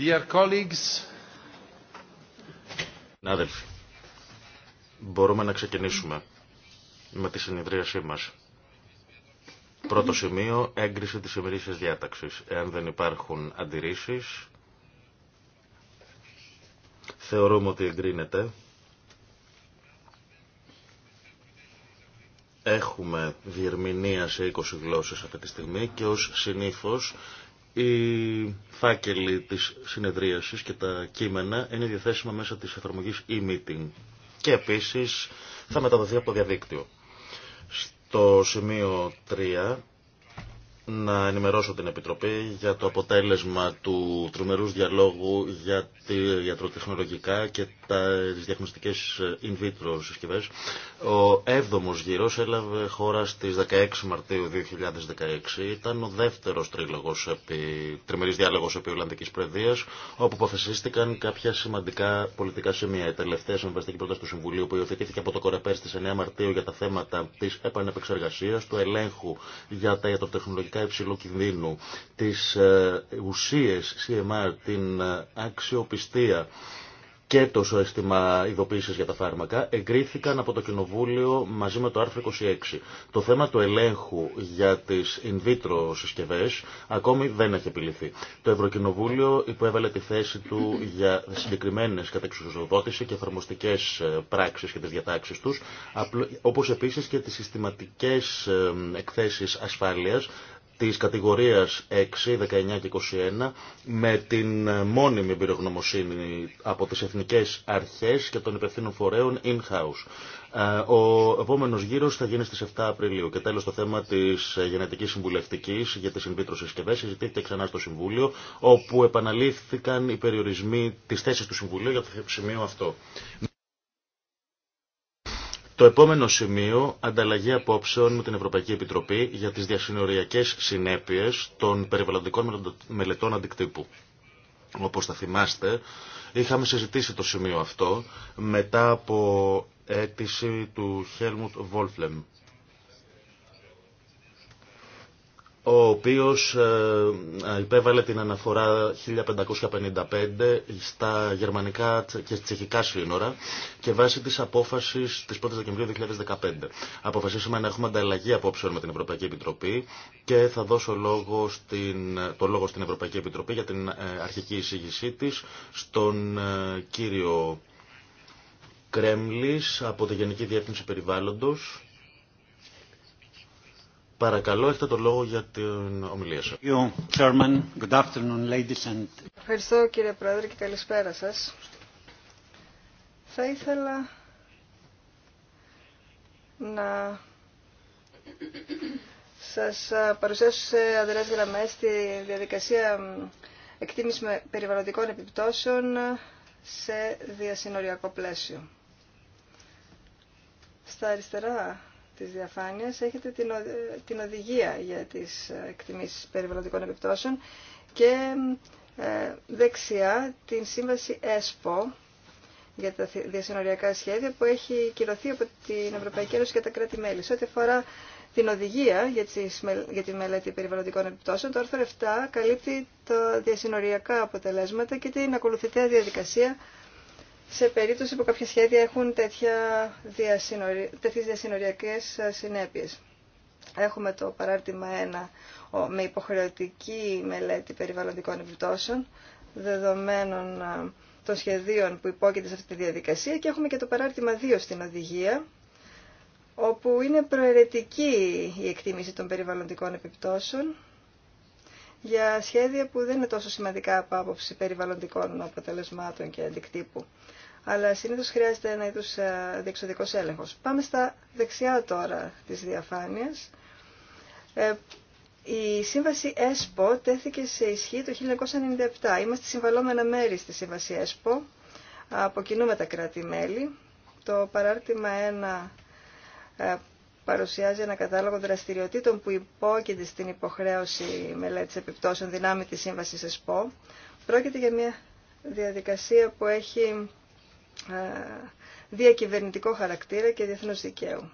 Dear colleagues. Συνάδελφοι, μπορούμε να ξεκινήσουμε με τη συνεδρίασή μας. Πρώτο σημείο, έγκριση της ημερήσια διάταξης. Εάν δεν υπάρχουν αντιρρήσεις, θεωρούμε ότι εγκρίνεται. Έχουμε διερμηνία σε 20 γλώσσες αυτή τη στιγμή και ως συνήθω. Οι φάκελοι της συνεδρίασης και τα κείμενα είναι διαθέσιμα μέσα της εφαρμογής e-meeting και επίσης θα μεταδοθεί από το διαδίκτυο. Στο σημείο 3 να ενημερώσω την Επιτροπή για το αποτέλεσμα του τρομερού διαλόγου για τη ιατροτεχνολογικά και τις διαγνωστικές ε, in vitro συσκευές. Ο έβδομος γύρος έλαβε χώρα στις 16 Μαρτίου 2016. Ήταν ο δεύτερος τρίλογος επί, τριμερής διάλογος επί Ολλανδικής Πρεδίας, όπου αποφασίστηκαν κάποια σημαντικά πολιτικά σημεία. Η τελευταία συμβαστική πρόταση του Συμβουλίου που υιοθετήθηκε από το κορεπέ στις 9 Μαρτίου για τα θέματα της επανεπεξεργασίας, του ελέγχου για τα ιατροτεχνολογικά υψηλού κινδύνου, τις ε, ουσίες CMR, την ε, αξιοπιστία και το αίσθημα ειδοποίηση για τα φάρμακα εγκρίθηκαν από το Κοινοβούλιο μαζί με το άρθρο 26. Το θέμα του ελέγχου για τι in vitro συσκευέ ακόμη δεν έχει επιληθεί. Το Ευρωκοινοβούλιο υποέβαλε τη θέση του για συγκεκριμένε κατεξουσιοδότηση και εφαρμοστικέ ε, πράξει και τι διατάξει του, όπω επίση και τι συστηματικέ εκθέσει ασφάλεια της κατηγορίας 6, 19 και 21 με την μόνιμη εμπειρογνωμοσύνη από τις εθνικές αρχές και των υπευθύνων φορέων in-house. Ε, ο επόμενο γύρος θα γίνει στι 7 Απριλίου. Και τέλο το θέμα τη γενετική συμβουλευτική για τι in συσκευέ συζητήθηκε ξανά στο Συμβούλιο, όπου επαναλήφθηκαν οι περιορισμοί τη θέση του Συμβουλίου για το σημείο αυτό. Το επόμενο σημείο, ανταλλαγή απόψεων με την Ευρωπαϊκή Επιτροπή για τις διασυνοριακές συνέπειες των περιβαλλοντικών μελετών αντικτύπου. Όπως θα θυμάστε, είχαμε συζητήσει το σημείο αυτό μετά από αίτηση του Χέλμουτ Βόλφλεμ ο οποίος ε, ε, υπέβαλε την αναφορά 1555 στα γερμανικά και τσεχικά σύνορα και βάσει της απόφασης της 1ης Δεκεμβρίου 2015. Αποφασίσαμε να έχουμε ανταλλαγή απόψεων με την Ευρωπαϊκή Επιτροπή και θα δώσω λόγο στην, το λόγο στην Ευρωπαϊκή Επιτροπή για την ε, αρχική εισήγησή της στον κύριο Κρέμλης από τη Γενική Διεύθυνση Περιβάλλοντος Παρακαλώ, έχετε το λόγο για την ομιλία σας. Ευχαριστώ κύριε Πρόεδρε και καλησπέρα σας. Θα ήθελα να σας παρουσιάσω σε αδερές γραμμές τη διαδικασία εκτίμηση περιβαλλοντικών επιπτώσεων σε διασυνοριακό πλαίσιο. Στα αριστερά της διαφάνειας έχετε την οδηγία για τις ε, εκτιμήσεις περιβαλλοντικών επιπτώσεων και ε, δεξιά την σύμβαση ΕΣΠΟ για τα διασυνοριακά σχέδια που έχει κυρωθεί από την Ευρωπαϊκή Ένωση και τα κράτη-μέλη. Σε ό,τι αφορά την οδηγία για τη μελέτη περιβαλλοντικών επιπτώσεων, το άρθρο 7 καλύπτει τα διασυνοριακά αποτελέσματα και την ακολουθητέα διαδικασία σε περίπτωση που κάποια σχέδια έχουν τέτοιες διασυνοριακές ε, συνέπειες. Έχουμε το παράρτημα 1 με υποχρεωτική μελέτη περιβαλλοντικών επιπτώσεων, δεδομένων ε, των σχεδίων που υπόκειται σε αυτή τη διαδικασία και έχουμε και το παράρτημα 2 στην οδηγία, όπου είναι προαιρετική η εκτίμηση των περιβαλλοντικών επιπτώσεων για σχέδια που δεν είναι τόσο σημαντικά από άποψη περιβαλλοντικών αποτελεσμάτων και αντικτύπου. Αλλά συνήθως χρειάζεται ένα είδους ε, διεξοδικός έλεγχος. Πάμε στα δεξιά τώρα της διαφάνειας. Ε, η σύμβαση ΕΣΠΟ τέθηκε σε ισχύ το 1997. Είμαστε συμβαλόμενα μέρη στη σύμβαση ΕΣΠΟ. Αποκινούμε τα κράτη-μέλη. Το παράρτημα 1 παρουσιάζει ένα κατάλογο δραστηριοτήτων που υπόκειται στην υποχρέωση μελέτης επιπτώσεων δυνάμει της σύμβασης ΕΣΠΟ. Πρόκειται για μια διαδικασία που έχει ε, διακυβερνητικό χαρακτήρα και διεθνούς δικαίου.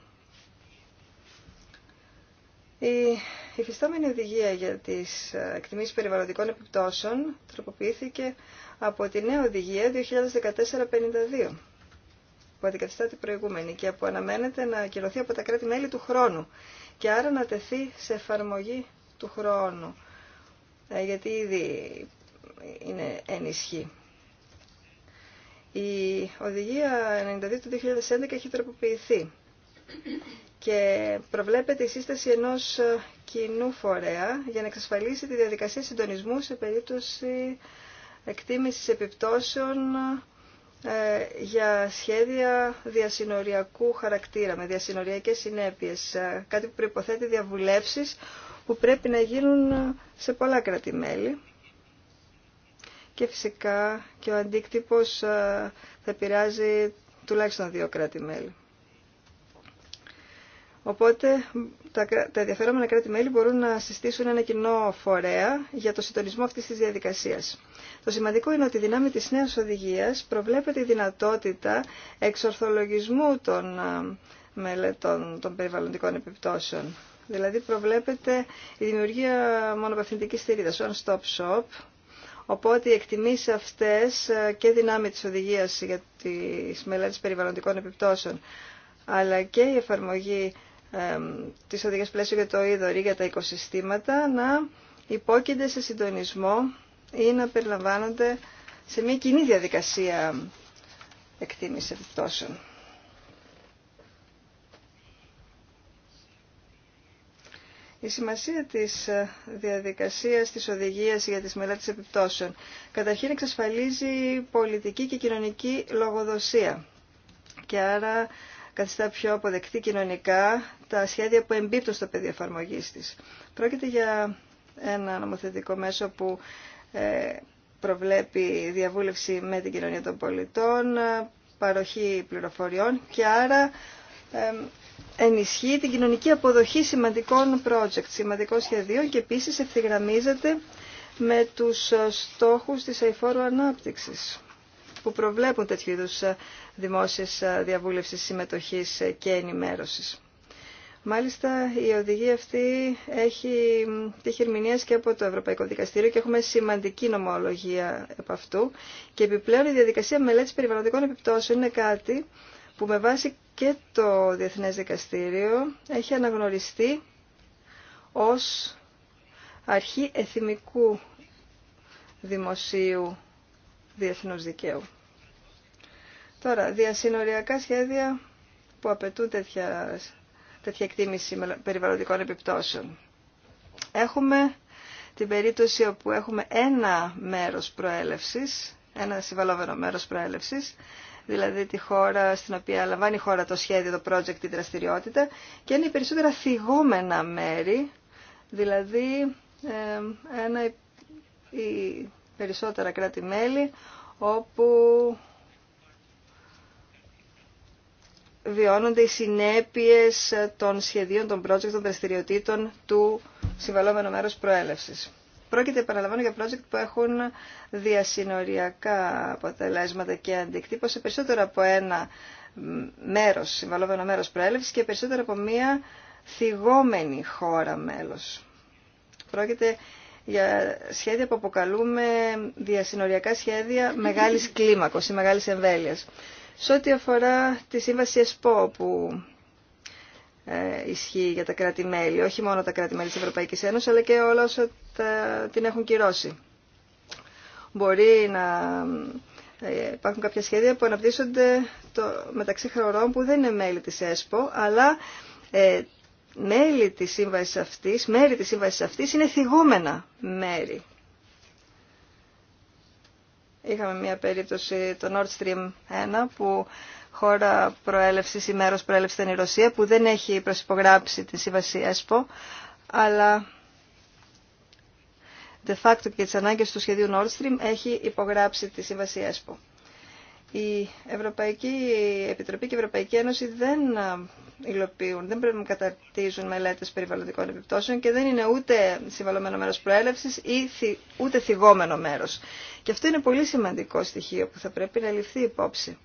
Η υφιστάμενη οδηγία για τις ε, εκτιμήσεις περιβαλλοντικών επιπτώσεων τροποποιήθηκε από τη νέα οδηγία 2014-52 που αντικαθιστά την προηγούμενη και που αναμένεται να ακυρωθεί από τα κράτη-μέλη του χρόνου και άρα να τεθεί σε εφαρμογή του χρόνου, ε, γιατί ήδη είναι ενισχύ. Η οδηγία 92 του 2011 έχει τροποποιηθεί και προβλέπεται η σύσταση ενός ε, κοινού φορέα για να εξασφαλίσει τη διαδικασία συντονισμού σε περίπτωση εκτίμησης επιπτώσεων ε, για σχέδια διασυνοριακού χαρακτήρα, με διασυνοριακές συνέπειες, ε, κάτι που προϋποθέτει διαβουλεύσεις που πρέπει να γίνουν σε πολλά κράτη-μέλη. Και φυσικά και ο αντίκτυπος ε, θα επηρεάζει τουλάχιστον δύο κράτη-μέλη. Οπότε τα, τα ενδιαφέρομενα κράτη-μέλη μπορούν να συστήσουν ένα κοινό φορέα για το συντονισμό αυτή τη διαδικασία. Το σημαντικό είναι ότι η δυνάμη τη νέα οδηγία προβλέπεται η δυνατότητα εξορθολογισμού των μελετών των περιβαλλοντικών επιπτώσεων. Δηλαδή προβλέπεται η δημιουργία μονοπευθυντικής θηρίδας, one stop shop, οπότε οι εκτιμήσεις αυτές και δυνάμει της οδηγίας για τις μελέτες περιβαλλοντικών επιπτώσεων, αλλά και η εφαρμογή ε, τις πλαίσιο για το ή για τα οικοσυστήματα να υπόκεινται σε συντονισμό ή να περιλαμβάνονται σε μια κοινή διαδικασία εκτίμηση επιπτώσεων. Η σημασία της ε, διαδικασίας της οδηγίας για τις μελέτες επιπτώσεων καταρχήν εξασφαλίζει πολιτική και κοινωνική λογοδοσία και άρα καθιστά πιο αποδεκτή κοινωνικά τα σχέδια που εμπίπτουν στο πεδίο εφαρμογή τη. Πρόκειται για ένα νομοθετικό μέσο που ε, προβλέπει διαβούλευση με την κοινωνία των πολιτών, παροχή πληροφοριών και άρα ε, ενισχύει την κοινωνική αποδοχή σημαντικών project, σημαντικών σχεδίων και επίσης ευθυγραμμίζεται με τους στόχους της αηφόρου ανάπτυξης που προβλέπουν τέτοιου είδου ε, δημόσιε διαβούλευση συμμετοχής ε, και ενημέρωσης. Μάλιστα, η οδηγία αυτή έχει τη ερμηνεία και από το Ευρωπαϊκό Δικαστήριο και έχουμε σημαντική νομολογία από αυτού. Και επιπλέον η διαδικασία μελέτης περιβαλλοντικών επιπτώσεων είναι κάτι που με βάση και το Διεθνές Δικαστήριο έχει αναγνωριστεί ως αρχή εθιμικού δημοσίου διεθνούς δικαίου. Τώρα, διασυνοριακά σχέδια που απαιτούν τέτοια, τέτοια εκτίμηση περιβαλλοντικών επιπτώσεων. Έχουμε την περίπτωση όπου έχουμε ένα μέρος προέλευσης, ένα συμβαλόμενο μέρος προέλευσης, δηλαδή τη χώρα στην οποία λαμβάνει η χώρα το σχέδιο, το project, την δραστηριότητα και είναι οι περισσότερα θυγόμενα μέρη, δηλαδή ένα, οι περισσότερα κράτη-μέλη όπου βιώνονται οι συνέπειες των σχεδίων, των project, των δραστηριοτήτων του συμβαλόμενου μέρους προέλευσης. Πρόκειται, επαναλαμβάνω, για project που έχουν διασυνοριακά αποτελέσματα και αντικτύπωση περισσότερο από ένα μέρος, συμβαλόμενο μέρος προέλευσης και περισσότερο από μία θυγόμενη χώρα μέλος. Πρόκειται για σχέδια που αποκαλούμε διασυνοριακά σχέδια μεγάλης κλίμακος ή μεγάλης εμβέλειας. Σε ό,τι αφορά τη σύμβαση ΕΣΠΟ που ε, ισχύει για τα κράτη-μέλη, όχι μόνο τα κράτη-μέλη της Ευρωπαϊκής Ένωσης, αλλά και όλα όσα την έχουν κυρώσει. Μπορεί να ε, υπάρχουν κάποια σχέδια που αναπτύσσονται το, μεταξύ χωρών που δεν είναι μέλη της ΕΣΠΟ, αλλά ε, μέλη της σύμβασης αυτής, μέρη της σύμβασης αυτής είναι θυγόμενα μέρη Είχαμε μια περίπτωση το Nord Stream 1 που χώρα προέλευσης ή ή μέρο πρόελευσε η μερο προελευση ηταν η ρωσια που δεν έχει προσυπογράψει τη σύμβαση ΕΣΠΟ αλλά de facto και τι ανάγκε του σχεδίου Nord Stream έχει υπογράψει τη σύμβαση ΕΣΠΟ. Η Ευρωπαϊκή Επιτροπή και η Ευρωπαϊκή Ένωση δεν ε, υλοποιούν, δεν πρέπει να καταρτίζουν μελέτες περιβαλλοντικών επιπτώσεων και δεν είναι ούτε συμβαλωμένο μέρος προέλευσης ή ούτε θυγόμενο μέρος. Και αυτό είναι πολύ σημαντικό στοιχείο που θα πρέπει να ληφθεί υπόψη.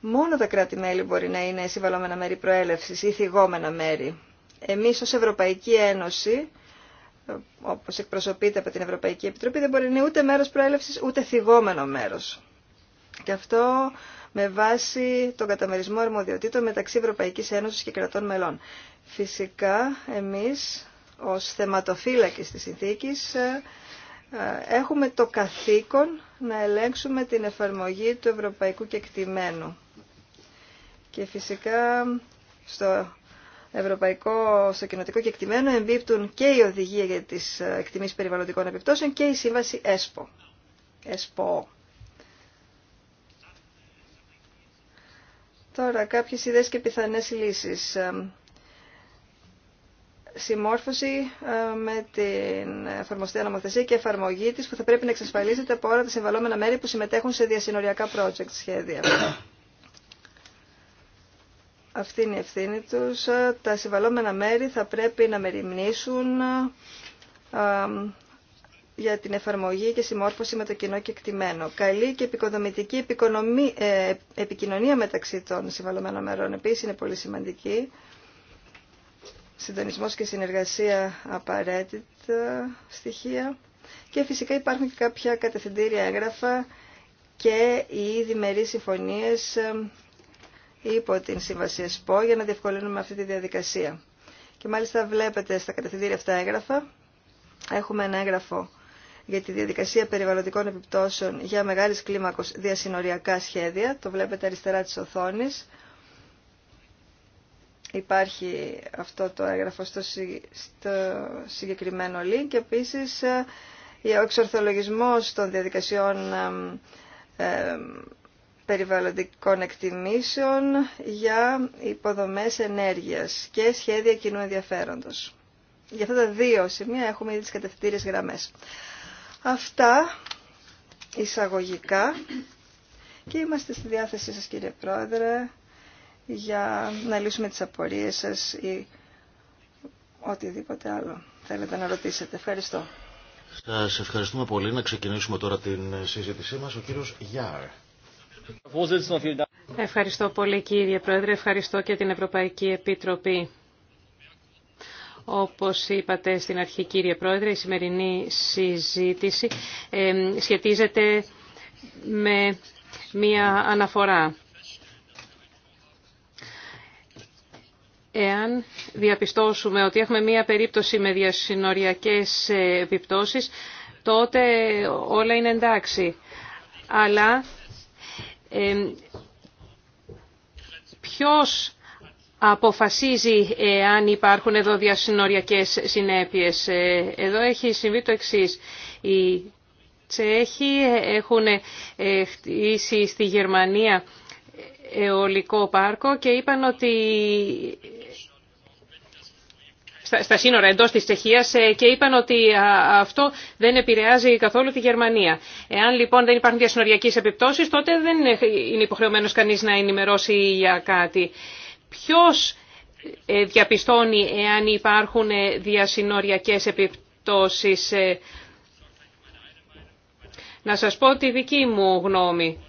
Μόνο τα κράτη-μέλη μπορεί να είναι συμβαλωμένα μέρη προέλευσης ή θυγόμενα μέρη. Εμείς ως Ευρωπαϊκή Ένωση, ε, όπως εκπροσωπείται από την Ευρωπαϊκή Επιτροπή, δεν μπορεί να είναι ούτε μέρος προέλευση ούτε θυγόμενο μέρος. Και αυτό με βάση τον καταμερισμό αρμοδιοτήτων μεταξύ Ευρωπαϊκής Ένωσης και κρατών μελών. Φυσικά, εμείς ως θεματοφύλακες της συνθήκης ε, ε, έχουμε το καθήκον να ελέγξουμε την εφαρμογή του ευρωπαϊκού κεκτημένου. Και φυσικά στο ευρωπαϊκό, στο κοινοτικό κεκτημένο εμπίπτουν και η οδηγία για τις ε, εκτιμήσεις περιβαλλοντικών επιπτώσεων και η σύμβαση ΕΣΠΟ. ΕΣΠΟ. Τώρα, κάποιες ιδέες και πιθανές λύσεις. Συμμόρφωση ε, με την εφαρμοστή νομοθεσία και εφαρμογή της που θα πρέπει να εξασφαλίζεται από όλα τα συμβαλόμενα μέρη που συμμετέχουν σε διασυνοριακά project σχέδια. Αυτή είναι η ευθύνη τους. Τα συμβαλόμενα μέρη θα πρέπει να μεριμνήσουν ε, για την εφαρμογή και συμμόρφωση με το κοινό κεκτημένο. Καλή και επικοδομητική ε, επικοινωνία μεταξύ των συμβαλωμένων μερών επίσης είναι πολύ σημαντική. Συντονισμός και συνεργασία απαραίτητα στοιχεία. Και φυσικά υπάρχουν και κάποια κατευθυντήρια έγγραφα και οι διμερείς συμφωνίες ε, υπό την Σύμβαση ΕΣΠΟ για να διευκολύνουμε αυτή τη διαδικασία. Και μάλιστα βλέπετε στα κατευθυντήρια αυτά έγγραφα, έχουμε ένα έγγραφο για τη διαδικασία περιβαλλοντικών επιπτώσεων για μεγάλης κλίμακος διασυνοριακά σχέδια. Το βλέπετε αριστερά της οθόνης. Υπάρχει αυτό το έγγραφο στο, συγκεκριμένο link και επίσης ε, ο εξορθολογισμός των διαδικασιών περιβαλλοντικών εκτιμήσεων για υποδομές ενέργειας και σχέδια κοινού ενδιαφέροντος. Για αυτά τα δύο σημεία έχουμε ήδη τις κατευθυντήριες γραμμές. Αυτά εισαγωγικά και είμαστε στη διάθεσή σας κύριε Πρόεδρε για να λύσουμε τις απορίες σας ή οτιδήποτε άλλο θέλετε να ρωτήσετε. Ευχαριστώ. Σας ευχαριστούμε πολύ. Να ξεκινήσουμε τώρα την συζήτησή μας. Ο κύριος Γιάρ. Ευχαριστώ πολύ κύριε Πρόεδρε. Ευχαριστώ και την Ευρωπαϊκή Επιτροπή. Όπως είπατε στην αρχή κύριε Πρόεδρε, η σημερινή συζήτηση σχετίζεται με μία αναφορά. Εάν διαπιστώσουμε ότι έχουμε μία περίπτωση με διασυνοριακές επιπτώσεις, τότε όλα είναι εντάξει. Αλλά ε, ποιος αποφασίζει αν υπάρχουν εδώ διασυνοριακές συνέπειες. Ε, εδώ έχει συμβεί το εξής. Οι Τσέχοι έχουν ε, χτίσει στη Γερμανία αιωλικό πάρκο και είπαν ότι στα σύνορα εντός της Τσεχίας ε, και είπαν ότι αυτό δεν επηρεάζει καθόλου τη Γερμανία. Εάν λοιπόν δεν υπάρχουν διασυνοριακές επιπτώσεις τότε δεν είναι υποχρεωμένος κανείς να ενημερώσει για κάτι. Ποιος ε, διαπιστώνει εάν υπάρχουν ε, διασυνοριακές επιπτώσεις. Ε. Να σας πω τη δική μου γνώμη.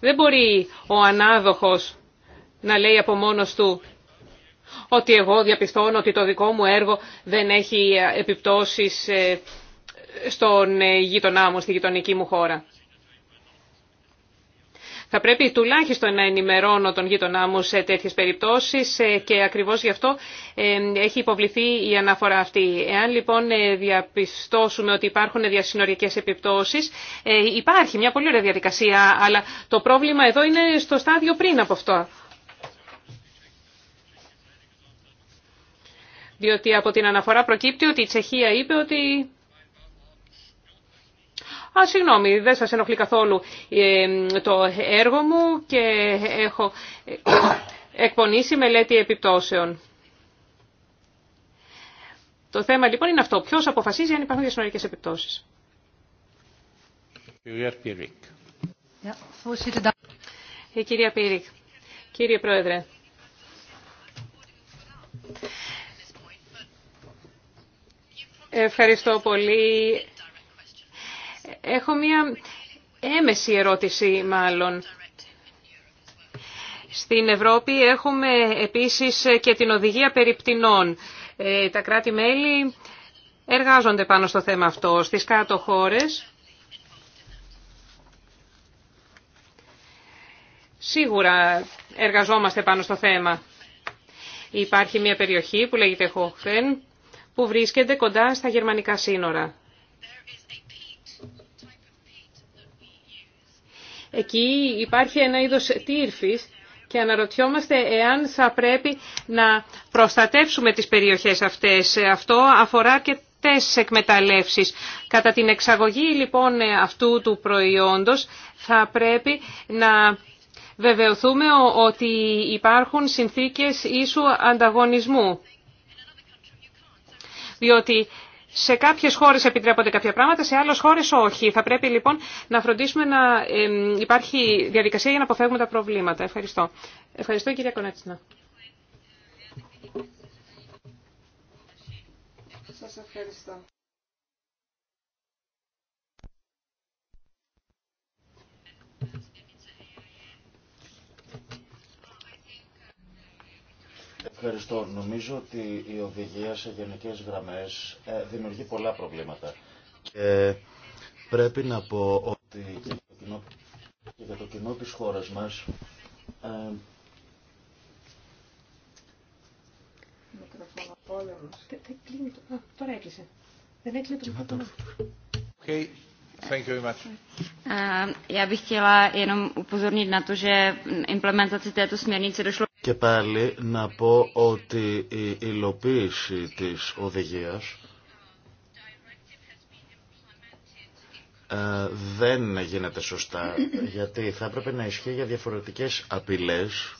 Δεν μπορεί ο ανάδοχος να λέει από μόνος του ότι εγώ διαπιστώνω ότι το δικό μου έργο δεν έχει επιπτώσεις στον γειτονά μου, στη γειτονική μου χώρα. Θα πρέπει τουλάχιστον να ενημερώνω τον γείτονά μου σε τέτοιες περιπτώσεις ε, και ακριβώς γι' αυτό ε, έχει υποβληθεί η αναφορά αυτή. Εάν λοιπόν ε, διαπιστώσουμε ότι υπάρχουν διασυνοριακές επιπτώσεις, υπάρχει μια πολύ ωραία διαδικασία, αλλά το πρόβλημα εδώ είναι στο στάδιο πριν από αυτό. Διότι από την αναφορά προκύπτει ότι η Τσεχία είπε ότι «Α, συγγνώμη, δεν σα ενοχλεί καθόλου ε, το έργο μου και έχω εκπονήσει μελέτη επιπτώσεων». Το θέμα λοιπόν είναι αυτό. Ποιος αποφασίζει αν υπάρχουν διασυνορικέ επιπτώσεις. Η κυρία Πύρικ. Κύριε Πρόεδρε. Ευχαριστώ πολύ. Έχω μία έμεση ερώτηση μάλλον. Στην Ευρώπη έχουμε επίσης και την οδηγία περιπτυνών. Ε, τα κράτη-μέλη εργάζονται πάνω στο θέμα αυτό. Στις κάτω χώρες σίγουρα εργαζόμαστε πάνω στο θέμα. Υπάρχει μια περιοχή που λέγεται Χόχφεν που βρίσκεται κοντά στα γερμανικά σύνορα. Εκεί υπάρχει ένα είδος τύρφης και αναρωτιόμαστε εάν θα πρέπει να προστατεύσουμε τις περιοχές αυτές. Αυτό αφορά και τις εκμεταλλεύσεις. Κατά την εξαγωγή λοιπόν αυτού του προϊόντος θα πρέπει να βεβαιωθούμε ότι υπάρχουν συνθήκες ίσου ανταγωνισμού. Διότι σε κάποιες χώρες επιτρέπονται κάποια πράγματα, σε άλλες χώρες όχι. Θα πρέπει λοιπόν να φροντίσουμε να υπάρχει διαδικασία για να αποφεύγουμε τα προβλήματα. Ευχαριστώ. Ευχαριστώ κυρία Κονέτσινα. Σας ευχαριστώ. Ευχαριστώ. Νομίζω ότι η οδηγία σε γενικές γραμμές δημιουργεί πολλά προβλήματα. Και πρέπει να πω ότι και για το κοινό, και για το κοινό της χώρας μας ε, Okay. Thank you very much. Já bych chtěla jenom upozornit na to, že implementaci této směrnice došlo και πάλι να πω ότι η υλοποίηση της οδηγίας ε, δεν γίνεται σωστά, γιατί θα έπρεπε να ισχύει για διαφορετικές απειλές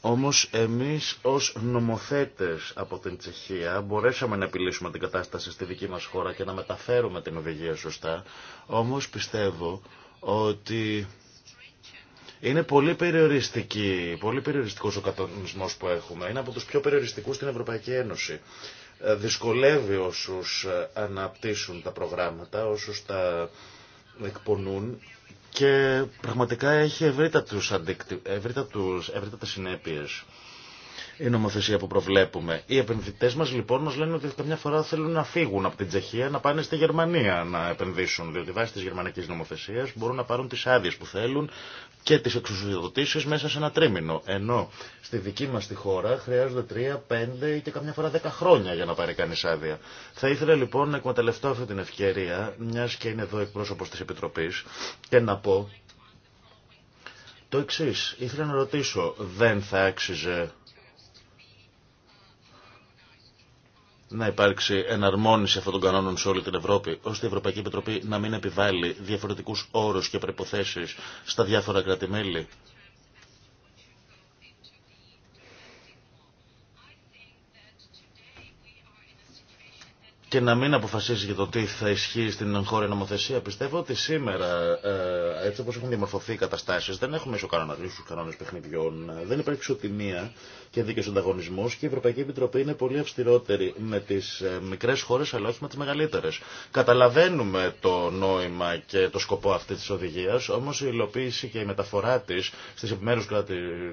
όμως εμείς ως νομοθέτες από την Τσεχία μπορέσαμε να επιλύσουμε την κατάσταση στη δική μας χώρα και να μεταφέρουμε την οδηγία σωστά. Όμως πιστεύω ότι είναι πολύ, περιοριστική, πολύ περιοριστικός ο κατονισμός που έχουμε. Είναι από τους πιο περιοριστικούς στην Ευρωπαϊκή Ένωση. Ε, δυσκολεύει όσους ε, αναπτύσσουν τα προγράμματα, όσους τα εκπονούν και πραγματικά έχει τους ευρύτατους, ευρύτατες συνέπειες η νομοθεσία που προβλέπουμε. Οι επενδυτέ μα λοιπόν μα λένε ότι καμιά φορά θέλουν να φύγουν από την Τσεχία να πάνε στη Γερμανία να επενδύσουν, διότι βάσει τη γερμανική νομοθεσία μπορούν να πάρουν τι άδειε που θέλουν και τι εξουσιοδοτήσει μέσα σε ένα τρίμηνο. Ενώ στη δική μα τη χώρα χρειάζονται τρία, πέντε ή και καμιά φορά δέκα χρόνια για να πάρει κανεί άδεια. Θα ήθελα λοιπόν να εκμεταλλευτώ αυτή την ευκαιρία, μια και είναι εδώ εκπρόσωπο τη Επιτροπή, και να πω. Το εξή, ήθελα να ρωτήσω, δεν θα άξιζε να υπάρξει εναρμόνιση αυτών των κανόνων σε όλη την Ευρώπη, ώστε η Ευρωπαϊκή Επιτροπή να μην επιβάλλει διαφορετικού όρου και προποθέσει στα διάφορα κράτη-μέλη και να μην αποφασίζει για το τι θα ισχύει στην χώρια νομοθεσία. Πιστεύω ότι σήμερα, ε, έτσι όπω έχουν διαμορφωθεί οι καταστάσει, δεν έχουμε ισοκανονισμού κανόνε παιχνιδιών, δεν υπάρχει ισοτιμία και δίκαιο ανταγωνισμό και η Ευρωπαϊκή Επιτροπή είναι πολύ αυστηρότερη με τι ε, μικρέ χώρε αλλά όχι με τι μεγαλύτερε. Καταλαβαίνουμε το νόημα και το σκοπό αυτή τη οδηγία, όμω η υλοποίηση και η μεταφορά τη στι επιμέρου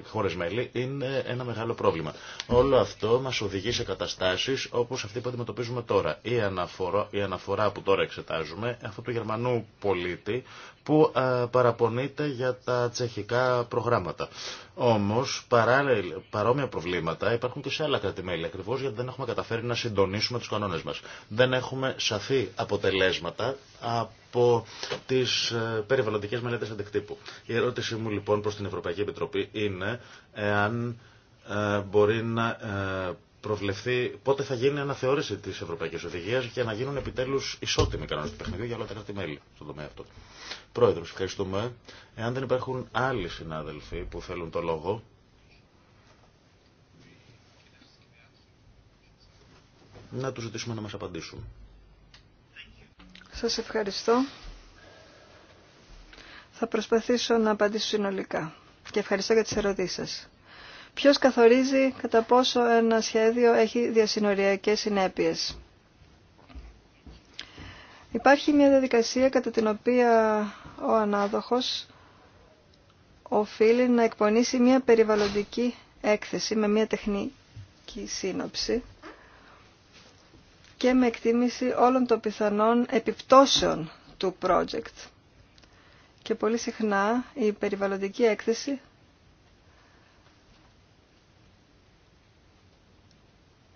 χώρε μέλη είναι ένα μεγάλο πρόβλημα. Όλο αυτό μα οδηγεί σε καταστάσει όπω αυτή που αντιμετωπίζουμε τώρα η αναφορά, η αναφορά που τώρα εξετάζουμε, αυτού του Γερμανού πολίτη που ε, παραπονείται για τα τσεχικά προγράμματα. Όμως παρόμοια προβλήματα υπάρχουν και σε άλλα κρατημέλη, ακριβώς γιατί δεν έχουμε καταφέρει να συντονίσουμε τους κανόνες μας. Δεν έχουμε σαφή αποτελέσματα από τις ε, περιβαλλοντικές μελέτες αντικτύπου. Η ερώτησή μου λοιπόν προς την Ευρωπαϊκή Επιτροπή είναι εάν ε, μπορεί να προβλεφθεί πότε θα γίνει αναθεώρηση τη Ευρωπαϊκή Οδηγία για να γίνουν επιτέλου ισότιμοι κανόνε του παιχνιδιού για όλα τα κράτη-μέλη στον τομέα αυτό. Πρόεδρο, ευχαριστούμε. Εάν δεν υπάρχουν άλλοι συνάδελφοι που θέλουν το λόγο. Να τους ζητήσουμε να μας απαντήσουν. Σας ευχαριστώ. Θα προσπαθήσω να απαντήσω συνολικά. Και ευχαριστώ για τις ερωτήσεις σας ποιος καθορίζει κατά πόσο ένα σχέδιο έχει διασυνοριακές συνέπειες. Υπάρχει μια διαδικασία κατά την οποία ο ανάδοχος οφείλει να εκπονήσει μια περιβαλλοντική έκθεση με μια τεχνική σύνοψη και με εκτίμηση όλων των πιθανών επιπτώσεων του project. Και πολύ συχνά η περιβαλλοντική έκθεση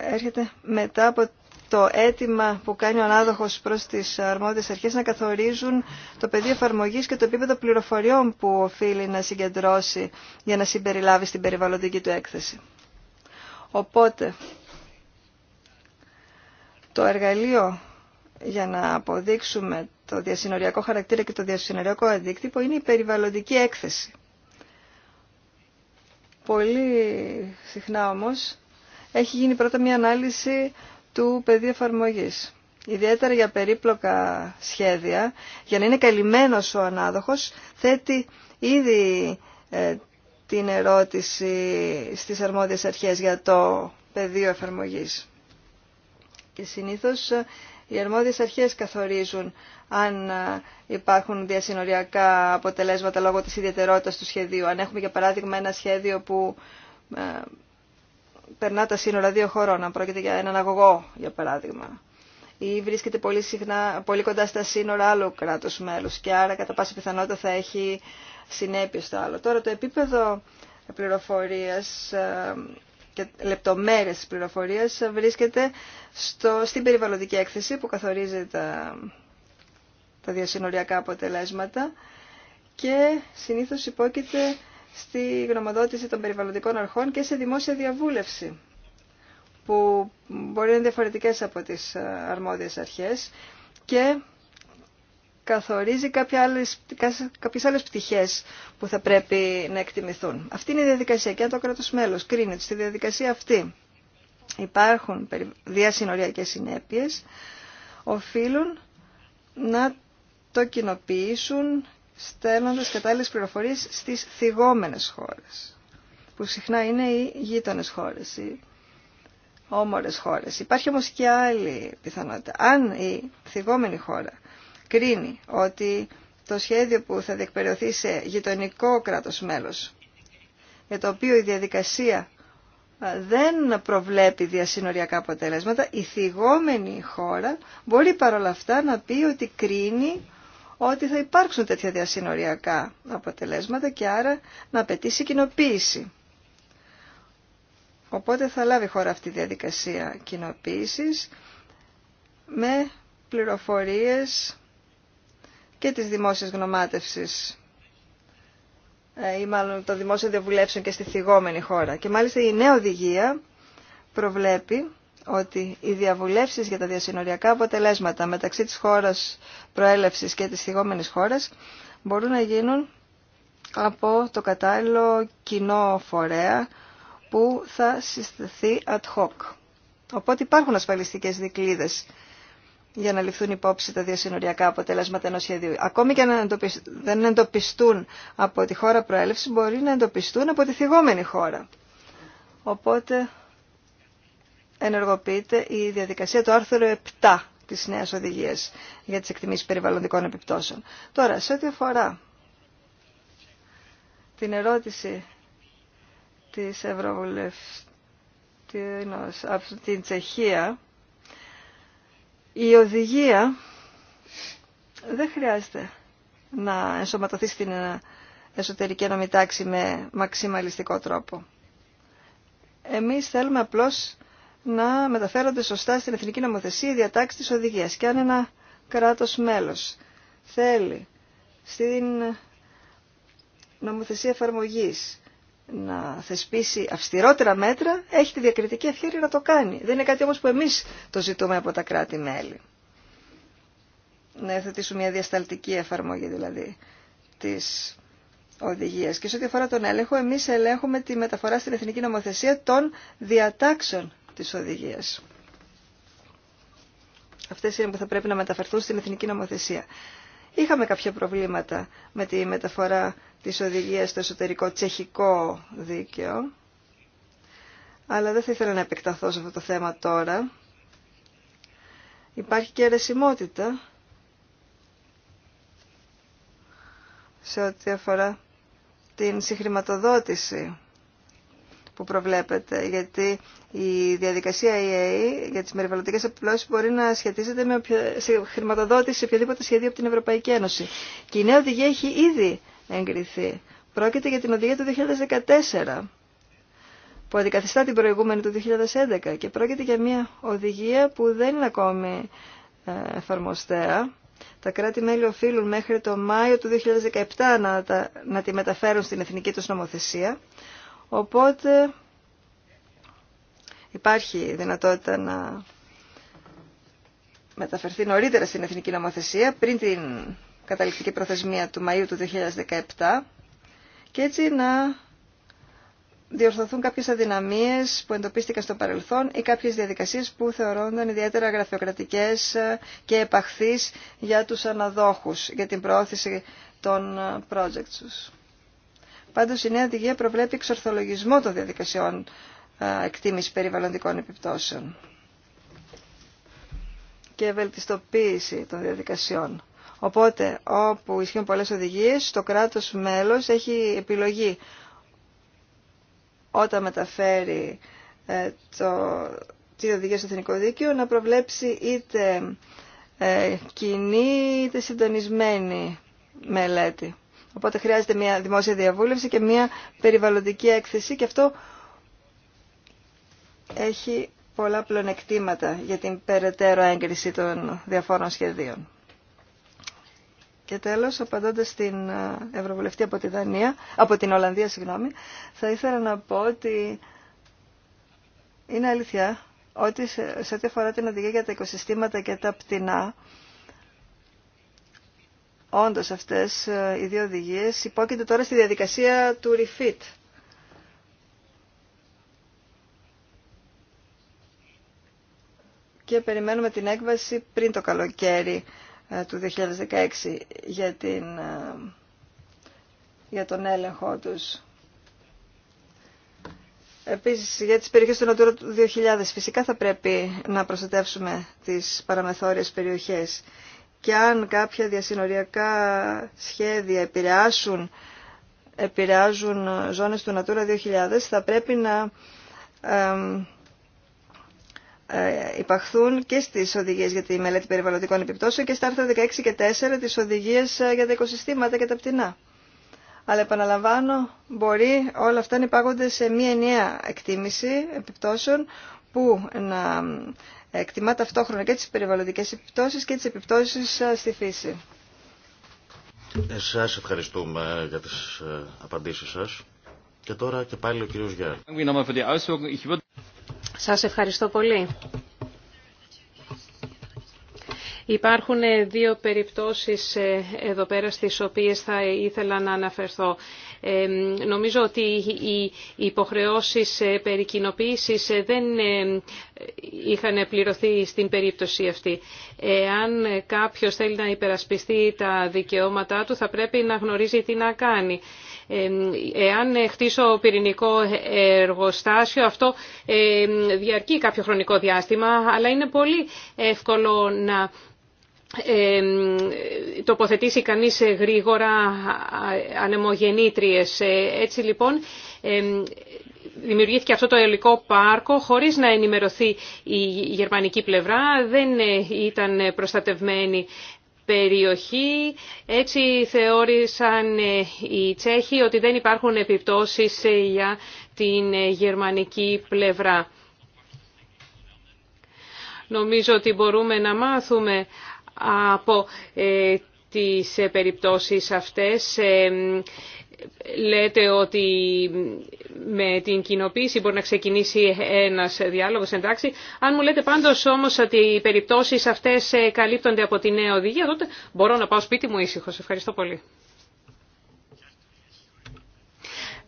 έρχεται μετά από το αίτημα που κάνει ο ανάδοχος προς τις αρμόδιες αρχές να καθορίζουν το πεδίο εφαρμογή και το επίπεδο πληροφοριών που οφείλει να συγκεντρώσει για να συμπεριλάβει στην περιβαλλοντική του έκθεση. Οπότε, το εργαλείο για να αποδείξουμε το διασυνοριακό χαρακτήρα και το διασυνοριακό αντίκτυπο είναι η περιβαλλοντική έκθεση. Πολύ συχνά όμως έχει γίνει πρώτα μια ανάλυση του πεδίου εφαρμογή. Ιδιαίτερα για περίπλοκα σχέδια, για να είναι καλυμμένος ο ανάδοχος, θέτει ήδη ε, την ερώτηση στις αρμόδιες αρχές για το πεδίο εφαρμογής. Και συνήθως ε, οι αρμόδιες αρχές καθορίζουν αν ε, υπάρχουν διασυνοριακά αποτελέσματα λόγω της ιδιαιτερότητας του σχεδίου. Αν έχουμε για παράδειγμα ένα σχέδιο που περνά τα σύνορα δύο χωρών, αν πρόκειται για έναν αγωγό, για παράδειγμα, ή βρίσκεται πολύ, συχνά, πολύ κοντά στα σύνορα άλλου κράτους μέλους και άρα κατά πάσα πιθανότητα θα έχει συνέπειες στο άλλο. Τώρα το επίπεδο πληροφορίας ε, και λεπτομέρειες της πληροφορίας βρίσκεται στο, στην περιβαλλοντική έκθεση που καθορίζει τα, τα διασυνοριακά αποτελέσματα και συνήθως υπόκειται στη γνωμοδότηση των περιβαλλοντικών αρχών και σε δημόσια διαβούλευση που μπορεί να είναι διαφορετικές από τις ε, αρμόδιες αρχές και καθορίζει κάποιες άλλες, κάποιες άλλες πτυχές που θα πρέπει να εκτιμηθούν. Αυτή είναι η διαδικασία και αν το κράτος μέλος κρίνει στη διαδικασία αυτή υπάρχουν διασυνοριακές συνέπειες, οφείλουν να το κοινοποιήσουν στέλνοντας κατάλληλες πληροφορίες στις θυγόμενες χώρες, που συχνά είναι οι γείτονες χώρες, οι όμορες χώρες. Υπάρχει όμως και άλλη πιθανότητα. Αν η θυγόμενη χώρα κρίνει ότι το σχέδιο που θα διεκπαιρεωθεί σε γειτονικό κράτος μέλος, για το οποίο η διαδικασία δεν προβλέπει διασυνοριακά αποτελέσματα, η θυγόμενη χώρα μπορεί παρόλα αυτά να πει ότι κρίνει ότι θα υπάρξουν τέτοια διασυνοριακά αποτελέσματα και άρα να απαιτήσει κοινοποίηση. Οπότε θα λάβει χώρα αυτή η διαδικασία κοινοποίησης με πληροφορίες και τις δημόσιας γνωμάτευσης ε, ή μάλλον των δημόσιων διαβουλεύσεων και στη θυγόμενη χώρα. Και μάλιστα η νέα οδηγία προβλέπει ότι οι διαβουλεύσεις για τα διασυνοριακά αποτελέσματα μεταξύ της χώρας προέλευσης και της θυγόμενης χώρας μπορούν να γίνουν από το κατάλληλο κοινό φορέα που θα συσταθεί ad hoc. Οπότε υπάρχουν ασφαλιστικές δικλείδες για να ληφθούν υπόψη τα διασυνοριακά αποτελέσματα ενός σχεδίου. Ακόμη και αν δεν εντοπιστούν από τη χώρα προέλευση, μπορεί να εντοπιστούν από τη θυγόμενη χώρα. Οπότε ενεργοποιείται η διαδικασία του άρθρου 7 της νέας οδηγίας για τις εκτιμήσεις περιβαλλοντικών επιπτώσεων. Τώρα, σε ό,τι αφορά την ερώτηση της Ευρωβουλευτής από την Τσεχία, η οδηγία δεν χρειάζεται να ενσωματωθεί στην εσωτερική νομιτάξη με μαξιμαλιστικό τρόπο. Εμείς θέλουμε απλώς να μεταφέρονται σωστά στην εθνική νομοθεσία διατάξει της οδηγίας. Και αν ένα κράτος μέλος θέλει στην νομοθεσία εφαρμογή να θεσπίσει αυστηρότερα μέτρα, έχει τη διακριτική ευχαίρεια να το κάνει. Δεν είναι κάτι όμως που εμείς το ζητούμε από τα κράτη-μέλη. Να εθετήσουμε μια διασταλτική εφαρμογή δηλαδή της οδηγίας. Και σε ό,τι αφορά τον έλεγχο, εμείς ελέγχουμε τη μεταφορά στην εθνική νομοθεσία των διατάξεων της οδηγίας. Αυτές είναι που θα πρέπει να μεταφερθούν στην εθνική νομοθεσία. Είχαμε κάποια προβλήματα με τη μεταφορά της οδηγίας στο εσωτερικό τσεχικό δίκαιο, αλλά δεν θα ήθελα να επεκταθώ σε αυτό το θέμα τώρα. Υπάρχει και αιρεσιμότητα σε ό,τι αφορά την συγχρηματοδότηση που προβλέπετε, γιατί η διαδικασία EA για τις περιβαλλοντικές επιπτώσεις μπορεί να σχετίζεται με χρηματοδότηση σε οποιοδήποτε σχέδιο από την Ευρωπαϊκή Ένωση. Και η νέα οδηγία έχει ήδη εγκριθεί. Πρόκειται για την οδηγία του 2014 που αντικαθιστά την προηγούμενη του 2011 και πρόκειται για μια οδηγία που δεν είναι ακόμη ε, εφαρμοστέα. Τα κράτη-μέλη οφείλουν μέχρι το Μάιο του 2017 να, τα, να τη μεταφέρουν στην εθνική τους νομοθεσία Οπότε υπάρχει δυνατότητα να μεταφερθεί νωρίτερα στην Εθνική Νομοθεσία πριν την καταληκτική προθεσμία του Μαΐου του 2017 και έτσι να διορθωθούν κάποιες αδυναμίες που εντοπίστηκαν στο παρελθόν ή κάποιες διαδικασίες που θεωρώνταν ιδιαίτερα γραφειοκρατικές και επαχθείς για τους αναδόχους, για την προώθηση των projects τους. Πάντω η νέα οδηγία προβλέπει εξορθολογισμό των διαδικασιών εκτίμηση περιβαλλοντικών επιπτώσεων και βελτιστοποίηση των διαδικασιών. Οπότε, όπου ισχύουν πολλέ οδηγίε, το κράτος μέλο έχει επιλογή όταν μεταφέρει ε, το, τη οδηγία στο εθνικό δίκαιο να προβλέψει είτε ε, κοινή είτε συντονισμένη μελέτη. Οπότε χρειάζεται μια δημόσια διαβούλευση και μια περιβαλλοντική έκθεση και αυτό έχει πολλά πλονεκτήματα για την περαιτέρω έγκριση των διαφόρων σχεδίων. Και τέλος, απαντώντας στην ε, Ευρωβουλευτή από, τη Δανία, από την Ολλανδία, συγγνώμη, θα ήθελα να πω ότι είναι αλήθεια ότι σε ό,τι αφορά την οδηγία για τα οικοσυστήματα και τα πτηνά, Όντως αυτές ε, οι δύο οδηγίες υπόκειται τώρα στη διαδικασία του refit. Και περιμένουμε την έκβαση πριν το καλοκαίρι ε, του 2016 ε, για, τον έλεγχό τους. Επίσης για τις περιοχές του Natura 2000 φυσικά θα πρέπει να προστατεύσουμε τις παραμεθόριες περιοχές και αν κάποια διασυνοριακά σχέδια επηρεάσουν, επηρεάζουν ζώνες του Natura 2000 θα πρέπει να ε, υπαχθούν και στις οδηγίες για τη μελέτη περιβαλλοντικών επιπτώσεων και στα άρθρα 16 και 4 τις οδηγίες ε, για τα οικοσυστήματα και τα πτηνά. Αλλά επαναλαμβάνω, μπορεί όλα αυτά να υπάγονται σε μία ενιαία εκτίμηση επιπτώσεων που να Εκτιμά ταυτόχρονα και τις περιβαλλοντικές επιπτώσεις και τις επιπτώσεις ε, στη φύση. Σας ευχαριστούμε για τις ε, απαντήσεις σας. Και τώρα και πάλι ο κύριος Γιάννη. Σας ευχαριστώ πολύ. Υπάρχουν ε, δύο περιπτώσεις εδώ πέρα στις οποίες θα ήθελα να αναφερθώ. Νομίζω ότι οι υποχρεώσεις ε, περί ε, δεν ε, είχαν πληρωθεί στην περίπτωση αυτή. Εάν κάποιος θέλει να υπερασπιστεί τα δικαιώματά του θα πρέπει να γνωρίζει τι να κάνει. Εάν χτίσω πυρηνικό εργοστάσιο, αυτό διαρκεί κάποιο χρονικό διάστημα, αλλά είναι πολύ εύκολο να τοποθετήσει κανείς ε, γρήγορα ανεμογεννήτριες. Ε, έτσι λοιπόν δημιουργήθηκε αυτό το ελικό πάρκο χωρίς να ενημερωθεί η γερμανική πλευρά, δεν ε, ήταν προστατευμένη περιοχή. Έτσι θεώρησαν οι Τσέχοι ότι δεν υπάρχουν επιπτώσεις για την γερμανική πλευρά. Νομίζω ότι μπορούμε να μάθουμε από ε, τις ε, περιπτώσεις αυτές. Ε, λέτε ότι με την κοινοποίηση μπορεί να ξεκινήσει ένας διάλογος, εντάξει. Αν μου λέτε πάντως όμως ότι οι περιπτώσεις αυτές καλύπτονται από τη νέα οδηγία, τότε μπορώ να πάω σπίτι μου ήσυχος. Ευχαριστώ πολύ.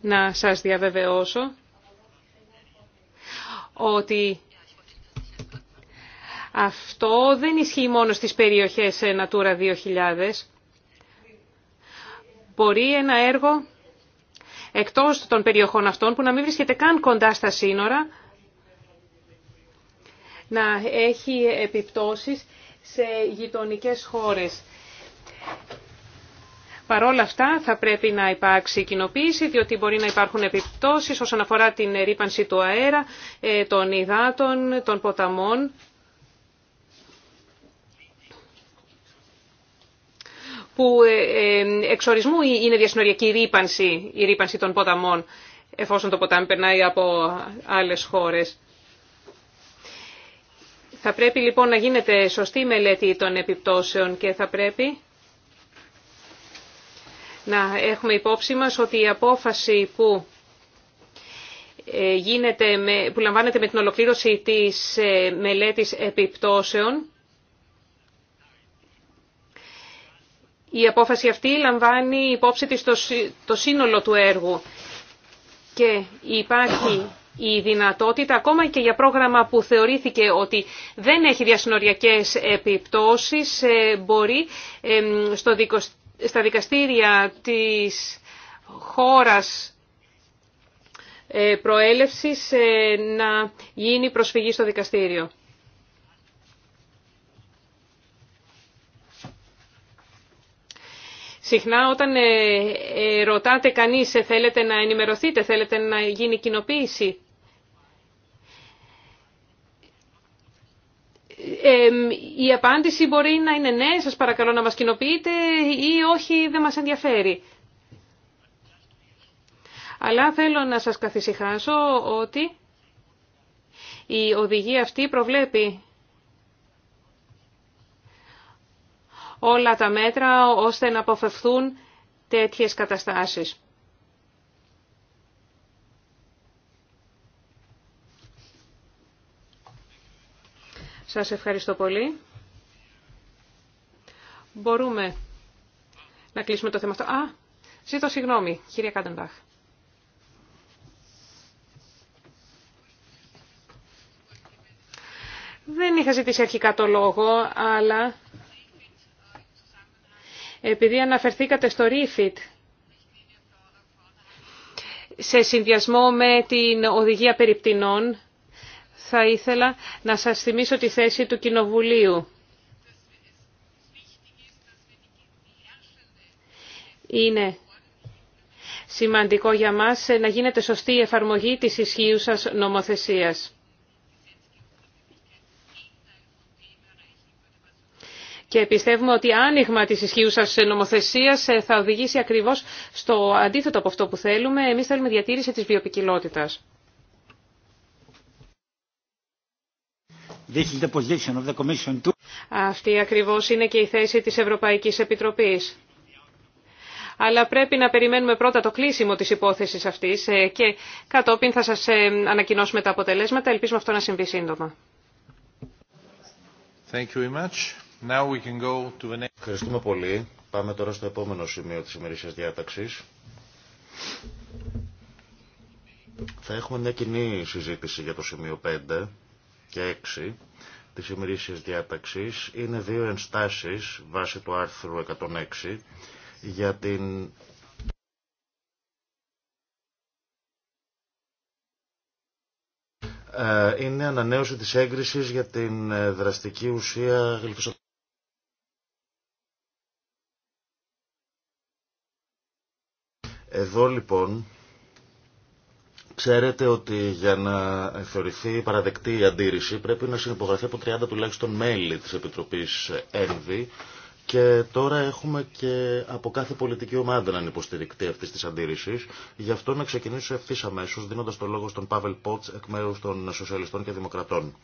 Να σας διαβεβαιώσω ότι αυτό δεν ισχύει μόνο στις περιοχές ε, Natura 2000. Μπορεί ένα έργο εκτός των περιοχών αυτών που να μην βρίσκεται καν κοντά στα σύνορα να έχει επιπτώσεις σε γειτονικές χώρες. Παρ' όλα αυτά θα πρέπει να υπάρξει κοινοποίηση, διότι μπορεί να υπάρχουν επιπτώσεις όσον αφορά την ρήπανση του αέρα, ε, των υδάτων, των ποταμών. που ε, ε, εξορισμού είναι διασυνοριακή ρήπανση, η ρήπανση των ποταμών, εφόσον το ποτάμι περνάει από άλλες χώρες. Θα πρέπει λοιπόν να γίνεται σωστή μελέτη των επιπτώσεων και θα πρέπει να έχουμε υπόψη μας ότι η απόφαση που, ε, γίνεται με, που λαμβάνεται με την ολοκλήρωση της μελέτης επιπτώσεων Η απόφαση αυτή λαμβάνει υπόψη της το σύνολο του έργου και υπάρχει η δυνατότητα ακόμα και για πρόγραμμα που θεωρήθηκε ότι δεν έχει διασυνοριακές επιπτώσεις ε, μπορεί στο στα δικαστήρια της χώρας ε, προέλευσης ε, να γίνει προσφυγή στο δικαστήριο. συχνά όταν ε, ε, ρωτάτε κανείς ε, θέλετε να ενημερωθείτε, θέλετε να γίνει κοινοποίηση. η απάντηση μπορεί να είναι ναι, σας παρακαλώ να μας κοινοποιείτε ή όχι δεν μας ενδιαφέρει. Αλλά θέλω να σας καθησυχάσω ότι η οδηγία αυτή προβλέπει όλα τα μέτρα ώστε να αποφευθούν τέτοιες καταστάσεις. Σας ευχαριστώ πολύ. Μπορούμε να κλείσουμε το θέμα αυτό. Α, ζήτω συγγνώμη, κυρία Κάντεμπαχ. Δεν είχα ζητήσει αρχικά το λόγο, αλλά επειδή αναφερθήκατε στο REFIT, σε συνδυασμό με την οδηγία Περιπτεινών, θα ήθελα να σας θυμίσω τη θέση του Κοινοβουλίου. Είναι σημαντικό για μας να γίνεται σωστή η εφαρμογή της ισχύουσας νομοθεσίας. και πιστεύουμε ότι άνοιγμα της σα νομοθεσίας ε, θα οδηγήσει ακριβώς στο αντίθετο από αυτό που θέλουμε. Εμείς θέλουμε διατήρηση της βιοπικιλότητας. Αυτή ακριβώς είναι και η θέση της Ευρωπαϊκής Επιτροπής. Αλλά πρέπει να περιμένουμε πρώτα το κλείσιμο της υπόθεσης αυτής ε, και κατόπιν θα σας ε, ανακοινώσουμε τα αποτελέσματα. Ελπίζουμε αυτό να συμβεί σύντομα. Thank you very much. Ευχαριστούμε πολύ. Πάμε τώρα στο επόμενο σημείο της ημερήσιας διάταξης. Θα έχουμε μια κοινή συζήτηση για το σημείο 5 και 6 της ημερήσιας διάταξης. Είναι δύο ενστάσεις βάσει του άρθρου 106 για την ε, είναι ανανέωση της έγκρισης για την ε, δραστική ουσία γλυφωσοφ... Εδώ λοιπόν ξέρετε ότι για να θεωρηθεί παραδεκτή η αντίρρηση πρέπει να συνυπογραφεί από 30 τουλάχιστον μέλη της Επιτροπής ΕΝΒΗ και τώρα έχουμε και από κάθε πολιτική ομάδα να υποστηρικτή αυτή τη αντίρρηση. Γι' αυτό να ξεκινήσω ευθύ αμέσω, δίνοντα το λόγο στον Πάβελ Πότ εκ μέρου των Σοσιαλιστών και Δημοκρατών.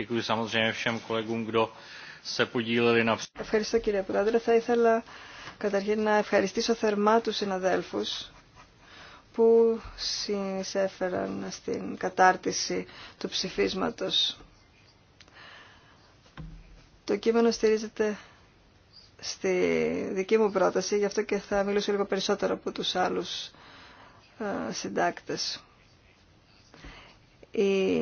Eh, Ευχαριστώ κύριε Πρόεδρε. Θα ήθελα καταρχήν να ευχαριστήσω θερμά τους συναδέλφους που συνεισέφεραν στην κατάρτιση του ψηφίσματος. Το κείμενο στηρίζεται στη δική μου πρόταση, γι' αυτό και θα μιλήσω λίγο περισσότερο από τους άλλους ε, συντάκτες η,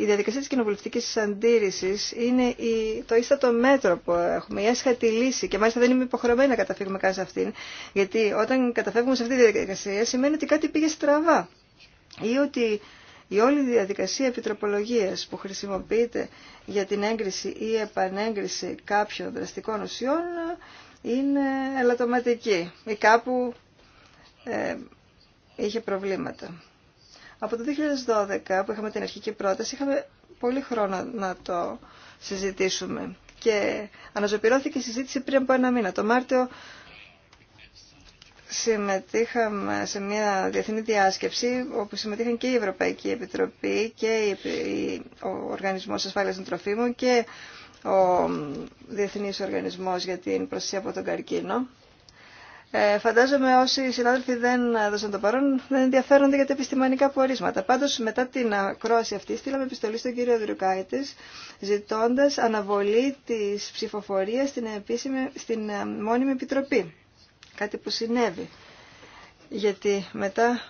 η διαδικασία της κοινοβουλευτικής αντίρρησης είναι η, το ίστατο μέτρο που έχουμε, η άσχατη λύση και μάλιστα δεν είμαι υποχρεωμένη να καταφύγουμε καν σε αυτήν γιατί όταν καταφεύγουμε σε αυτή τη διαδικασία σημαίνει ότι κάτι πήγε στραβά ή ότι η όλη διαδικασία επιτροπολογίας που χρησιμοποιείται για την έγκριση ή επανέγκριση κάποιων δραστικών ουσιών είναι ελαττωματική ή κάπου ε, είχε προβλήματα. Από το 2012 που είχαμε την αρχική πρόταση είχαμε πολύ χρόνο να το συζητήσουμε και αναζωπηρώθηκε η συζήτηση πριν από ένα μήνα. Το Μάρτιο συμμετείχαμε σε μια διεθνή διάσκεψη όπου συμμετείχαν και η Ευρωπαϊκή Επιτροπή και ο Οργανισμός Ασφάλειας των Τροφίμων και ο Διεθνής Οργανισμός για την Προστασία από τον Καρκίνο. Ε, φαντάζομαι όσοι συνάδελφοι δεν έδωσαν το παρόν δεν ενδιαφέρονται για τα επιστημονικά πορίσματα. Πάντω, μετά την ακρόαση αυτή, στείλαμε επιστολή στον κύριο Δρουκάητη ζητώντα αναβολή τη ψηφοφορία στην, επίσημη, στην ε, μόνιμη επιτροπή. Κάτι που συνέβη. Γιατί μετά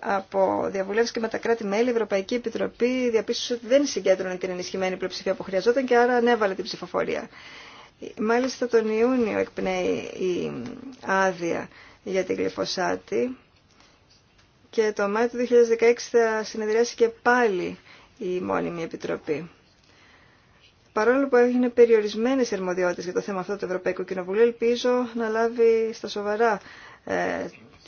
από διαβουλεύσει και με τα κράτη-μέλη, η Ευρωπαϊκή Επιτροπή διαπίστωσε ότι δεν συγκέντρωνε την ενισχυμένη πλειοψηφία που χρειαζόταν και άρα ανέβαλε την ψηφοφορία. Μάλιστα τον Ιούνιο εκπνέει η άδεια για την γλυφοσάτη και το Μάιο του 2016 θα συνεδριάσει και πάλι η μόνιμη επιτροπή. Παρόλο που έγινε περιορισμένες ερμοδιότητες για το θέμα αυτό του Ευρωπαϊκού Κοινοβουλίου, ελπίζω να λάβει στα σοβαρά ε,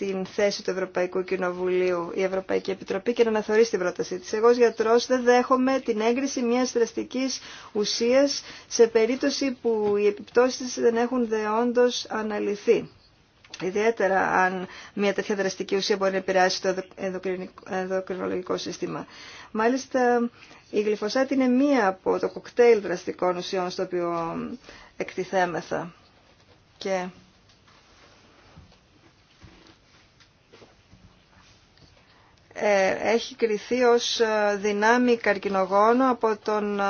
την θέση του Ευρωπαϊκού Κοινοβουλίου η Ευρωπαϊκή Επιτροπή και να αναθεωρήσει την πρότασή τη Εγώ ως γιατρός δεν δέχομαι την έγκριση μιας δραστικής ουσίας σε περίπτωση που οι επιπτώσεις δεν έχουν δεόντως αναλυθεί. Ιδιαίτερα αν μια τέτοια δραστική ουσία μπορεί να επηρεάσει το ενδοκρινολογικό σύστημα. Μάλιστα η γλυφοσάτη είναι μία από το κοκτέιλ δραστικών ουσιών στο οποίο εκτιθέμεθα. Ε, έχει κριθεί ως ε, δυνάμει καρκινογόνο από τον ε,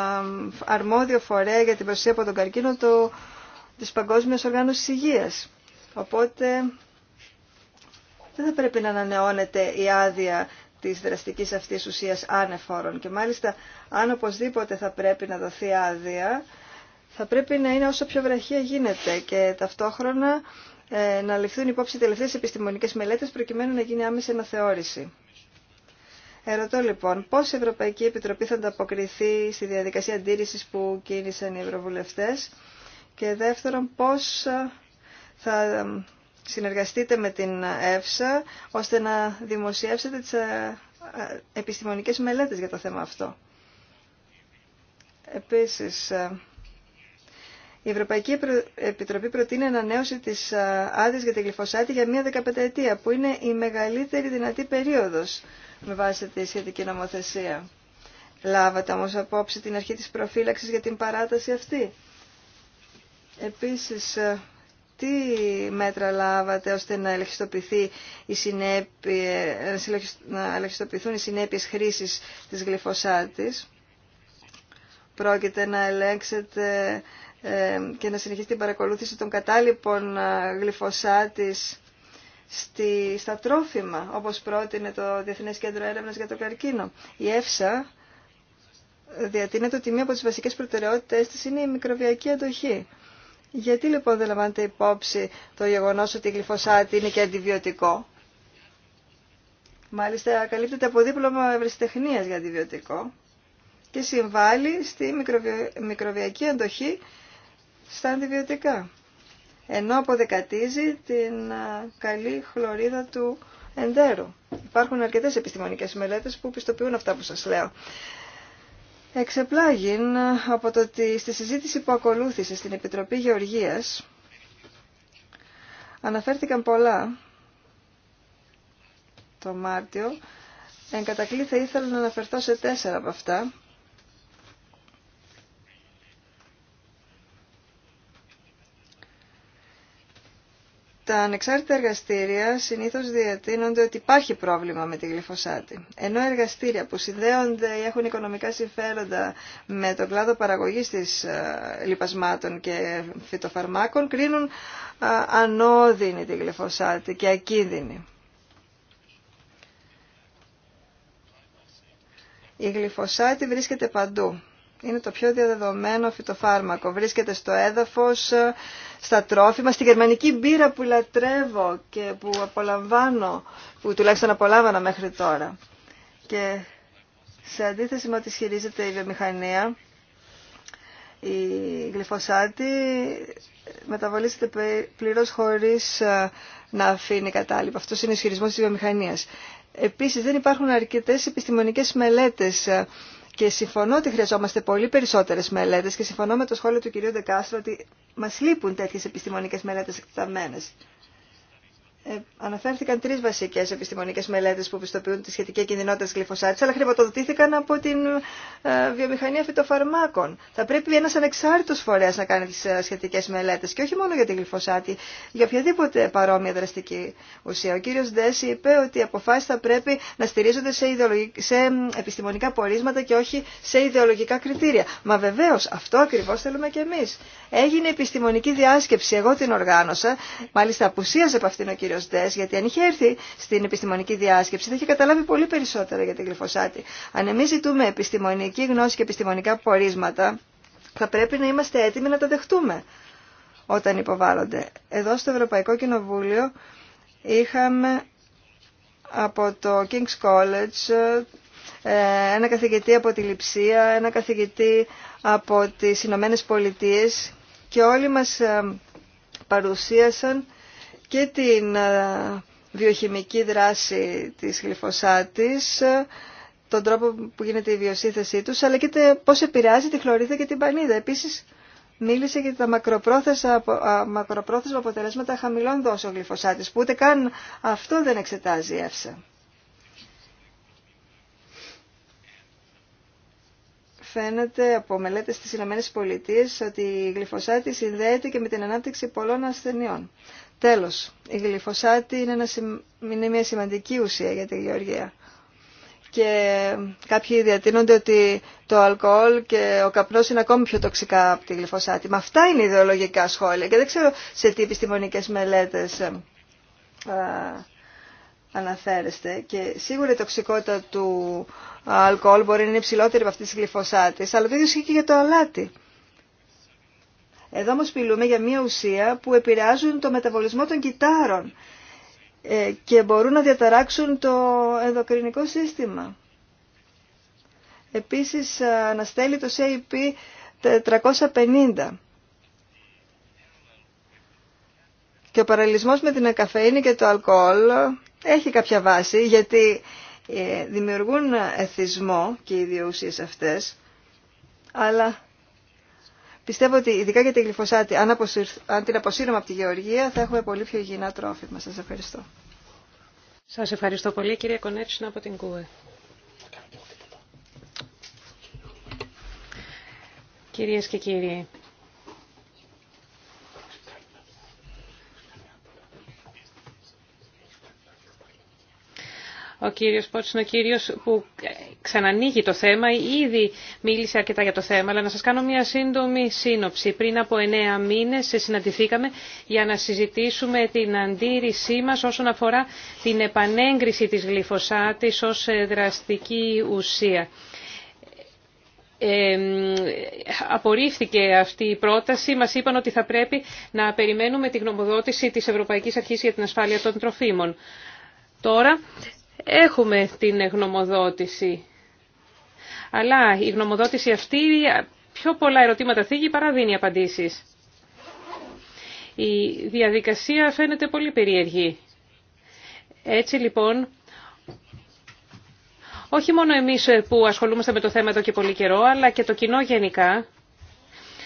αρμόδιο φορέα για την προστασία από τον καρκίνο του, της Παγκόσμιας Οργάνωσης Υγείας. Οπότε δεν θα πρέπει να ανανεώνεται η άδεια της δραστικής αυτής ουσίας άνεφόρων και μάλιστα αν οπωσδήποτε θα πρέπει να δοθεί άδεια θα πρέπει να είναι όσο πιο βραχία γίνεται και ταυτόχρονα να ληφθούν υπόψη τελευταίες επιστημονικές μελέτες προκειμένου να γίνει άμεση αναθεώρηση. Ερωτώ λοιπόν, πώς η Ευρωπαϊκή Επιτροπή θα ανταποκριθεί στη διαδικασία αντίρρησης που κίνησαν οι ευρωβουλευτέ. και δεύτερον, πώς ε, θα ε, συνεργαστείτε με την ΕΦΣΑ ώστε να δημοσιεύσετε τις ε, επιστημονικές μελέτες για το θέμα αυτό. Επίση, η Ευρωπαϊκή Επιτροπή προτείνει ανανέωση της άδειας για τη γλυφοσάτη για μία δεκαπενταετία, που είναι η μεγαλύτερη δυνατή περίοδο με βάση τη σχετική νομοθεσία. Λάβατε όμως απόψη την αρχή της προφύλαξης για την παράταση αυτή. Επίσης, ε, τι μέτρα λάβατε ώστε να οι να ελεγχιστοποιηθούν οι συνέπειες χρήσης της γλυφοσάτης. Πρόκειται να ελέγξετε ε, και να συνεχίσετε την παρακολούθηση των κατάλοιπων ε, γλυφοσάτης στη, στα τρόφιμα, όπως πρότεινε το Διεθνές Κέντρο Έρευνας για το Καρκίνο. Η ΕΦΣΑ διατείνεται ότι μία από τις βασικές προτεραιότητες της είναι η μικροβιακή αντοχή. Γιατί λοιπόν δεν λαμβάνετε υπόψη το γεγονός ότι η γλυφοσάτη είναι και αντιβιωτικό. Μάλιστα καλύπτεται από δίπλωμα ευρεσιτεχνίας για αντιβιωτικό και συμβάλλει στη μικροβιακή αντοχή στα αντιβιωτικά ενώ αποδεκατίζει την καλή χλωρίδα του εντέρου. Υπάρχουν αρκετές επιστημονικές μελέτες που πιστοποιούν αυτά που σας λέω. Εξεπλάγει από το ότι στη συζήτηση που ακολούθησε στην Επιτροπή Γεωργίας αναφέρθηκαν πολλά το Μάρτιο. Εν κατακλεί θα ήθελα να αναφερθώ σε τέσσερα από αυτά Τα ανεξάρτητα εργαστήρια συνήθω διατείνονται ότι υπάρχει πρόβλημα με τη γλυφοσάτη. Ενώ εργαστήρια που συνδέονται ή έχουν οικονομικά συμφέροντα με τον κλάδο παραγωγής τη ε, λιπασμάτων και φυτοφαρμάκων κρίνουν ε, ανώδυνη τη γλυφοσάτη και ακίνδυνη. Η γλυφοσάτη βρίσκεται παντού είναι το πιο διαδεδομένο φυτοφάρμακο. Βρίσκεται στο έδαφος, στα τρόφιμα, στη γερμανική μπύρα που λατρεύω και που απολαμβάνω, που τουλάχιστον απολάβανα μέχρι τώρα. Και σε αντίθεση με ό,τι ισχυρίζεται η βιομηχανία, η γλυφοσάτη μεταβολίζεται πλήρως χωρίς ε, να αφήνει κατάλοιπα. Αυτός είναι ο ισχυρισμός της βιομηχανίας. Επίσης δεν υπάρχουν αρκετές επιστημονικές μελέτες ε, και συμφωνώ ότι χρειαζόμαστε πολύ περισσότερε μελέτε και συμφωνώ με το σχόλιο του κυρίου Δεκάστρο ότι μα λείπουν τέτοιε επιστημονικέ μελέτε εκτεταμένε. Ε, αναφέρθηκαν τρεις βασικές επιστημονικές μελέτες που πιστοποιούν τη σχετική κινδυνότητα της γλυφοσάτης, αλλά χρηματοδοτήθηκαν από την ε, βιομηχανία φυτοφαρμάκων. Θα πρέπει ένας ανεξάρτητος φορέας να κάνει τις ε, σχετικές μελέτες και όχι μόνο για τη γλυφοσάτη, για οποιαδήποτε παρόμοια δραστική ουσία. Ο κύριος Ντέση είπε ότι οι αποφάσεις θα πρέπει να στηρίζονται σε, σε επιστημονικά πορίσματα και όχι σε ιδεολογικά κριτήρια. Μα βεβαίω, αυτό ακριβώς θέλουμε και εμείς. Έγινε επιστημονική διάσκεψη, εγώ την οργάνωσα, μάλιστα απουσίασε από αυτήν ο γιατί αν είχε έρθει στην επιστημονική διάσκεψη θα είχε καταλάβει πολύ περισσότερα για την γλυφοσάτη. Αν εμεί ζητούμε επιστημονική γνώση και επιστημονικά πορίσματα, θα πρέπει να είμαστε έτοιμοι να τα δεχτούμε όταν υποβάλλονται. Εδώ στο Ευρωπαϊκό Κοινοβούλιο είχαμε από το King's College ε, ένα καθηγητή από τη Λιψία, ένα καθηγητή από τις Ηνωμένε Πολιτείες και όλοι μας ε, παρουσίασαν και την ε, βιοχημική δράση της γλυφοσάτης, ε, τον τρόπο που γίνεται η βιοσύνθεσή τους, αλλά και πώς επηρεάζει τη χλωρίδα και την πανίδα. Επίσης, μίλησε για τα μακροπρόθεσμα αποτελέσματα χαμηλών δόσεων γλυφοσάτης, που ούτε καν αυτό δεν εξετάζει η ΕΦΣΑ. φαίνεται από μελέτες στις ΗΠΑ ότι η γλυφοσάτη συνδέεται και με την ανάπτυξη πολλών ασθενειών. Τέλος, η γλυφοσάτη είναι, είναι μια σημαντική ουσία για τη γεωργία. Και κάποιοι διατείνονται ότι το αλκοόλ και ο καπνός είναι ακόμη πιο τοξικά από τη γλυφοσάτη. Μα αυτά είναι ιδεολογικά σχόλια και δεν ξέρω σε τι επιστημονικές μελέτες ε, αναφέρεστε και σίγουρα η τοξικότητα του αλκοόλ μπορεί να είναι υψηλότερη από αυτή της γλυφωσάτης, αλλά το ίδιο ισχύει και για το αλάτι. Εδώ όμως μιλούμε για μια ουσία που επηρεάζουν το μεταβολισμό των κυτάρων ε, και μπορούν να διαταράξουν το ενδοκρινικό σύστημα. Επίσης ε, αναστέλει το CIP 450. Και ο παραλυσμός με την καφέινη και το αλκοόλ έχει κάποια βάση γιατί ε, δημιουργούν εθισμό και οι δύο ουσίες αυτές, αλλά πιστεύω ότι ειδικά για την γλυφοσάτη, αν, την αποσύρουμε από τη γεωργία, θα έχουμε πολύ πιο υγιεινά τρόφιμα. Σας ευχαριστώ. Σας ευχαριστώ πολύ κυρία Κονέτσινα από την ΚΟΕ. Κυρίες και κύριοι, Ο κύριος Πότσο είναι ο κύριος που ξανανοίγει το θέμα. Ήδη μίλησε αρκετά για το θέμα, αλλά να σας κάνω μια σύντομη σύνοψη. Πριν από εννέα μήνες συναντηθήκαμε για να συζητήσουμε την αντίρρησή μας όσον αφορά την επανέγκριση της γλυφοσάτης ως δραστική ουσία. Ε, απορρίφθηκε αυτή η πρόταση. Μας είπαν ότι θα πρέπει να περιμένουμε τη γνωμοδότηση της Ευρωπαϊκής Αρχής για την Ασφάλεια των Τροφίμων. Τώρα Έχουμε την γνωμοδότηση, αλλά η γνωμοδότηση αυτή πιο πολλά ερωτήματα θίγει παρά δίνει απαντήσεις. Η διαδικασία φαίνεται πολύ περίεργη. Έτσι λοιπόν, όχι μόνο εμείς που ασχολούμαστε με το θέμα εδώ και πολύ καιρό, αλλά και το κοινό γενικά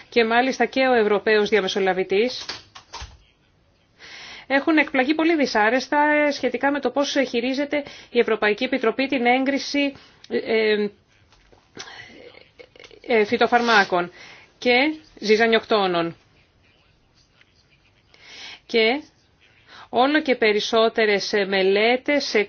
και μάλιστα και ο Ευρωπαίος Διαμεσολαβητής, έχουν εκπλαγεί πολύ δυσάρεστα σχετικά με το πώς χειρίζεται η Ευρωπαϊκή Επιτροπή την έγκριση ε, ε, ε, φυτοφαρμάκων και ζυζανιοκτώνων. Και Όλο και περισσότερες μελέτες ε,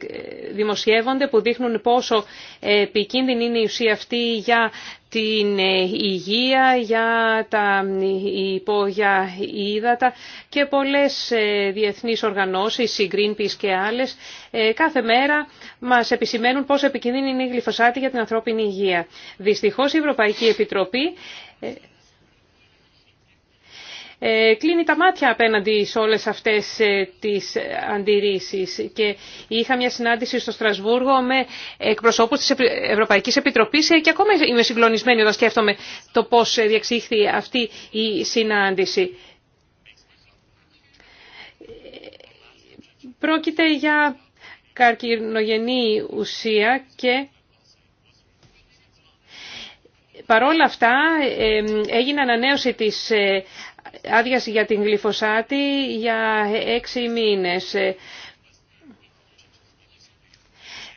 δημοσιεύονται που δείχνουν πόσο επικίνδυνη είναι η ουσία αυτή για την ε, υγεία, για τα ε, υπόγεια ύδατα και πολλές διεθνείς οργανώσεις, η Greenpeace και άλλες, κάθε μέρα μας επισημαίνουν πόσο επικίνδυνη είναι η γλυφοσάτη για την ανθρώπινη υγεία. Δυστυχώς η Ευρωπαϊκή Επιτροπή ε, κλείνει τα μάτια απέναντι σε όλες αυτές ε, τις αντιρρήσεις. Και είχα μια συνάντηση στο Στρασβούργο με εκπροσώπους της Ευρωπαϊκής Επιτροπής ε, και ακόμα είμαι συγκλονισμένη όταν σκέφτομαι το πώς διεξήχθη αυτή η συνάντηση. Πρόκειται για καρκινογενή ουσία και παρόλα αυτά έγινε ανανέωση της άδειαση για την γλυφοσάτη για έξι μήνες.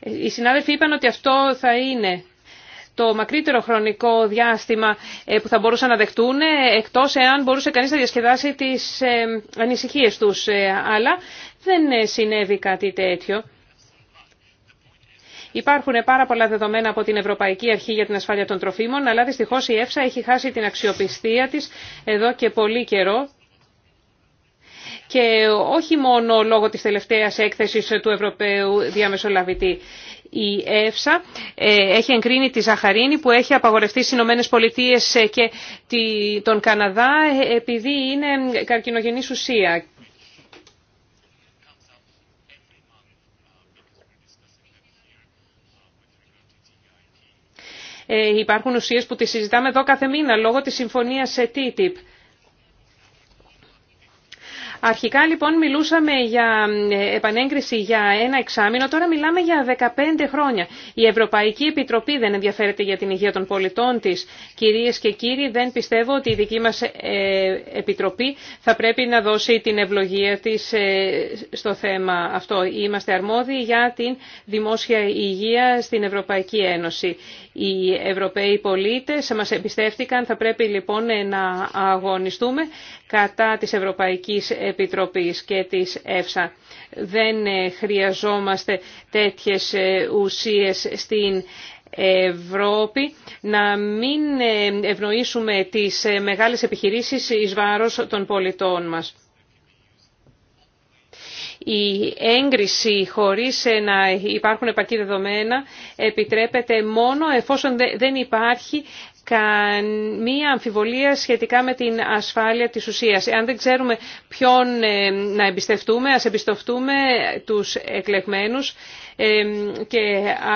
Οι συνάδελφοι είπαν ότι αυτό θα είναι το μακρύτερο χρονικό διάστημα ε, που θα μπορούσαν να δεχτούν, ε, εκτός εάν μπορούσε κανείς να διασκεδάσει τις ε, ανησυχίες τους. Αλλά δεν συνέβη κάτι τέτοιο. Υπάρχουν πάρα πολλά δεδομένα από την Ευρωπαϊκή Αρχή για την Ασφάλεια των Τροφίμων, αλλά δυστυχώ η ΕΦΣΑ έχει χάσει την αξιοπιστία τη εδώ και πολύ καιρό. Και όχι μόνο λόγω της τελευταίας έκθεσης του Ευρωπαίου Διαμεσολαβητή. Η ΕΦΣΑ ε, έχει εγκρίνει τη ζαχαρίνη που έχει απαγορευτεί στι Ηνωμένε Πολιτείε και τον Καναδά ε, επειδή είναι καρκίνογενή ουσία. Ε, υπάρχουν ουσίες που τις συζητάμε εδώ κάθε μήνα λόγω της συμφωνίας TTIP. Αρχικά λοιπόν μιλούσαμε για ε, επανέγκριση για ένα εξάμεινο, τώρα μιλάμε για 15 χρόνια. Η Ευρωπαϊκή Επιτροπή δεν ενδιαφέρεται για την υγεία των πολιτών της. Κυρίες και κύριοι, δεν πιστεύω ότι η δική μας ε, Επιτροπή θα πρέπει να δώσει την ευλογία της ε, στο θέμα αυτό. Είμαστε αρμόδιοι για την δημόσια υγεία στην Ευρωπαϊκή Ένωση. Οι Ευρωπαίοι πολίτες μας εμπιστεύτηκαν, θα πρέπει λοιπόν να αγωνιστούμε κατά της Ευρωπαϊκής Ένωση. Επιτροπής και της ΕΦΣΑ. Δεν ε, χρειαζόμαστε τέτοιες ε, ουσίες στην Ευρώπη, να μην ε, ευνοήσουμε τις μεγάλες επιχειρήσεις εις βάρος των πολιτών μας. Η έγκριση χωρίς να υπάρχουν επαρκή δεδομένα επιτρέπεται μόνο εφόσον δεν υπάρχει καμία αμφιβολία σχετικά με την ασφάλεια της ουσίας. Αν δεν ξέρουμε ποιον ε, να εμπιστευτούμε, ας εμπιστευτούμε τους εκλεγμένους ε, και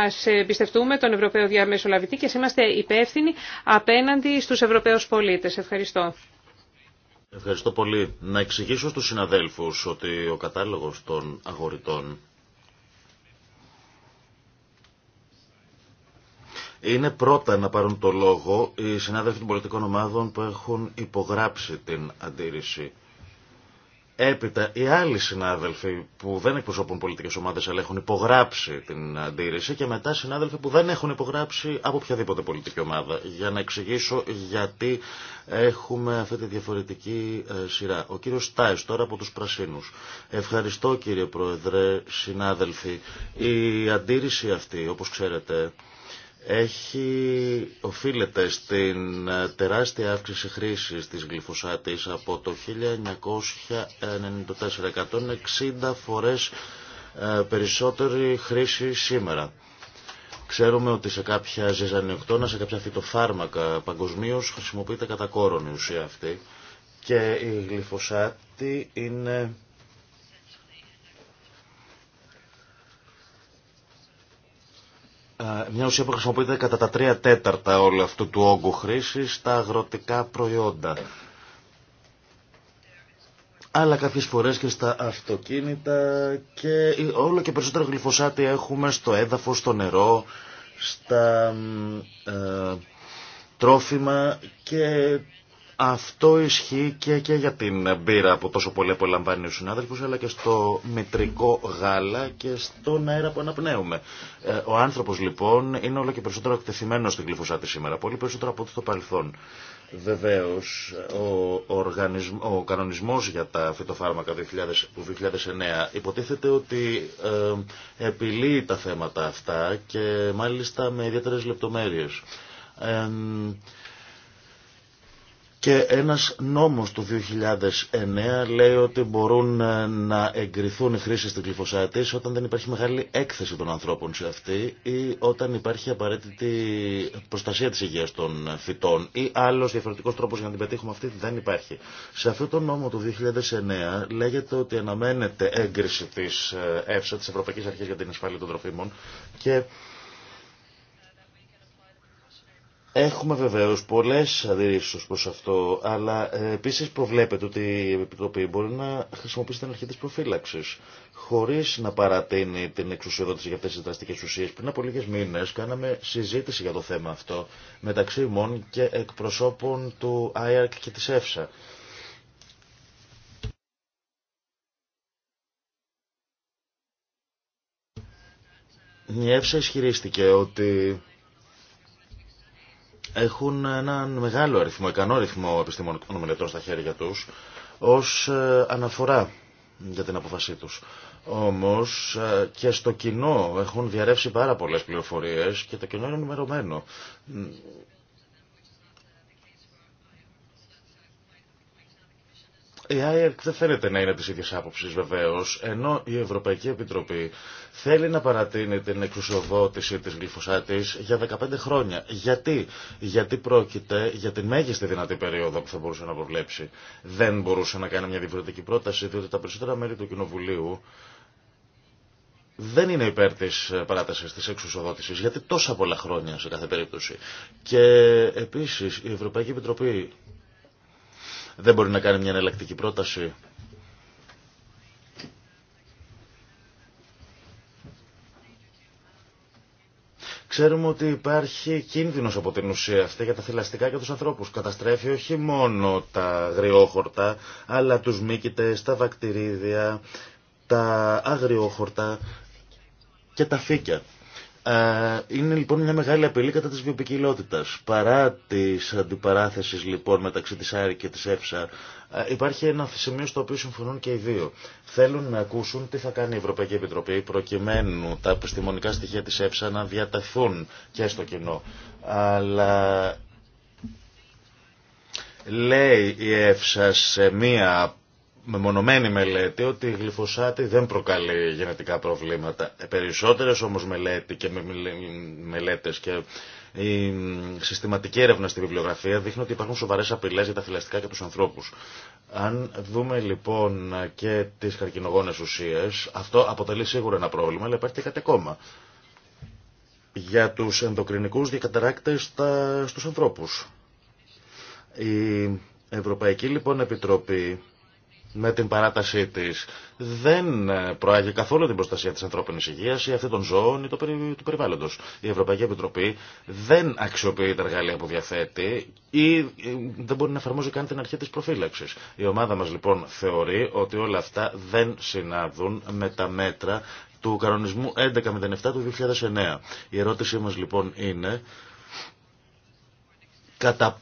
ας εμπιστευτούμε τον Ευρωπαίο Διαμεσολαβητή και είμαστε υπεύθυνοι απέναντι στους Ευρωπαίους πολίτες. Ευχαριστώ. Ευχαριστώ πολύ. Να εξηγήσω στους συναδέλφους ότι ο κατάλογος των αγορητών Είναι πρώτα να πάρουν το λόγο οι συνάδελφοι των πολιτικών ομάδων που έχουν υπογράψει την αντίρρηση. Έπειτα οι άλλοι συνάδελφοι που δεν εκπροσωπούν πολιτικές ομάδες αλλά έχουν υπογράψει την αντίρρηση και μετά συνάδελφοι που δεν έχουν υπογράψει από οποιαδήποτε πολιτική ομάδα. Για να εξηγήσω γιατί έχουμε αυτή τη διαφορετική ε, σειρά. Ο κύριος Στάις τώρα από τους Πρασίνους. Ευχαριστώ κύριε Πρόεδρε, συνάδελφοι. Η αντίρρηση αυτή όπως ξέρετε έχει, οφείλεται στην ε, τεράστια αύξηση χρήσης της γλυφοσάτης από το 1994, 160 φορές ε, περισσότερη χρήση σήμερα. Ξέρουμε ότι σε κάποια ζυζανιοκτώνα, σε κάποια φυτοφάρμακα παγκοσμίω χρησιμοποιείται κατά κόρον η ουσία αυτή και η γλυφοσάτη είναι Ε, μια ουσία που χρησιμοποιείται κατά τα τρία τέταρτα όλου αυτού του όγκου χρήση στα αγροτικά προϊόντα. Αλλά κάποιε φορέ και στα αυτοκίνητα και όλο και περισσότερο γλυφοσάτη έχουμε στο έδαφο, στο νερό, στα ε, τρόφιμα και αυτό ισχύει και, για την μπύρα που τόσο πολύ απολαμβάνει ο συνάδελφος, αλλά και στο μητρικό γάλα και στον αέρα που αναπνέουμε. Ε, ο άνθρωπος λοιπόν είναι όλο και περισσότερο εκτεθειμένος στην κλειφωσάτη σήμερα, πολύ περισσότερο από ό,τι στο παρελθόν. Βεβαίως, ο, οργανισμ, ο κανονισμός για τα φυτοφάρμακα του 2009 υποτίθεται ότι ε, επιλύει τα θέματα αυτά και μάλιστα με ιδιαίτερες λεπτομέρειες. Ε, και ένας νόμος του 2009 λέει ότι μπορούν ε, να εγκριθούν οι χρήσεις της γλυφοσάτης όταν δεν υπάρχει μεγάλη έκθεση των ανθρώπων σε αυτή ή όταν υπάρχει απαραίτητη προστασία της υγείας των φυτών ή άλλος διαφορετικός τρόπος για να την πετύχουμε αυτή δεν υπάρχει. Σε αυτό το νόμο του 2009 λέγεται ότι αναμένεται έγκριση της ε, ΕΦΣΑ, της Ευρωπαϊκής Αρχής για την Ασφάλεια των Τροφίμων και Έχουμε βεβαίω πολλέ αντιρρήσει ω προ αυτό, αλλά ε, επίση προβλέπετε ότι η Επιτροπή μπορεί να χρησιμοποιήσει την αρχή τη προφύλαξη. Χωρί να παρατείνει την εξουσιοδότηση για αυτέ τι δραστικέ ουσίε, πριν από λίγε μήνε κάναμε συζήτηση για το θέμα αυτό μεταξύ ημών και εκπροσώπων του ΆΙΑΡΚ και τη ΕΦΣΑ. Η ΕΦΣΑ ισχυρίστηκε ότι έχουν έναν μεγάλο αριθμό, ικανό αριθμό επιστημονικών μελετών στα χέρια τους ως ε, αναφορά για την αποφασή τους. Όμως ε, και στο κοινό έχουν διαρρεύσει πάρα πολλές πληροφορίες και το κοινό είναι ενημερωμένο. Η ΆΕΡΚ δεν φαίνεται να είναι τη ίδια άποψη βεβαίω, ενώ η Ευρωπαϊκή Επιτροπή θέλει να παρατείνει την εξουσιοδότηση τη γλυφωσάτη για 15 χρόνια. Γιατί? Γιατί πρόκειται για την μέγιστη δυνατή περίοδο που θα μπορούσε να προβλέψει. Δεν μπορούσε να κάνει μια διαφορετική πρόταση, διότι τα περισσότερα μέλη του Κοινοβουλίου δεν είναι υπέρ τη παράταση τη εξουσιοδότηση, γιατί τόσα πολλά χρόνια σε κάθε περίπτωση. Και επίση η Ευρωπαϊκή Επιτροπή δεν μπορεί να κάνει μια εναλλακτική πρόταση. Ξέρουμε ότι υπάρχει κίνδυνος από την ουσία αυτή για τα θηλαστικά και τους ανθρώπους. Καταστρέφει όχι μόνο τα αγριόχορτα, αλλά τους μύκητες, τα βακτηρίδια, τα αγριόχορτα και τα φύκια. Ε, είναι λοιπόν μια μεγάλη απειλή κατά της βιοπικιλότητας. Παρά τις αντιπαράθεσης λοιπόν μεταξύ της Άρη και της ΕΦΣΑ ε, υπάρχει ένα σημείο στο οποίο συμφωνούν και οι δύο. Θέλουν να ακούσουν τι θα κάνει η Ευρωπαϊκή Επιτροπή προκειμένου τα επιστημονικά στοιχεία της ΕΦΣΑ να διαταθούν και στο κοινό. Αλλά λέει η ΕΦΣΑ σε μία μεμονωμένη μελέτη ότι η γλυφοσάτη δεν προκαλεί γενετικά προβλήματα. Περισσότερες όμως μελέτη και μελέτες και η συστηματική έρευνα στη βιβλιογραφία δείχνει ότι υπάρχουν σοβαρές απειλές για τα θηλαστικά και τους ανθρώπους. Αν δούμε λοιπόν και τις καρκινογόνες ουσίες, αυτό αποτελεί σίγουρα ένα πρόβλημα, αλλά υπάρχει και κάτι ακόμα. Για τους ενδοκρινικούς διακαταράκτες στου στους ανθρώπους. Η Ευρωπαϊκή λοιπόν Επιτροπή με την παράτασή τη, δεν προάγει καθόλου την προστασία της ανθρώπινης υγείας ή αυτή ζώων ή το περιοριστή του περιβάλλοντο. Η Ευρωπαϊκή περιβαλλοντο η ευρωπαικη επιτροπη δεν αξιοποιεί τα εργαλεία που διαθέτει ή ε, δεν μπορεί να εφαρμόζει καν την αρχή τη προφύλαξης. Η ομάδα μας λοιπόν θεωρεί ότι όλα αυτά δεν συνάδουν με τα μέτρα του κανονισμού 1107 του 2009. Η ερώτησή μα λοιπόν είναι κατά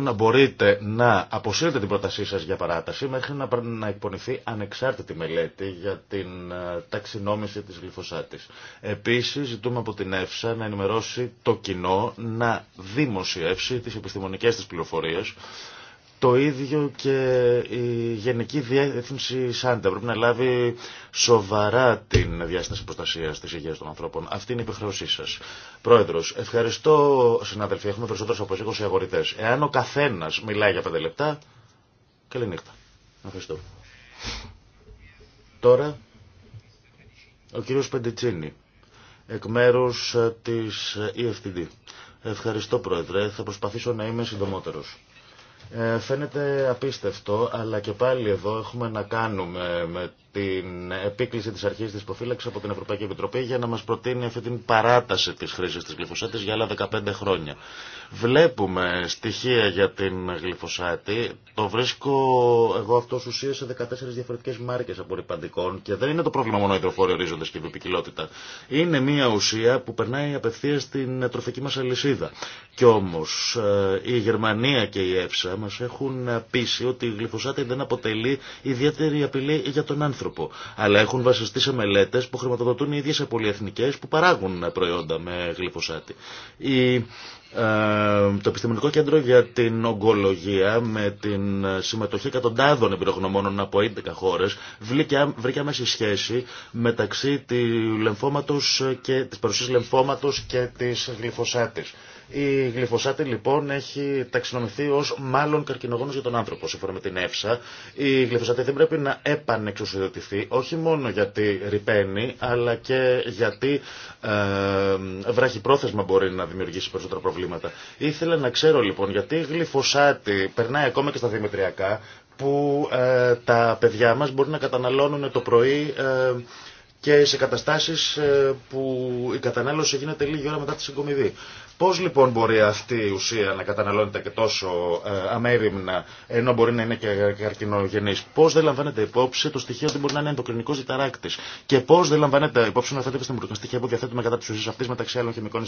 να μπορείτε να αποσύρετε την πρότασή σας για παράταση μέχρι να εκπονηθεί ανεξάρτητη μελέτη για την ε, ταξινόμηση της γλυφωσάτης. Επίσης ζητούμε από την ΕΦΣΑ να ενημερώσει το κοινό να δημοσιεύσει τις επιστημονικές της πληροφορίες το ίδιο και η Γενική Διεύθυνση Σάντα πρέπει να λάβει σοβαρά την διάσταση προστασία τη υγεία των ανθρώπων. Αυτή είναι η υποχρεώσή σα. Πρόεδρο, ευχαριστώ συναδελφοί. Έχουμε περισσότερους από 20 αγορητέ. Εάν ο καθένα μιλάει για 5 λεπτά, νύχτα. Ευχαριστώ. Τώρα, ο κύριος Πεντιτσίνη, εκ μέρου τη EFTD. Ε ευχαριστώ, Πρόεδρε. Θα προσπαθήσω να είμαι συντομότερος. Ε, φαίνεται απίστευτο, αλλά και πάλι εδώ έχουμε να κάνουμε με την επίκληση τη αρχή τη υποφύλαξη από την Ευρωπαϊκή Επιτροπή για να μα προτείνει αυτή την παράταση τη χρήση τη γλυφοσάτη για άλλα 15 χρόνια. Βλέπουμε στοιχεία για την γλυφοσάτη, το βρίσκω εγώ αυτό ουσία σε 14 διαφορετικέ μάρκε απορριπαντικών και δεν είναι το πρόβλημα μόνο η υδροφόροι ορίζοντα και η βιοπικιλότητα. Είναι μια ουσία που περνάει απευθεία στην τροφική μα αλυσίδα. Κι όμω ε, η Γερμανία και η ΕΦΣΑ μα έχουν πείσει ότι η γλυφοσάτη δεν αποτελεί ιδιαίτερη απειλή για τον άνθρωπο. Αλλά έχουν βασιστεί σε μελέτε που χρηματοδοτούν οι ίδιε πολυεθνικέ που παράγουν προϊόντα με γλυφοσάτη. Η, ε, το Επιστημονικό Κέντρο για την Ογκολογία με την συμμετοχή εκατοντάδων εμπειρογνωμόνων από 11 χώρε βρήκε άμεση σχέση μεταξύ τη παρουσία λεμφώματο και τη γλυφοσάτη. Η γλυφοσάτη λοιπόν έχει ταξινομηθεί ω μάλλον καρκινογόνο για τον άνθρωπο, σύμφωνα με την ΕΦΣΑ. Η γλυφοσάτη δεν πρέπει να επανεξουσιοδοτηθεί, όχι μόνο γιατί ρηπαίνει, αλλά και γιατί ε, βράχει πρόθεσμα μπορεί να δημιουργήσει περισσότερα προβλήματα. Ήθελα να ξέρω λοιπόν γιατί η γλυφοσάτη περνάει ακόμα και στα δημητριακά, που ε, τα παιδιά μας μπορεί να καταναλώνουν το πρωί ε, και σε καταστάσεις ε, που η κατανάλωση γίνεται λίγη ώρα μετά τη συγκομιδή. Πώς λοιπόν μπορεί αυτή η ουσία να καταναλώνεται και τόσο ε, αμέριμνα ενώ μπορεί να είναι και καρκινογενής. Πώς δεν λαμβάνεται υπόψη το στοιχείο ότι μπορεί να είναι ενδοκρινικός διταράκτης και πώς δεν λαμβάνεται υπόψη να θέτει επιστημονικά στοιχεία που διαθέτουμε κατά τις ουσίες αυτής μεταξύ άλλων χημικών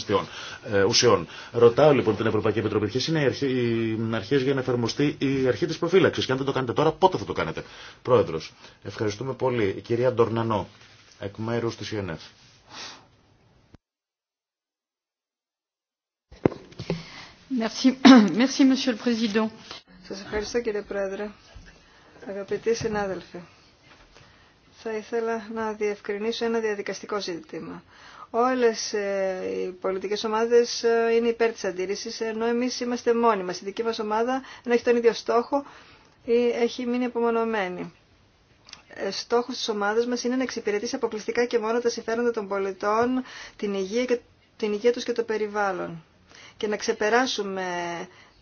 ε, ουσιών. Ρωτάω λοιπόν την Ευρωπαϊκή Επιτροπή ποιες είναι οι αρχές για να εφαρμοστεί η αρχή της προφύλαξης και αν δεν το κάνετε τώρα πότε θα το κάνετε. Πρόεδρος, ευχαριστούμε πολύ. Η κυρία Ντορνανό, εκ μέρους της ΙΕΝΕΦ. Σας ευχαριστώ κύριε Πρόεδρε. Αγαπητοί συνάδελφοι, θα ήθελα να διευκρινίσω ένα διαδικαστικό ζήτημα. Όλες ε, οι πολιτικές ομάδες ε, είναι υπέρ της αντίρρησης, ενώ εμείς είμαστε μόνοι μας. Η δική μας ομάδα, δεν έχει τον ίδιο στόχο, ή έχει μείνει απομονωμένη. Ε, στόχος της ομάδας μας είναι να εξυπηρετήσει αποκλειστικά και μόνο τα συμφέροντα των πολιτών, την υγεία, την υγεία τους και το περιβάλλον και να ξεπεράσουμε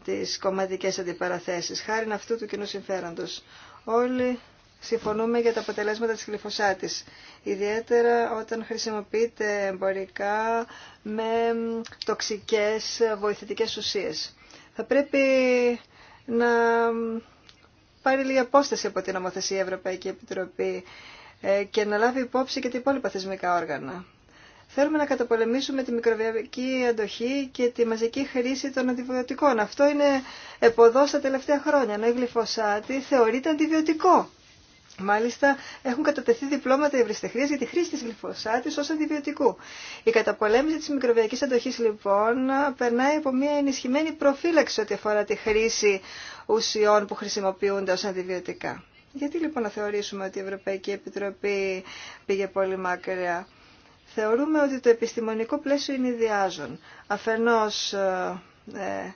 τις κομματικές αντιπαραθέσεις, χάρη αυτού του κοινού συμφέροντος. Όλοι συμφωνούμε για τα αποτελέσματα της γλυφοσάτης, ιδιαίτερα όταν χρησιμοποιείται εμπορικά με τοξικές βοηθητικές ουσίες. Θα πρέπει να πάρει λίγη απόσταση από την νομοθεσία Ευρωπαϊκή Επιτροπή ε, και να λάβει υπόψη και τα υπόλοιπα θεσμικά όργανα. Θέλουμε να καταπολεμήσουμε τη μικροβιακή αντοχή και τη μαζική χρήση των αντιβιωτικών. Αυτό είναι εποδό στα τελευταία χρόνια, ενώ η γλυφοσάτη θεωρείται αντιβιωτικό. Μάλιστα, έχουν κατατεθεί διπλώματα ευρυστεχνία για τη χρήση τη γλυφοσάτη ω αντιβιωτικού. Η καταπολέμηση τη μικροβιακή αντοχή, λοιπόν, περνάει από μια ενισχυμένη προφύλαξη ό,τι αφορά τη χρήση ουσιών που χρησιμοποιούνται ω αντιβιωτικά. Γιατί λοιπόν να θεωρήσουμε ότι η Ευρωπαϊκή Επιτροπή πήγε πολύ μακριά. Θεωρούμε ότι το επιστημονικό πλαίσιο είναι ιδιάζων. Αφενός ε, ε,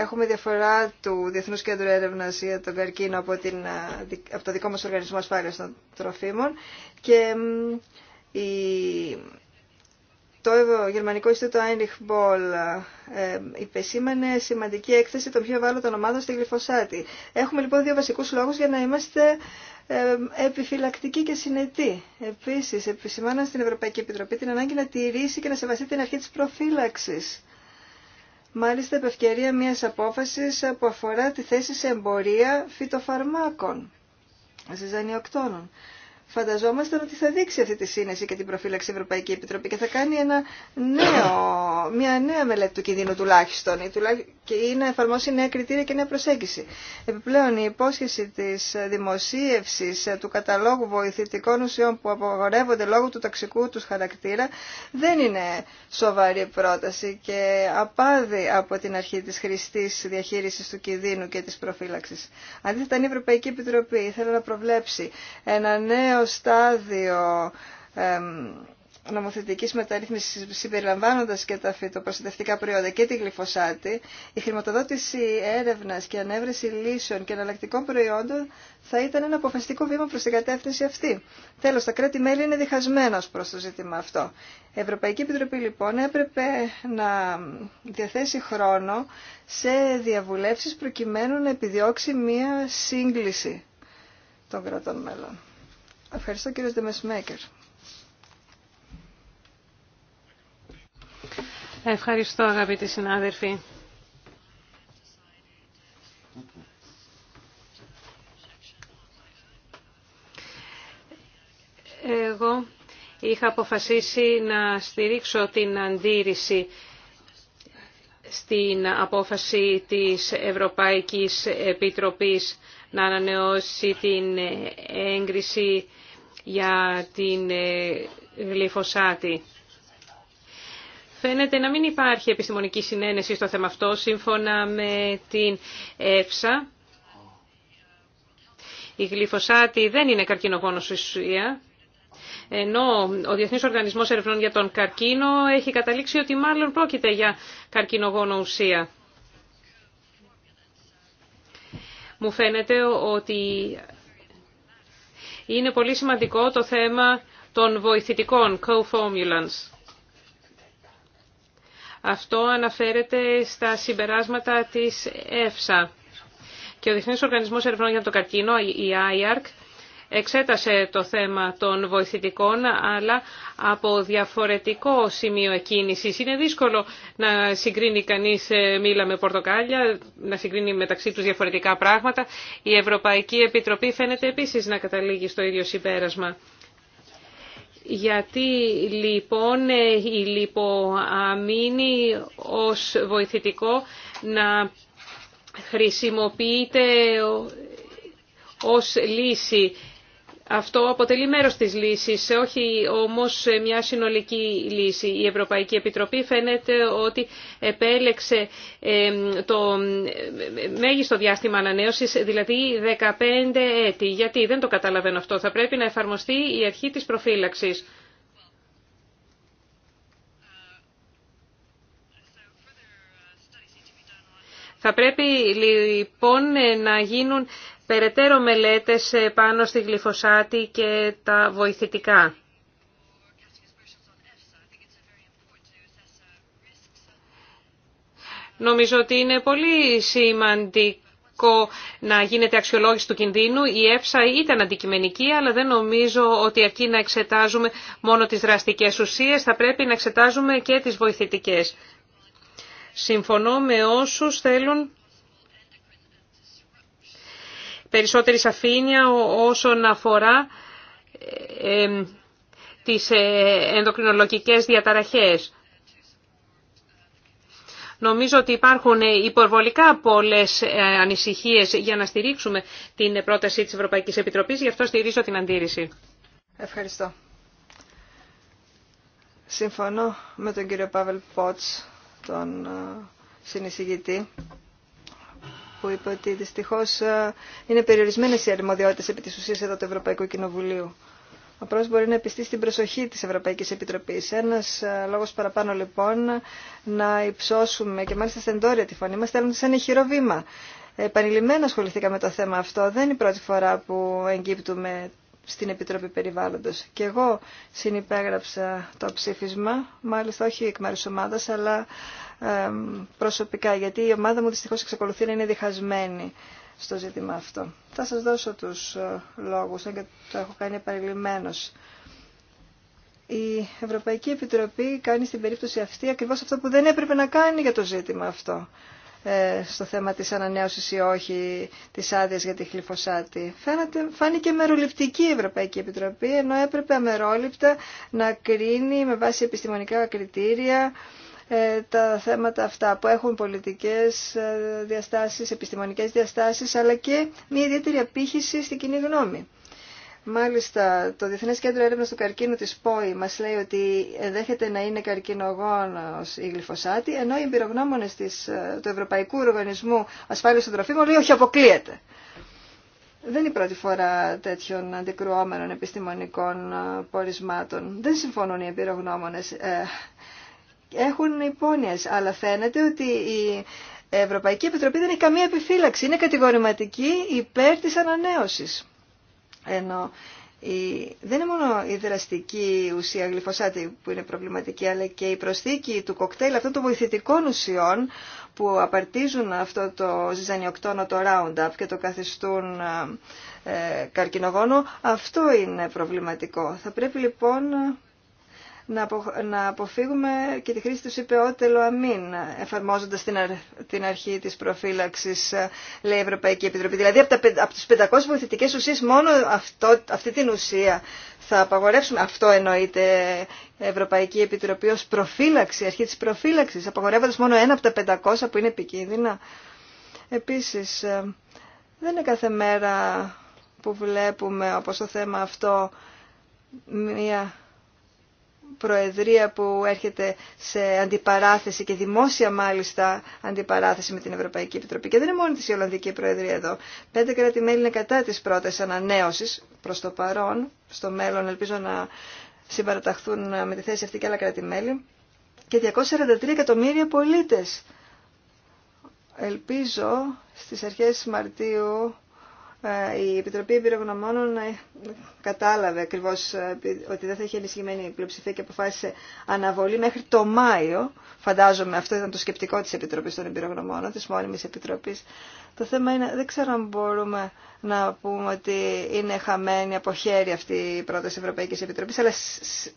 έχουμε διαφορά του Διεθνούς Κέντρου Έρευνας για τον καρκίνο από, την, ε, από το δικό μας Οργανισμό Ασφάλειας των Τροφίμων και η το Γερμανικό Ινστιτούτο Einrich Μπολ ε, υπεσήμανε σημαντική έκθεση των πιο ευάλωτων ομάδων στη γλυφοσάτη. Έχουμε λοιπόν δύο βασικούς λόγους για να είμαστε ε, επιφυλακτικοί και συνετοί. Επίσης, επισημάναν στην Ευρωπαϊκή Επιτροπή την ανάγκη να τηρήσει και να σεβαστεί την αρχή της προφύλαξης. Μάλιστα, επ' ευκαιρία μιας απόφασης που αφορά τη θέση σε εμπορία φυτοφαρμάκων, ζυζανιοκτώνων φανταζόμασταν ότι θα δείξει αυτή τη σύνεση και την προφύλαξη Ευρωπαϊκή Επιτροπή και θα κάνει ένα νέο, μια νέα μελέτη του κινδύνου τουλάχιστον ή και ή να εφαρμόσει νέα κριτήρια και νέα προσέγγιση. Επιπλέον, η υπόσχεση της δημοσίευσης του καταλόγου βοηθητικών ουσιών που απογορεύονται λόγω του ταξικού τους χαρακτήρα δεν είναι σοβαρή πρόταση και απάδει από την αρχή της χρηστής διαχείρισης του καταλογου βοηθητικων ουσιων που απογορευονται λογω του ταξικου του χαρακτηρα δεν ειναι σοβαρη προταση και απαδει απο την αρχη της χρηστη διαχειρισης του κινδυνου και της προφύλαξης. Αντίθετα, η Ευρωπαϊκή Επιτροπή ήθελε να προβλέψει ένα νέο στάδιο Νομοθετική μεταρρύθμιση συμπεριλαμβάνοντα και τα φυτοπροστατευτικά προϊόντα και τη γλυφωσάτη, η χρηματοδότηση έρευνα και ανέβρεση λύσεων και εναλλακτικών προϊόντων θα ήταν ένα αποφασιστικό βήμα προ την κατεύθυνση αυτή. Τέλο, τα κράτη-μέλη είναι διχασμένος προ το ζήτημα αυτό. Η Ευρωπαϊκή Επιτροπή λοιπόν έπρεπε να διαθέσει χρόνο σε διαβουλεύσεις προκειμένου να επιδιώξει μία σύγκληση των κρατών μέλων. Ευχαριστώ κύριε Δεμεσμέκερ. Ευχαριστώ αγαπητοί συνάδελφοι. Εγώ είχα αποφασίσει να στηρίξω την αντίρρηση στην απόφαση της Ευρωπαϊκής Επιτροπής να ανανεώσει την έγκριση για την ε, γλυφοσάτη. Φαίνεται να μην υπάρχει επιστημονική συνένεση στο θέμα αυτό, σύμφωνα με την ΕΦΣΑ. Η γλυφοσάτη δεν είναι καρκινογόνος ουσία, ενώ ο Διεθνής Οργανισμός Ερευνών για τον Καρκίνο έχει καταλήξει ότι μάλλον πρόκειται για καρκινογόνο ουσία. Μου φαίνεται ότι είναι πολύ σημαντικό το θέμα των βοηθητικών co-formulants. Αυτό αναφέρεται στα συμπεράσματα της ΕΦΣΑ. Και ο Διεθνής Οργανισμός Ερευνών για το Καρκίνο, η IARC, εξέτασε το θέμα των βοηθητικών, αλλά από διαφορετικό σημείο εκκίνησης. Είναι δύσκολο να συγκρίνει κανείς ε, μήλα με πορτοκάλια, να συγκρίνει μεταξύ τους διαφορετικά πράγματα. Η Ευρωπαϊκή Επιτροπή φαίνεται επίσης να καταλήγει στο ίδιο συμπέρασμα. Γιατί λοιπόν ε, η λιποαμίνη ως βοηθητικό να χρησιμοποιείται ως λύση αυτό αποτελεί μέρος της λύσης, όχι όμως μια συνολική λύση. Η Ευρωπαϊκή Επιτροπή φαίνεται ότι επέλεξε το μέγιστο διάστημα ανανέωσης, δηλαδή 15 έτη. Γιατί δεν το καταλαβαίνω αυτό. Θα πρέπει να εφαρμοστεί η αρχή της προφύλαξης. Θα πρέπει λοιπόν να γίνουν περαιτέρω μελέτες πάνω στη γλυφοσάτη και τα βοηθητικά. Νομίζω ότι είναι πολύ σημαντικό να γίνεται αξιολόγηση του κινδύνου. Η ΕΦΣΑ ήταν αντικειμενική, αλλά δεν νομίζω ότι αρκεί να εξετάζουμε μόνο τις δραστικές ουσίες, θα πρέπει να εξετάζουμε και τις βοηθητικές. Συμφωνώ με όσους θέλουν περισσότερη σαφήνεια όσον αφορά ε, ε, τις ε, ενδοκρινολογικές διαταραχές. Νομίζω ότι υπάρχουν υπορβολικά πολλές ανησυχίες για να στηρίξουμε την πρόταση της Ευρωπαϊκής Επιτροπής, γι' αυτό στηρίζω την αντίρρηση. Ευχαριστώ. Συμφωνώ με τον κύριο Παύλ Πότς τον ε, συνεισηγητή που είπε ότι δυστυχώς ε, είναι περιορισμένες οι αρμοδιότητες επί της ουσίας εδώ του Ευρωπαϊκού Κοινοβουλίου. Ο πρόεδρος μπορεί να επιστήσει την προσοχή της Ευρωπαϊκής Επιτροπής. Ένας ε, λόγος παραπάνω λοιπόν να υψώσουμε και μάλιστα στεντόρια τη φωνή μας σε ένα βήμα. Επανειλημμένα ασχοληθήκαμε με το θέμα αυτό. Δεν είναι η πρώτη φορά που εγκύπτουμε στην Επιτροπή Περιβάλλοντος. Και εγώ συνυπέγραψα το ψήφισμα, μάλιστα όχι εκ μέρους ομάδας, αλλά προσωπικά, γιατί η ομάδα μου δυστυχώς εξακολουθεί να είναι διχασμένη στο ζήτημα αυτό. Θα σας δώσω τους ε, λόγους, αν και το έχω κάνει επαρελειμμένος. Η Ευρωπαϊκή Επιτροπή κάνει στην περίπτωση αυτή ακριβώς αυτό που δεν έπρεπε να κάνει για το ζήτημα αυτό. Ε, στο θέμα της ανανέωσης ή όχι της άδειας για τη χλυφοσάτη. Φαίνεται, φάνηκε μεροληπτική η Ευρωπαϊκή Επιτροπή, ενώ έπρεπε αμερόληπτα να κρίνει με βάση επιστημονικά κριτήρια ε, τα θέματα αυτά που έχουν πολιτικές ε, διαστάσεις, επιστημονικές διαστάσεις, αλλά και μια ιδιαίτερη απήχηση στην κοινή γνώμη. Μάλιστα, το Διεθνέ Κέντρο έρευνα του Καρκίνου τη ΠΟΗ μα λέει ότι ενδέχεται να είναι καρκινογόνος η γλυφοσάτη, ενώ οι εμπειρογνώμονε ε, του Ευρωπαϊκού Οργανισμού ασφάλεια των Τροφίμων λέει όχι αποκλείεται. Δεν είναι η πρώτη φορά τέτοιων αντικρουόμενων επιστημονικών ε, πορισμάτων. Δεν συμφωνούν οι εμπειρογνώμονε. Ε, έχουν υπόνοιε, αλλά φαίνεται ότι η Ευρωπαϊκή Επιτροπή δεν έχει καμία επιφύλαξη. Είναι κατηγορηματική υπέρ τη ανανέωση. Ενώ η, δεν είναι μόνο η δραστική ουσία γλυφοσάτη που είναι προβληματική, αλλά και η προσθήκη του κοκτέιλ αυτών των βοηθητικών ουσιών που απαρτίζουν αυτό το ζυζανιοκτόνο, το Roundup και το καθιστούν ε, καρκινογόνο, αυτό είναι προβληματικό. Θα πρέπει λοιπόν να αποφύγουμε και τη χρήση του ΣΥΠΕΟΤΕΛΟ αμήν, εφαρμόζοντας την αρχή της προφύλαξης, λέει η Ευρωπαϊκή Επιτροπή. Δηλαδή από τους 500 βοηθητικές ουσίες μόνο αυτό, αυτή την ουσία θα απαγορεύσουμε. Αυτό εννοείται η Ευρωπαϊκή Επιτροπή ως προφύλαξη, αρχή της προφύλαξης, απαγορεύοντας μόνο ένα από τα 500 που είναι επικίνδυνα. Επίσης, ε, δεν είναι κάθε μέρα που βλέπουμε, όπως το θέμα αυτό, μια Προεδρία που έρχεται σε αντιπαράθεση και δημόσια μάλιστα αντιπαράθεση με την Ευρωπαϊκή Επιτροπή. Και δεν είναι μόνο της η Ολλανδική Προεδρία εδώ. Πέντε κράτη-μέλη είναι κατά της πρώτης ανανέωσης προς το παρόν. Στο μέλλον ελπίζω να συμπαραταχθούν με τη θέση αυτή και άλλα κράτη-μέλη. Και 243 εκατομμύρια πολίτες. Ελπίζω στις αρχές Μαρτίου ε, η Επιτροπή Εμπειρογνωμόνων ε, κατάλαβε ακριβώ ε, ότι δεν θα είχε ενισχυμένη πλειοψηφία και αποφάσισε αναβολή μέχρι το Μάιο. Φαντάζομαι αυτό ήταν το σκεπτικό τη Επιτροπή των Εμπειρογνωμόνων, τη μόνιμη Επιτροπή. Το θέμα είναι, δεν ξέρω αν μπορούμε να πούμε ότι είναι χαμένη από χέρι αυτή η πρόταση Ευρωπαϊκή Επιτροπή, αλλά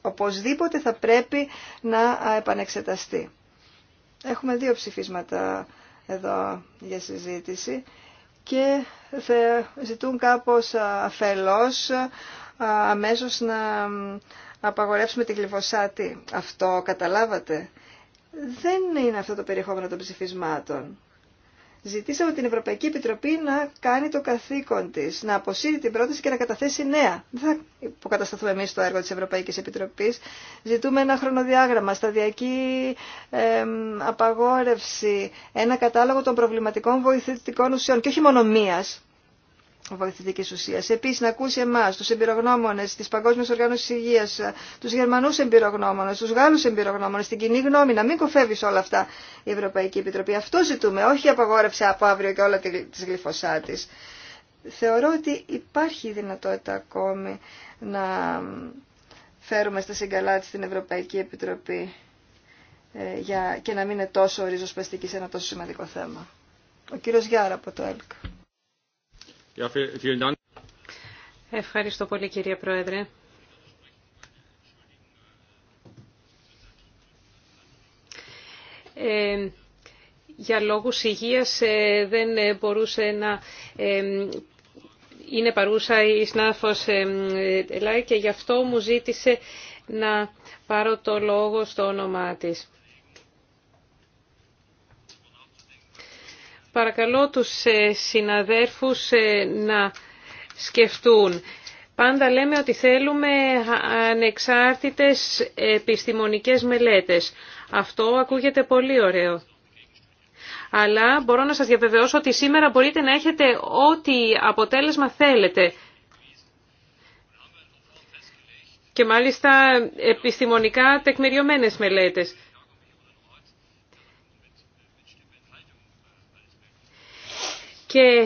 οπωσδήποτε θα πρέπει να επανεξεταστεί. Έχουμε δύο ψηφίσματα εδώ για συζήτηση και θα ζητούν κάπως αφελώς αμέσως να απαγορεύσουμε τη γλυφοσάτη. Αυτό καταλάβατε. Δεν είναι αυτό το περιεχόμενο των ψηφισμάτων. Ζητήσαμε την Ευρωπαϊκή Επιτροπή να κάνει το καθήκον τη, να αποσύρει την πρόταση και να καταθέσει νέα. Δεν θα υποκατασταθούμε εμεί στο έργο τη Ευρωπαϊκή Επιτροπή. Ζητούμε ένα χρονοδιάγραμμα, σταδιακή απαγόρευση, ένα κατάλογο των προβληματικών βοηθητικών ουσιών και όχι μόνο μία βοηθητικής ουσίας. Επίσης να ακούσει εμά, τους εμπειρογνώμονε τη Παγκόσμια Οργάνωση Υγεία, του Γερμανού εμπειρογνώμονε, του Γάλλους εμπειρογνώμονε, την κοινή γνώμη, να μην κοφεύει όλα αυτά η Ευρωπαϊκή Επιτροπή. Αυτό ζητούμε, όχι απαγόρευση από αύριο και όλα τη γλυφωσάτη. Θεωρώ ότι υπάρχει δυνατότητα ακόμη να φέρουμε στα συγκαλά της την Ευρωπαϊκή Επιτροπή ε, για, και να μην είναι τόσο ριζοσπαστική σε ένα τόσο σημαντικό θέμα. Ο κύριος Γιάρα από το ΕΛΚ. Ευχαριστώ πολύ κύριε Πρόεδρε. Ε, για λόγους υγείας ε, δεν μπορούσε να ε, είναι παρούσα η συνάδελφος Ελά και γι' αυτό μου ζήτησε να πάρω το λόγο στο όνομά της. Παρακαλώ τους ε, συναδέρφους ε, να σκεφτούν. Πάντα λέμε ότι θέλουμε ανεξάρτητες επιστημονικές μελέτες. Αυτό ακούγεται πολύ ωραίο. Αλλά μπορώ να σας διαβεβαιώσω ότι σήμερα μπορείτε να έχετε ό,τι αποτέλεσμα θέλετε. Και μάλιστα επιστημονικά τεκμηριωμένες μελέτες. Και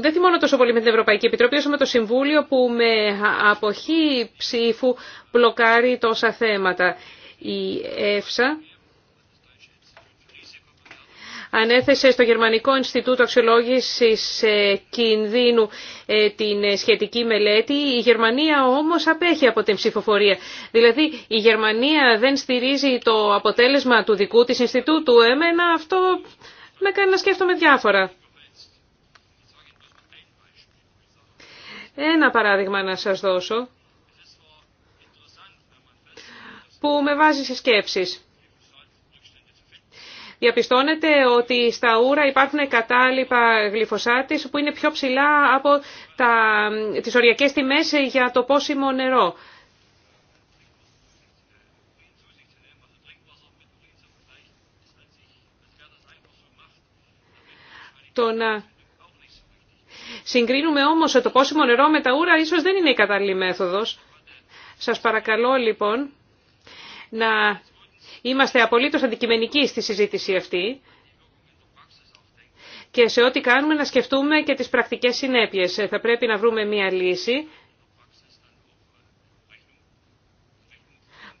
δεν θυμώνω τόσο πολύ με την Ευρωπαϊκή Επιτροπή όσο με το Συμβούλιο που με αποχή ψήφου μπλοκάρει τόσα θέματα. Η ΕΦΣΑ ανέθεσε στο Γερμανικό Ινστιτούτο Αξιολόγησης ε, Κινδύνου ε, την ε, σχετική μελέτη. Η Γερμανία όμως απέχει από την ψηφοφορία. Δηλαδή η Γερμανία δεν στηρίζει το αποτέλεσμα του δικού της Ινστιτούτου. Εμένα αυτό με κάνει να σκέφτομαι διάφορα. Ένα παράδειγμα να σας δώσω που με βάζει σε σκέψεις. Διαπιστώνεται ότι στα ούρα υπάρχουν κατάλοιπα γλυφοσάτης που είναι πιο ψηλά από τα, τις οριακές τιμές για το πόσιμο νερό. Το να Συγκρίνουμε όμως το πόσιμο νερό με τα ούρα ίσως δεν είναι η κατάλληλη μέθοδος. Σας παρακαλώ λοιπόν να είμαστε απολύτω αντικειμενικοί στη συζήτηση αυτή και σε ό,τι κάνουμε να σκεφτούμε και τις πρακτικές συνέπειες. Ε, θα πρέπει να βρούμε μία λύση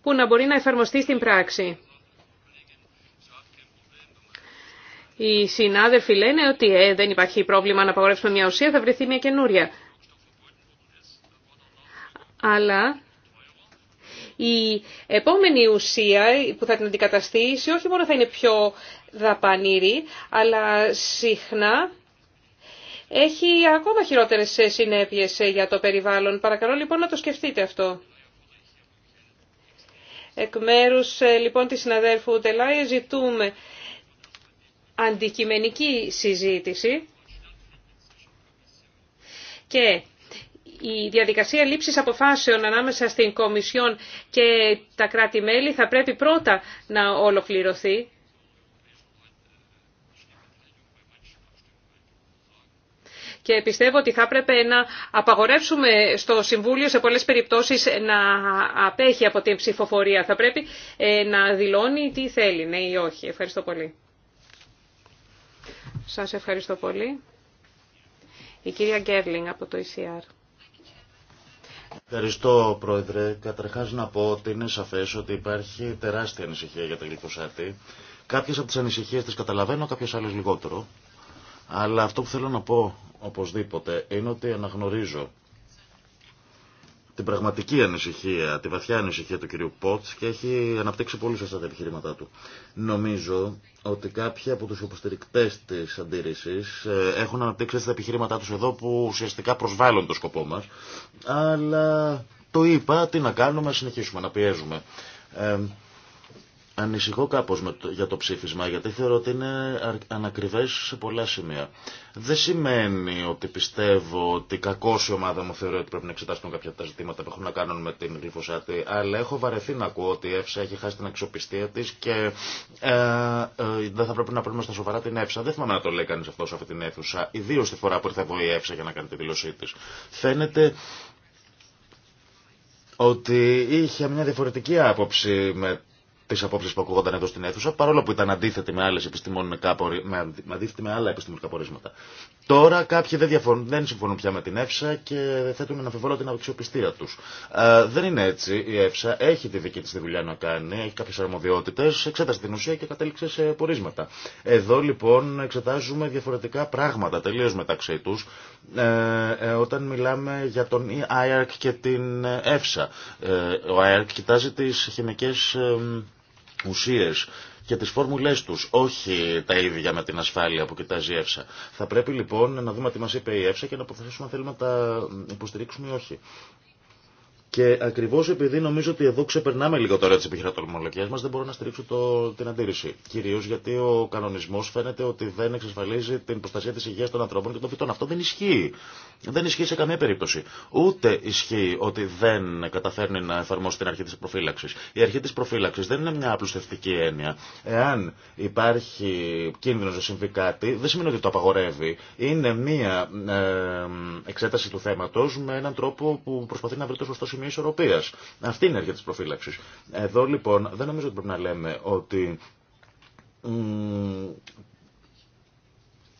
που να μπορεί να εφαρμοστεί στην πράξη. Οι συνάδελφοι λένε ότι ε, δεν υπάρχει πρόβλημα να απαγορεύσουμε μια ουσία, θα βρεθεί μια καινούρια. Αλλά η επόμενη ουσία που θα την αντικαταστήσει όχι μόνο θα είναι πιο δαπανήρη, αλλά συχνά έχει ακόμα χειρότερες συνέπειες για το περιβάλλον. Παρακαλώ λοιπόν να το σκεφτείτε αυτό. Εκ μέρους ε, λοιπόν της συναδέλφου Τελάη ζητούμε αντικειμενική συζήτηση και η διαδικασία λήψης αποφάσεων ανάμεσα στην Κομισιόν και τα κράτη-μέλη θα πρέπει πρώτα να ολοκληρωθεί. Και πιστεύω ότι θα έπρεπε να απαγορεύσουμε στο Συμβούλιο σε πολλές περιπτώσεις να απέχει από την ψηφοφορία. Θα πρέπει ε, να δηλώνει τι θέλει, ναι ή όχι. Ευχαριστώ πολύ. Σας ευχαριστώ πολύ. Η κυρία Γκέρλινγκ από το ECR. Ευχαριστώ, Πρόεδρε. Καταρχάς να πω ότι είναι σαφές ότι υπάρχει τεράστια ανησυχία για τα γλυκοσάτη. Κάποιες από τις ανησυχίες τις καταλαβαίνω, κάποιες άλλες λιγότερο. Αλλά αυτό που θέλω να πω οπωσδήποτε είναι ότι αναγνωρίζω την πραγματική ανησυχία, τη βαθιά ανησυχία του κυρίου Πότς και έχει αναπτύξει πολύ σωστά τα επιχειρήματά του. Νομίζω ότι κάποιοι από τους υποστηρικτές της αντίρρησης ε, έχουν αναπτύξει τα επιχειρήματά τους εδώ που ουσιαστικά προσβάλλουν το σκοπό μας, αλλά το είπα, τι να κάνουμε, συνεχίσουμε να πιέζουμε. Ε, Ανησυχώ κάπως για το ψήφισμα, γιατί θεωρώ ότι είναι ανακριβές σε πολλά σημεία. Δεν σημαίνει ότι πιστεύω ότι κακώ η ομάδα μου θεωρεί ότι πρέπει να εξετάσουν κάποια από τα ζητήματα που έχουν να κάνουν με την γλυφοσάτη, αλλά έχω βαρεθεί να ακούω ότι η ΕΦΣΑ έχει χάσει την αξιοπιστία τη και ε, ε, δεν θα πρέπει να παίρνουμε στα σοβαρά την ΕΦΣΑ. Δεν θυμάμαι να το λέει κανεί αυτό σε αυτή την αίθουσα, ιδίω τη φορά που ήρθε η ΕΦΣΑ για να κάνει τη δήλωσή τη. Φαίνεται ότι είχε μια διαφορετική άποψη με τι απόψει που ακούγονταν εδώ στην αίθουσα, παρόλο που ήταν αντίθετη με, άλλες επιστημονικά, με, με άλλα επιστημονικά πορίσματα. Τώρα κάποιοι δεν, διαφων, δεν συμφωνούν πια με την ΕΦΣΑ και θέτουν να αμφιβόλο την αξιοπιστία του. Ε, δεν είναι έτσι. Η ΕΦΣΑ έχει τη δική τη τη δουλειά να κάνει, έχει κάποιε αρμοδιότητε, εξέτασε την ουσία και κατέληξε σε πορίσματα. Εδώ λοιπόν εξετάζουμε διαφορετικά πράγματα τελείω μεταξύ του ε, ε, όταν μιλάμε για τον IARC και την ΕΦΣΑ. Ε, ο IARC κοιτάζει τι χημικέ ουσίες και τις φόρμουλές τους, όχι τα ίδια με την ασφάλεια που κοιτάζει η ΕΦΣΑ. Θα πρέπει λοιπόν να δούμε τι μας είπε η ΕΦΣΑ και να αποφασίσουμε αν θέλουμε να τα υποστηρίξουμε ή όχι. Και ακριβώ επειδή νομίζω ότι εδώ ξεπερνάμε λίγο τώρα τι επιχειρηματολογίε μα, δεν μπορώ να στηρίξω το, την αντίρρηση. Κυρίω γιατί ο κανονισμό φαίνεται ότι δεν εξασφαλίζει την προστασία τη υγεία των ανθρώπων και των φυτών. Αυτό δεν ισχύει. Δεν ισχύει σε καμία περίπτωση. Ούτε ισχύει ότι δεν καταφέρνει να εφαρμόσει την αρχή τη προφύλαξη. Η αρχή τη προφύλαξη δεν είναι μια απλουστευτική έννοια. Εάν υπάρχει κίνδυνο να συμβεί κάτι, δεν σημαίνει ότι το απαγορεύει. Είναι μια ε, εξέταση του θέματο με έναν τρόπο που προσπαθεί να βρει το σωστό σημείο ισορροπία. Αυτή είναι η αρχή τη προφύλαξη. Εδώ λοιπόν δεν νομίζω ότι πρέπει να λέμε ότι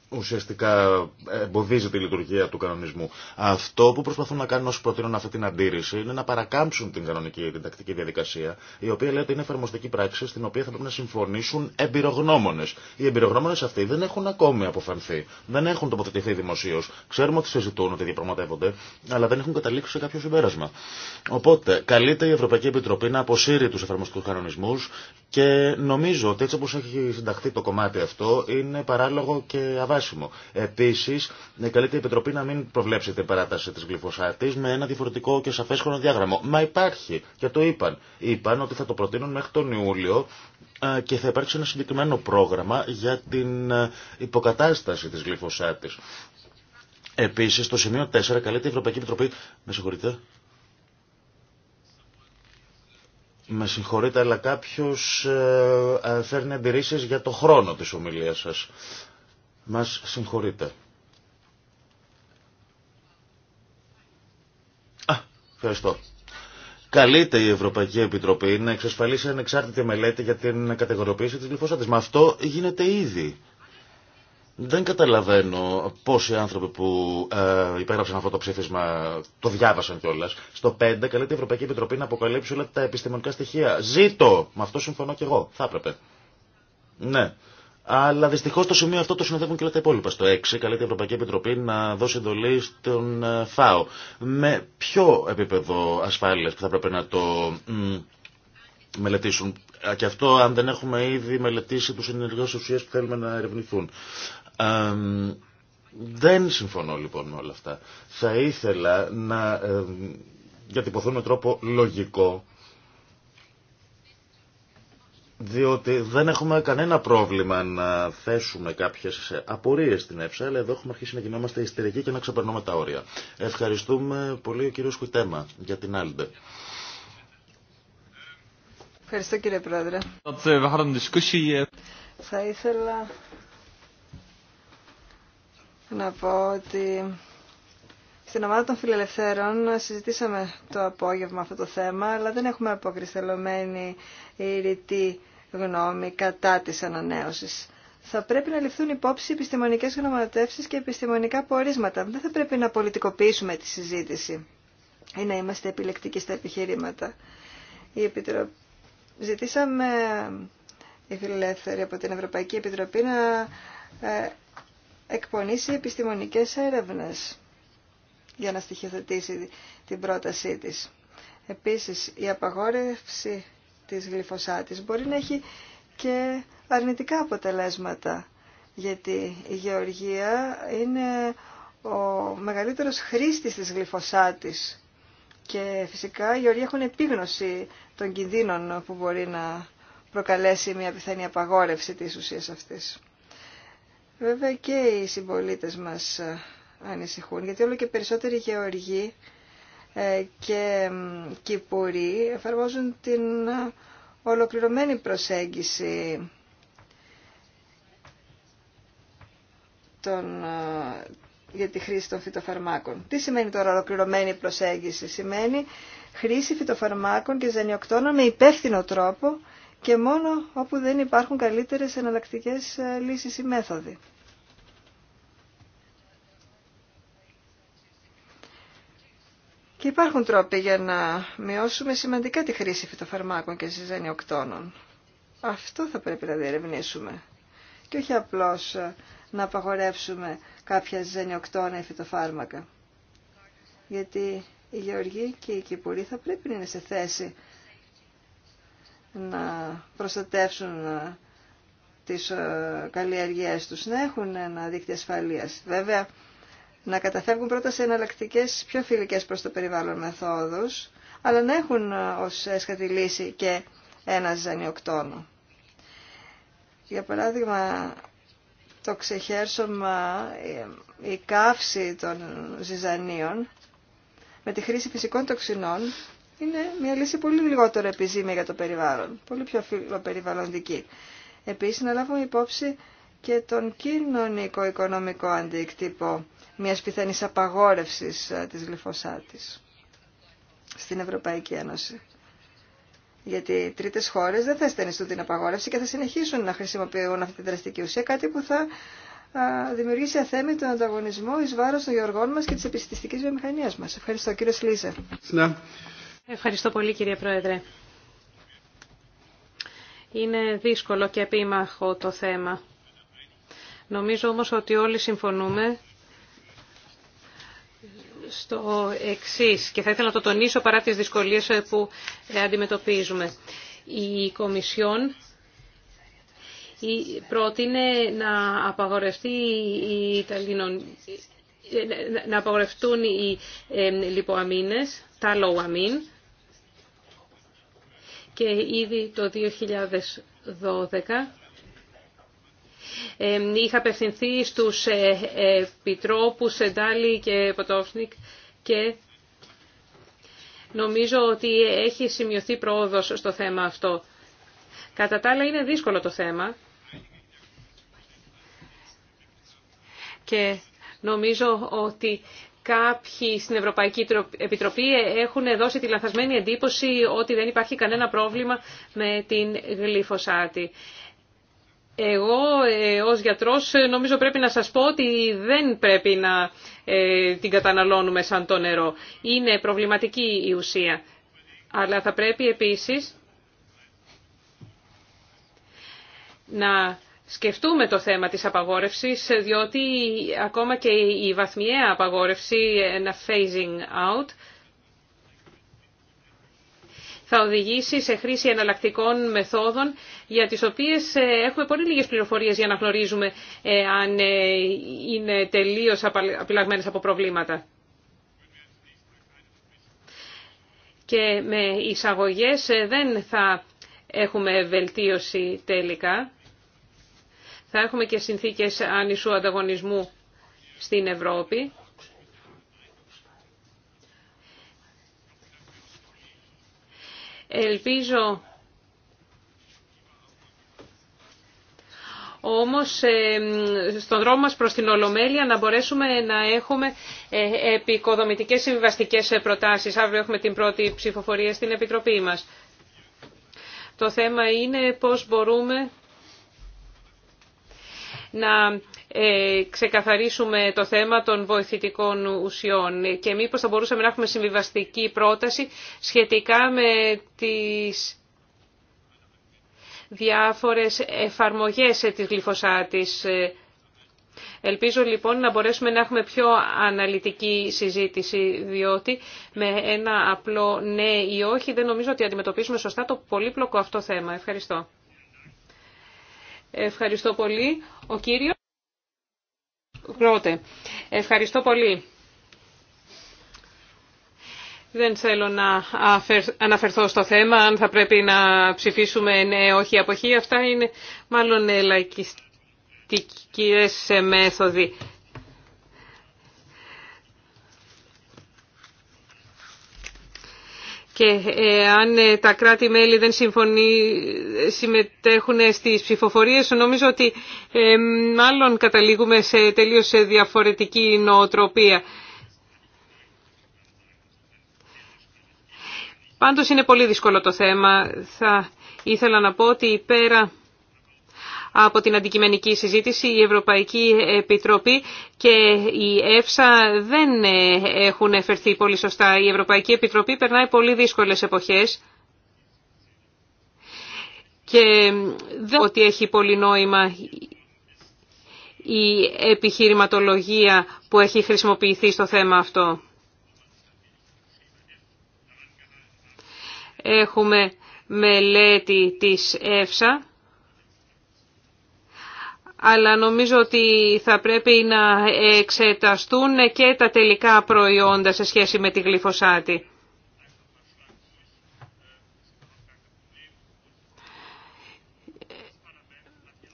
ουσιαστικά εμποδίζει τη λειτουργία του κανονισμού. Αυτό που προσπαθούν να κάνουν όσοι προτείνουν αυτή την αντίρρηση είναι να παρακάμψουν την κανονική την διαδικασία, η οποία λέει ότι είναι εφαρμοστική πράξη στην οποία θα πρέπει να συμφωνήσουν εμπειρογνώμονε. Οι εμπειρογνώμονε αυτοί δεν έχουν ακόμη αποφανθεί, δεν έχουν τοποθετηθεί δημοσίω. Ξέρουμε ότι συζητούν, ότι διαπραγματεύονται, αλλά δεν έχουν καταλήξει σε κάποιο συμπέρασμα. Οπότε, καλείται η Ευρωπαϊκή Επιτροπή να αποσύρει του εφαρμοστικού κανονισμού και νομίζω ότι έτσι όπω έχει συνταχθεί το κομμάτι αυτό είναι παράλογο και διαβάσιμο. Επίση, καλείται η Επιτροπή να μην προβλέψει την παράταση τη γλυφοσάτη με ένα διαφορετικό και σαφέ χρονοδιάγραμμα. Μα υπάρχει και το είπαν. Είπαν ότι θα το προτείνουν μέχρι τον Ιούλιο ε, και θα υπάρξει ένα συγκεκριμένο πρόγραμμα για την ε, υποκατάσταση τη γλυφοσάτη. Επίση, στο σημείο 4 καλείται η Ευρωπαϊκή Επιτροπή... Με συγχωρείτε. Με συγχωρείτε, αλλά κάποιος ε, φέρνει αντιρρήσεις για το χρόνο της ομιλίας σας. Μας συγχωρείτε. Α, ευχαριστώ. Καλείται η Ευρωπαϊκή Επιτροπή να εξασφαλίσει ανεξάρτητη μελέτη για την κατηγοριοποίηση της γλυφωσάτης. Μα αυτό γίνεται ήδη. Δεν καταλαβαίνω πόσοι άνθρωποι που ε, υπέγραψαν αυτό το ψήφισμα το διάβασαν κιόλα. Στο 5 καλείται η Ευρωπαϊκή Επιτροπή να αποκαλύψει όλα τα επιστημονικά στοιχεία. Ζήτω! Με αυτό συμφωνώ κι εγώ. Θα έπρεπε. Ναι. Αλλά δυστυχώ το σημείο αυτό το συνοδεύουν και όλα τα υπόλοιπα. Στο 6 καλείται η Ευρωπαϊκή Επιτροπή να δώσει εντολή στον ε, ΦΑΟ. Με ποιο επίπεδο ασφάλεια που θα πρέπει να το μελετήσουν. Και αυτό αν δεν έχουμε ήδη μελετήσει του ενεργού ουσίε που θέλουμε να ερευνηθούν. Δεν συμφωνώ λοιπόν με όλα αυτά. Θα ήθελα να ε, διατυπωθούν με τρόπο λογικό διότι δεν έχουμε κανένα πρόβλημα να θέσουμε κάποιες απορίες στην ΕΦΣΑ, αλλά εδώ έχουμε αρχίσει να γινόμαστε ιστηρικοί και να ξεπερνούμε τα όρια. Ευχαριστούμε πολύ ο κύριος Κουτέμα για την Άλντε. Ευχαριστώ κύριε Πρόεδρε. Θα ήθελα να πω ότι στην ομάδα των φιλελευθέρων συζητήσαμε το απόγευμα αυτό το θέμα, αλλά δεν έχουμε αποκριστελωμένη ή ρητή γνώμη κατά της ανανέωσης. Θα πρέπει να ληφθούν υπόψη επιστημονικές γνωματεύσεις και επιστημονικά πορίσματα. Δεν θα πρέπει να πολιτικοποιήσουμε τη συζήτηση ή να είμαστε επιλεκτικοί στα επιχειρήματα. Η Επιτροπή... Ζητήσαμε οι φιλελεύθεροι από την Ευρωπαϊκή Επιτροπή να ειμαστε επιλεκτικοι στα επιχειρηματα η επιστημονικές έρευνες για να στοιχειοθετήσει την πρότασή της. Επίσης, η απαγόρευση της γλυφοσάτης μπορεί να έχει και αρνητικά αποτελέσματα, γιατί η γεωργία είναι ο μεγαλύτερος χρήστης της γλυφοσάτης και φυσικά οι γεωργοί έχουν επίγνωση των κινδύνων που μπορεί να προκαλέσει μια πιθανή απαγόρευση της ουσίας αυτής. Βέβαια και οι συμπολίτες μας ανησυχούν, γιατί όλο και περισσότεροι γεωργοί ε, και κυπουροί εφαρμόζουν την ε, ολοκληρωμένη προσέγγιση των, ε, για τη χρήση των φυτοφαρμάκων. Τι σημαίνει τώρα ολοκληρωμένη προσέγγιση. Σημαίνει χρήση φυτοφαρμάκων και ζανιοκτώνων με υπεύθυνο τρόπο και μόνο όπου δεν υπάρχουν καλύτερες εναλλακτικές λύσεις ή μέθοδοι. Και υπάρχουν τρόποι για να μειώσουμε σημαντικά τη χρήση φυτοφαρμάκων και ζυζανιοκτώνων. Αυτό θα πρέπει να διερευνήσουμε. Και όχι απλώς ε, να απαγορεύσουμε κάποια ζυζανιοκτώνα ή φυτοφάρμακα. Γιατί οι γεωργοί και οι κυπουροί θα πρέπει να είναι σε θέση να προστατεύσουν ε, τις ε, καλλιεργίες τους, να έχουν ένα δίκτυο ασφαλείας. Βέβαια, να καταφεύγουν πρώτα σε εναλλακτικέ πιο φιλικές προς το περιβάλλον μεθόδους, αλλά να έχουν ε, ως έσχατη λύση και ένα ζανιοκτόνο. Για παράδειγμα, το ξεχέρσωμα, ε, η καύση των ζυζανίων με τη χρήση φυσικών τοξινών είναι μια λύση πολύ λιγότερο επιζήμια για το περιβάλλον, πολύ πιο φιλοπεριβαλλοντική. Επίσης, να λάβουμε υπόψη και τον κοινωνικο-οικονομικό αντίκτυπο μιας πιθανής απαγόρευσης ε, της γλυφοσάτης στην Ευρωπαϊκή Ένωση. Γιατί οι τρίτες χώρες δεν θα στενιστούν την απαγόρευση και θα συνεχίσουν να χρησιμοποιούν αυτή τη δραστική ουσία, κάτι που θα δημιουργήσει τον ανταγωνισμό εις βάρος των γεωργών μας και της επιστηστικής βιομηχανίας μας. Ευχαριστώ κύριε Σλίζε. Ναι. Ευχαριστώ πολύ κύριε Πρόεδρε. Είναι δύσκολο και επίμαχο το θέμα. Νομίζω όμως ότι όλοι συμφωνούμε στο εξής και θα ήθελα να το τονίσω παρά τις δυσκολίες που αντιμετωπίζουμε. Η Κομισιόν πρότεινε να απαγορευτεί η να απαγορευτούν οι λιποαμίνες, τα λοαμίν, και ήδη το 2012 Είχα απευθυνθεί στους ε, επιτρόπους Σεντάλη και Ποτόφνικ και νομίζω ότι έχει σημειωθεί πρόοδος στο θέμα αυτό. Κατά τα άλλα είναι δύσκολο το θέμα και νομίζω ότι κάποιοι στην Ευρωπαϊκή Επιτροπή έχουν δώσει τη λαθασμένη εντύπωση ότι δεν υπάρχει κανένα πρόβλημα με την γλυφοσάτη. Εγώ ε, ως γιατρός ε, νομίζω πρέπει να σας πω ότι δεν πρέπει να ε, την καταναλώνουμε σαν το νερό. Είναι προβληματική η ουσία. Αλλά θα πρέπει επίσης να σκεφτούμε το θέμα της απαγόρευσης, διότι ακόμα και η βαθμιαία απαγόρευση, ένα phasing out, θα οδηγήσει σε χρήση εναλλακτικών μεθόδων για τις οποίες ε, έχουμε πολύ λίγες πληροφορίες για να γνωρίζουμε ε, αν ε, είναι τελείως απειλαγμένες από προβλήματα. Και με εισαγωγές δεν θα έχουμε βελτίωση τελικά. Θα έχουμε και συνθήκες ανισού ανταγωνισμού στην Ευρώπη. Ελπίζω όμως ε, στον δρόμο μας προς την Ολομέλεια να μπορέσουμε να έχουμε ε, επικοδομητικές συμβιβαστικές προτάσεις. Αύριο έχουμε την πρώτη ψηφοφορία στην Επιτροπή μας. Το θέμα είναι πώς μπορούμε να ε, ξεκαθαρίσουμε το θέμα των βοηθητικών ουσιών και μήπως θα μπορούσαμε να έχουμε συμβιβαστική πρόταση σχετικά με τις διάφορες εφαρμογές ε, της γλυφοσάτης. Ε, ελπίζω λοιπόν να μπορέσουμε να έχουμε πιο αναλυτική συζήτηση, διότι με ένα απλό ναι ή όχι δεν νομίζω ότι αντιμετωπίζουμε σωστά το πολύπλοκο αυτό θέμα. Ευχαριστώ. Ευχαριστώ πολύ. Ο κύριο. Γκρότε. Ευχαριστώ πολύ. Δεν θέλω να αναφερθώ στο θέμα αν θα πρέπει να ψηφίσουμε ναι, όχι, αποχή. Αυτά είναι μάλλον λαϊκιστικές ε, μέθοδοι. και ε, αν ε, τα κράτη-μέλη δεν ε, συμμετέχουν στις ψηφοφορίες, νομίζω ότι μάλλον καταλήγουμε σε τελείως διαφορετική νοοτροπία. Πάντως είναι πολύ δύσκολο το θέμα. Θα ήθελα να πω ότι πέρα από την αντικειμενική συζήτηση. Η Ευρωπαϊκή Επιτροπή και η ΕΦΣΑ δεν έχουν εφερθεί πολύ σωστά. Η Ευρωπαϊκή Επιτροπή περνάει πολύ δύσκολες εποχές και δεν ότι έχει πολύ νόημα η επιχειρηματολογία που έχει χρησιμοποιηθεί στο θέμα αυτό. Έχουμε μελέτη της ΕΦΣΑ αλλά νομίζω ότι θα πρέπει να εξεταστούν και τα τελικά προϊόντα σε σχέση με τη γλυφοσάτη.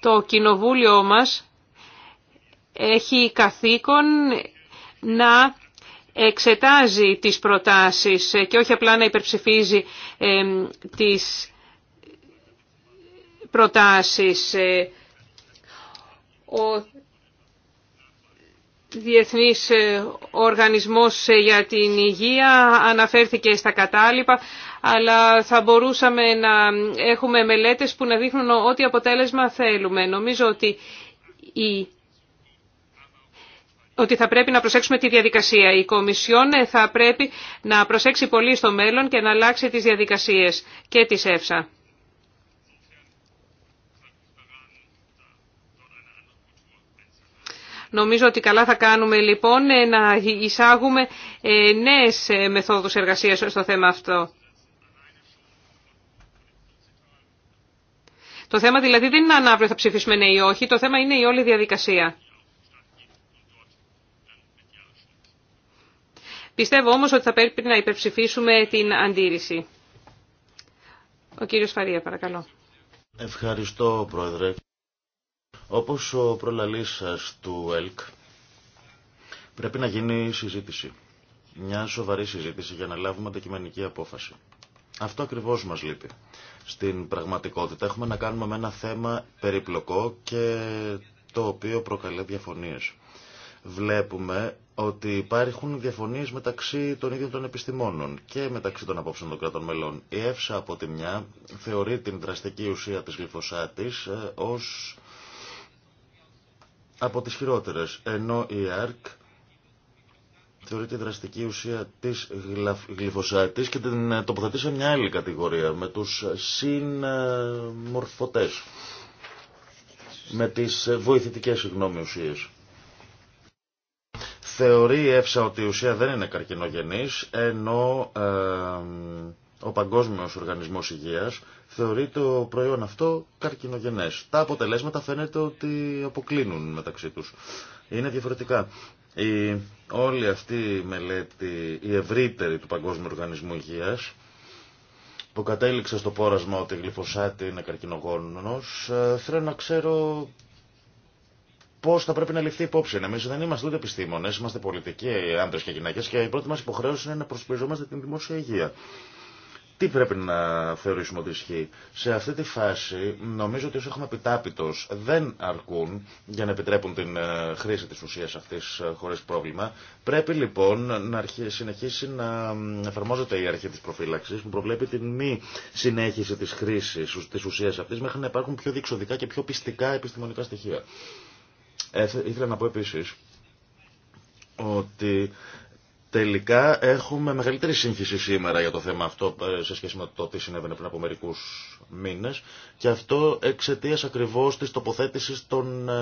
Το κοινοβούλιο μας έχει καθήκον να εξετάζει τις προτάσεις και όχι απλά να υπερψηφίζει τις προτάσεις ε, ο Διεθνής ε, Οργανισμός ε, για την Υγεία αναφέρθηκε στα κατάλοιπα, αλλά θα μπορούσαμε να έχουμε μελέτες που να δείχνουν ό,τι αποτέλεσμα θέλουμε. Νομίζω ότι, η... ότι θα πρέπει να προσέξουμε τη διαδικασία. Η Κομισιόν ε, θα πρέπει να προσέξει πολύ στο μέλλον και να αλλάξει τις διαδικασίες και τις ΕΦΣΑ. Νομίζω ότι καλά θα κάνουμε λοιπόν ε, να εισάγουμε ε, νέες ε, μεθόδους εργασίας στο θέμα αυτό. Το θέμα δηλαδή δεν είναι αν αύριο θα ψηφίσουμε ναι ή όχι, το θέμα είναι η όλη διαδικασία. Πιστεύω όμως ότι θα πρέπει να υπερψηφίσουμε την αντίρρηση. Ο κύριος Φαρία, παρακαλώ. Ευχαριστώ, Πρόεδρε. Όπως ο προλαλής σας του ΕΛΚ, πρέπει να γίνει συζήτηση. Μια σοβαρή συζήτηση για να λάβουμε αντικειμενική απόφαση. Αυτό ακριβώς μας λείπει. Στην πραγματικότητα έχουμε να κάνουμε με ένα θέμα περιπλοκό και το οποίο προκαλεί διαφωνίες. Βλέπουμε ότι υπάρχουν διαφωνίες μεταξύ των ίδιων των επιστημόνων και μεταξύ των απόψεων των κρατών μελών. Η ΕΦΣΑ από τη μια θεωρεί την δραστική ουσία της γλυφωσάτης ε, ως από τις χειρότερες, ενώ η θεωρεί τη δραστική ουσία της γλυφοσάτης και την ε, τοποθετεί σε μια άλλη κατηγορία, με τους συνμορφωτές, με τις βοηθητικές συγγνώμη ουσίες. Θεωρεί η ΕΦΣΑ ότι η ουσία δεν είναι καρκινογενής, ενώ... Ε, ο Παγκόσμιος Οργανισμός Υγείας θεωρεί το προϊόν αυτό καρκινογενές. Τα αποτελέσματα φαίνεται ότι αποκλίνουν μεταξύ τους. Είναι διαφορετικά. Η, όλη αυτή η μελέτη, η ευρύτερη του Παγκόσμιου Οργανισμού Υγείας, που κατέληξε στο πόρασμα ότι η γλυφοσάτη είναι καρκινογόνος, ε, θέλω να ξέρω πώ θα πρέπει να ληφθεί υπόψη. Εμεί δεν είμαστε ούτε επιστήμονε, είμαστε πολιτικοί, άντρε και γυναίκε, και η πρώτη μα υποχρέωση είναι να προσπιζόμαστε την δημόσια υγεία τι πρέπει να θεωρήσουμε ότι ισχύει. Σε αυτή τη φάση νομίζω ότι όσο έχουμε επιτάπητος δεν αρκούν για να επιτρέπουν την ε, χρήση της ουσίας αυτής ε, χωρίς πρόβλημα. Πρέπει λοιπόν να συνεχίσει να εφαρμόζεται η αρχή της προφύλαξης που προβλέπει την μη συνέχιση της χρήσης της ουσίας αυτής μέχρι να υπάρχουν πιο διεξοδικά και πιο πιστικά επιστημονικά στοιχεία. Ε, ήθελα να πω επίσης ότι Τελικά έχουμε μεγαλύτερη σύγχυση σήμερα για το θέμα αυτό ε, σε σχέση με το τι συνέβαινε πριν από μερικού μήνε και αυτό εξαιτία ακριβώ τη τοποθέτηση των ε,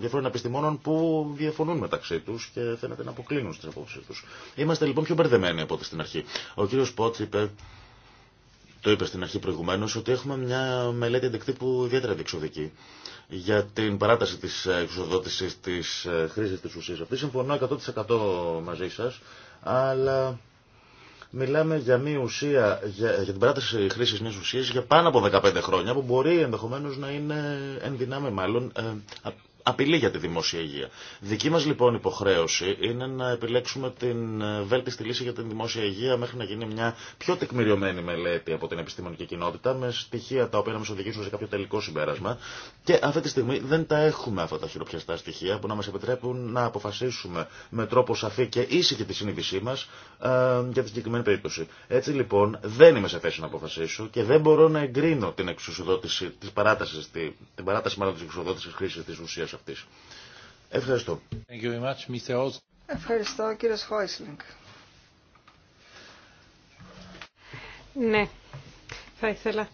διαφόρων επιστημόνων που διαφωνούν μεταξύ του και θέλετε να αποκλίνουν στι απόψει του. Είμαστε λοιπόν πιο μπερδεμένοι από ό,τι στην αρχή. Ο κύριο Πότ είπε, το είπε στην αρχή προηγουμένω, ότι έχουμε μια μελέτη που ιδιαίτερα διεξοδική για την παράταση τη ε, εξοδότηση τη χρήση τη ουσία αυτή. Συμφωνώ 100% μαζί σα αλλά μιλάμε για μία ουσία, για, την παράταση χρήση μια ουσία για πάνω από 15 χρόνια που μπορεί ενδεχομένω να είναι εν μάλλον ε, απειλή για τη δημόσια υγεία. Δική μας λοιπόν υποχρέωση είναι να επιλέξουμε την ε, βέλτιστη λύση για την δημόσια υγεία μέχρι να γίνει μια πιο τεκμηριωμένη μελέτη από την επιστημονική κοινότητα με στοιχεία τα οποία να μας οδηγήσουν σε κάποιο τελικό συμπέρασμα και αυτή τη στιγμή δεν τα έχουμε αυτά τα χειροπιαστά στοιχεία που να μας επιτρέπουν να αποφασίσουμε με τρόπο σαφή και ήσυχη τη συνείδησή μας ε, για τη συγκεκριμένη περίπτωση. Έτσι λοιπόν δεν είμαι σε θέση να αποφασίσω και δεν μπορώ να εγκρίνω την εξουσιοδότηση της παράτασης, την παράταση μάλλον της εξουσιοδότησης χρήσης της ουσίας Ευχαριστώ. Thank you very much, Mr. Ευχαριστώ κύριε Χόισλινγκ. Ναι, θα ήθελα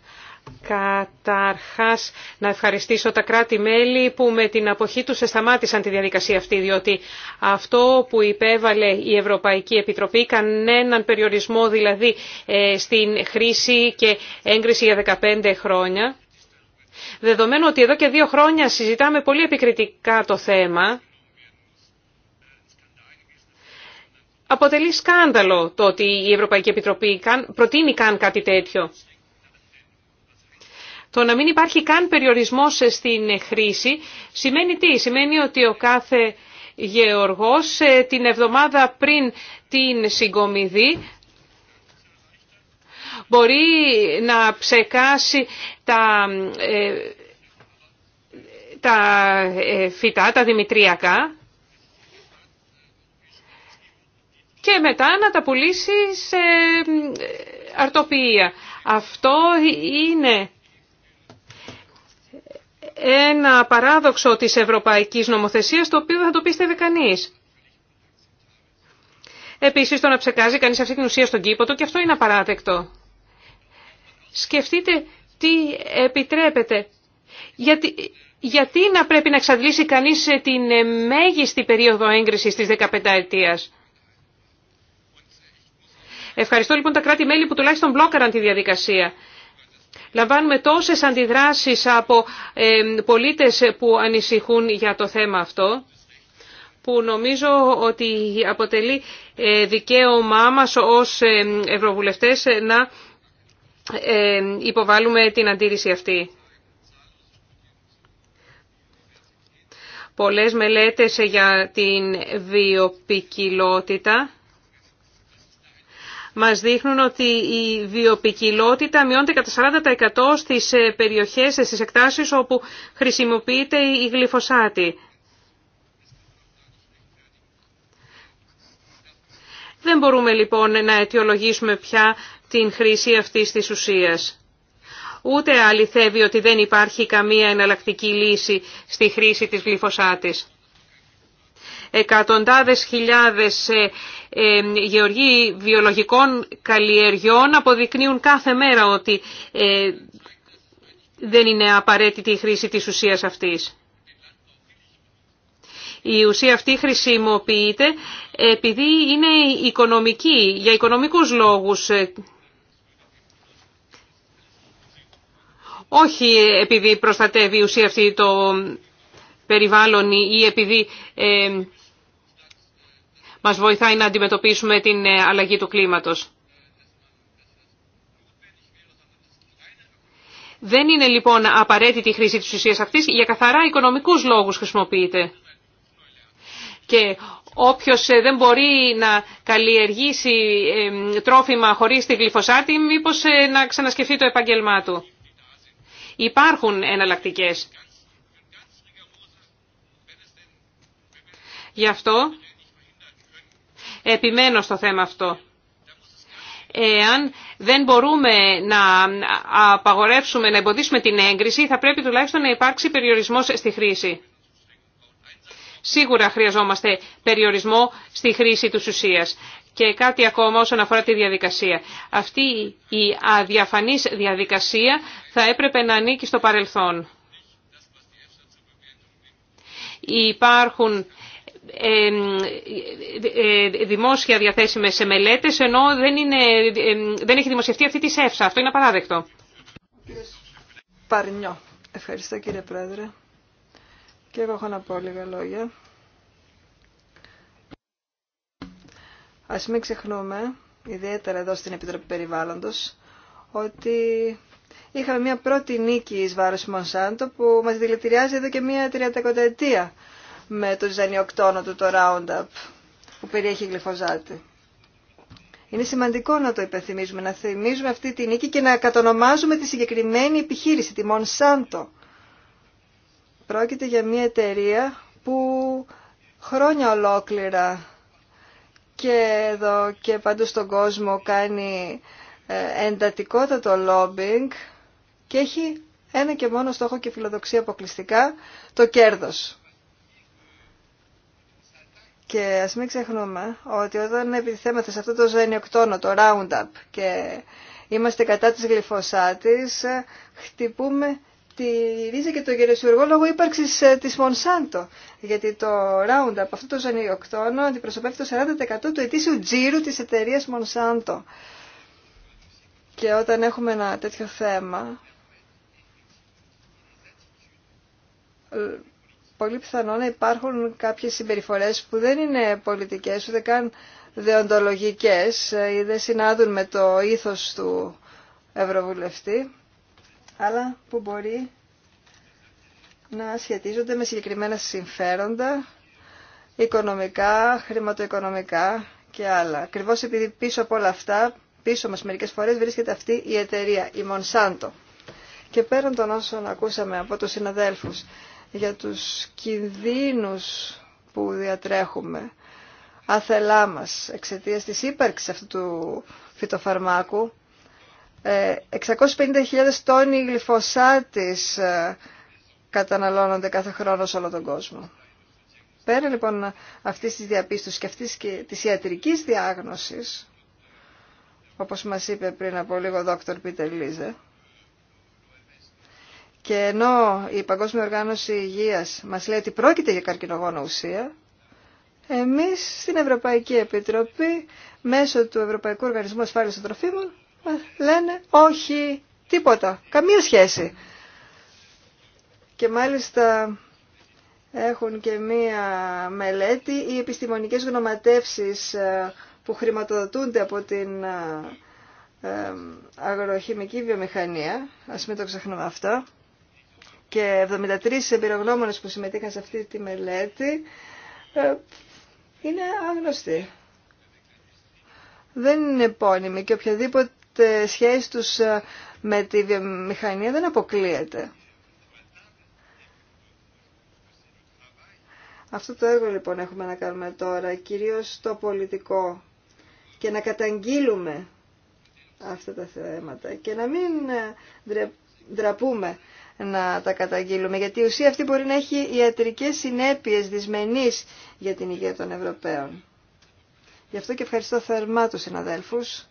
καταρχάς να ευχαριστήσω τα κράτη-μέλη που με την αποχή τους σταμάτησαν τη διαδικασία αυτή, διότι αυτό που υπέβαλε η Ευρωπαϊκή Επιτροπή, κανέναν περιορισμό δηλαδή ε, στην χρήση και έγκριση για 15 χρόνια, Δεδομένου ότι εδώ και δύο χρόνια συζητάμε πολύ επικριτικά το θέμα, αποτελεί σκάνδαλο το ότι η Ευρωπαϊκή Επιτροπή προτείνει καν κάτι τέτοιο. Το να μην υπάρχει καν περιορισμός στην χρήση σημαίνει τι. Σημαίνει ότι ο κάθε γεωργός ε, την εβδομάδα πριν την συγκομιδή μπορεί να ψεκάσει τα, ε, τα ε, φυτά, τα δημητριακά και μετά να τα πουλήσει σε ε, αρτοποιία. Αυτό είναι ένα παράδοξο της ευρωπαϊκής νομοθεσίας το οποίο δεν θα το πίστευε κανείς. Επίσης το να ψεκάζει κανείς αυτή την ουσία στον κήπο του και αυτό είναι απαράδεκτο. Σκεφτείτε τι επιτρέπεται. Γιατί, γιατί να πρέπει να εξαντλήσει κανείς ε, την ε, μέγιστη περίοδο έγκρισης της 15 ετίας. Ευχαριστώ λοιπόν τα κράτη-μέλη που τουλάχιστον μπλόκαραν τη διαδικασία. Λαμβάνουμε τόσες αντιδράσεις από ε, πολίτες που ανησυχούν για το θέμα αυτό που νομίζω ότι αποτελεί ε, δικαίωμά μας ως ευρωβουλευτές να ε, Υποβάλλουμε την αντίρρηση αυτή. Πολλές μελέτες για την βιοπικιλότητα μας δείχνουν ότι η βιοπικιλότητα μειώνεται κατά 40% στις ε, περιοχές, στις εκτάσεις όπου χρησιμοποιείται η γλυφοσάτη. Δεν μπορούμε λοιπόν να αιτιολογήσουμε πια την χρήση αυτής της ουσίας. Ούτε αληθεύει ότι δεν υπάρχει καμία εναλλακτική λύση στη χρήση της γλυφοσάτης. Εκατοντάδες χιλιάδες ε, ε, γεωργοί βιολογικών καλλιεργιών αποδεικνύουν κάθε μέρα ότι ε, δεν είναι απαραίτητη η χρήση της ουσίας αυτής. Η ουσία αυτή χρησιμοποιείται επειδή είναι οικονομική, για οικονομικούς λόγους όχι επειδή προστατεύει η ουσία αυτή το περιβάλλον ή επειδή ε, μας βοηθάει να αντιμετωπίσουμε την ε, αλλαγή του κλίματος. Δεν είναι λοιπόν απαραίτητη η χρήση της ουσίας αυτής, για καθαρά οικονομικούς λόγους χρησιμοποιείται. Και όποιος ε, δεν μπορεί να καλλιεργήσει ε, τρόφιμα χωρίς τη γλυφοσάτη, μήπως να ξανασκεφτεί το επαγγελμά του. Υπάρχουν εναλλακτικές. Γι' αυτό επιμένω στο θέμα αυτό. Εάν δεν μπορούμε να απαγορεύσουμε, να εμποδίσουμε την έγκριση, θα πρέπει τουλάχιστον να υπάρξει περιορισμός στη χρήση. Σίγουρα χρειαζόμαστε περιορισμό στη χρήση του ουσίας. Και κάτι ακόμα όσον αφορά τη διαδικασία. Αυτή η αδιαφανής διαδικασία θα έπρεπε να ανήκει στο παρελθόν. Υπάρχουν ε, ε, ε, δημόσια διαθέσιμες σε μελέτες, ενώ δεν, είναι, δεν έχει δημοσιευτεί αυτή τη ΣΕΦΣΑ. Αυτό είναι απαράδεκτο. Ευχαριστώ κύριε Πρόεδρε. Και εγώ έχω να πω λίγα λόγια. Ας μην ξεχνούμε, ιδιαίτερα εδώ στην Επιτροπή Περιβάλλοντος, ότι είχαμε μια πρώτη νίκη εις βάρος Μονσάντο που μας δηλητηριάζει εδώ και μια τριαντακονταετία με το ζανιοκτόνο του το Roundup που περιέχει γλυφοζάτη. Είναι σημαντικό να το υπενθυμίζουμε, να θυμίζουμε αυτή τη νίκη και να κατονομάζουμε τη συγκεκριμένη επιχείρηση, τη Μονσάντο. Πρόκειται για μια εταιρεία που χρόνια ολόκληρα και εδώ και παντού στον κόσμο κάνει ε, εντατικότατο λόμπινγκ και έχει ένα και μόνο στόχο και φιλοδοξία αποκλειστικά, το κέρδος. Και ας μην ξεχνούμε ότι όταν επιτιθέμεθα σε αυτό το ζενιοκτόνο, το Roundup, και είμαστε κατά της γλυφοσάτης, ε, χτυπούμε τη ρίζα και τον γερεσιουργό λόγω ύπαρξη ε, τη Μονσάντο. Γιατί το Roundup, αυτό το ζωνιοκτόνο, αντιπροσωπεύει το 40% του ετήσιου τζίρου τη εταιρεία Μονσάντο. Και όταν έχουμε ένα τέτοιο θέμα, ε, πολύ πιθανό να υπάρχουν κάποιες συμπεριφορές που δεν είναι πολιτικές, ούτε καν δεοντολογικές ε, ή δεν συνάδουν με το ήθος του Ευρωβουλευτή αλλά που μπορεί να σχετίζονται με συγκεκριμένα συμφέροντα, οικονομικά, χρηματοοικονομικά και άλλα. Ακριβώ επειδή πίσω από όλα αυτά, πίσω μας μερικές φορές βρίσκεται αυτή η εταιρεία, η Monsanto. Και πέραν των όσων ακούσαμε από τους συναδέλφους για τους κινδύνους που διατρέχουμε, αθελά μας εξαιτίας της ύπαρξης αυτού του φυτοφαρμάκου, 650.000 ε, τόνοι γλυφοσάτης ε, καταναλώνονται κάθε χρόνο σε όλο τον κόσμο. Πέρα λοιπόν αυτής της διαπίστωσης και αυτής και της ιατρικής διάγνωσης, όπως μας είπε πριν από λίγο ο δόκτωρ Πίτερ Λίζε, και ενώ η Παγκόσμια Οργάνωση Υγείας μας λέει ότι πρόκειται για καρκινογόνο ουσία, εμείς στην Ευρωπαϊκή Επιτροπή, μέσω του Ευρωπαϊκού Οργανισμού Ασφάλειας των Τροφίμων, λένε όχι, τίποτα, καμία σχέση. Και μάλιστα έχουν και μία μελέτη οι επιστημονικές γνωματεύσεις ε, που χρηματοδοτούνται από την ε, ε, αγροχημική βιομηχανία, ας μην το ξεχνούμε αυτό, και 73 εμπειρογνώμονες που συμμετείχαν σε αυτή τη μελέτη είναι άγνωστοι. Δεν είναι επώνυμοι και οποιαδήποτε ε, σχέση τους ε, με τη βιομηχανία δεν αποκλείεται. Αυτό το έργο λοιπόν έχουμε να κάνουμε τώρα, κυρίως το πολιτικό και να καταγγείλουμε αυτά τα θέματα και να μην ε, ντραπούμε να τα καταγγείλουμε γιατί η ουσία αυτή μπορεί να έχει ιατρικές συνέπειες δυσμενείς για την υγεία των Ευρωπαίων. Γι' αυτό και ευχαριστώ θερμά τους συναδέλφους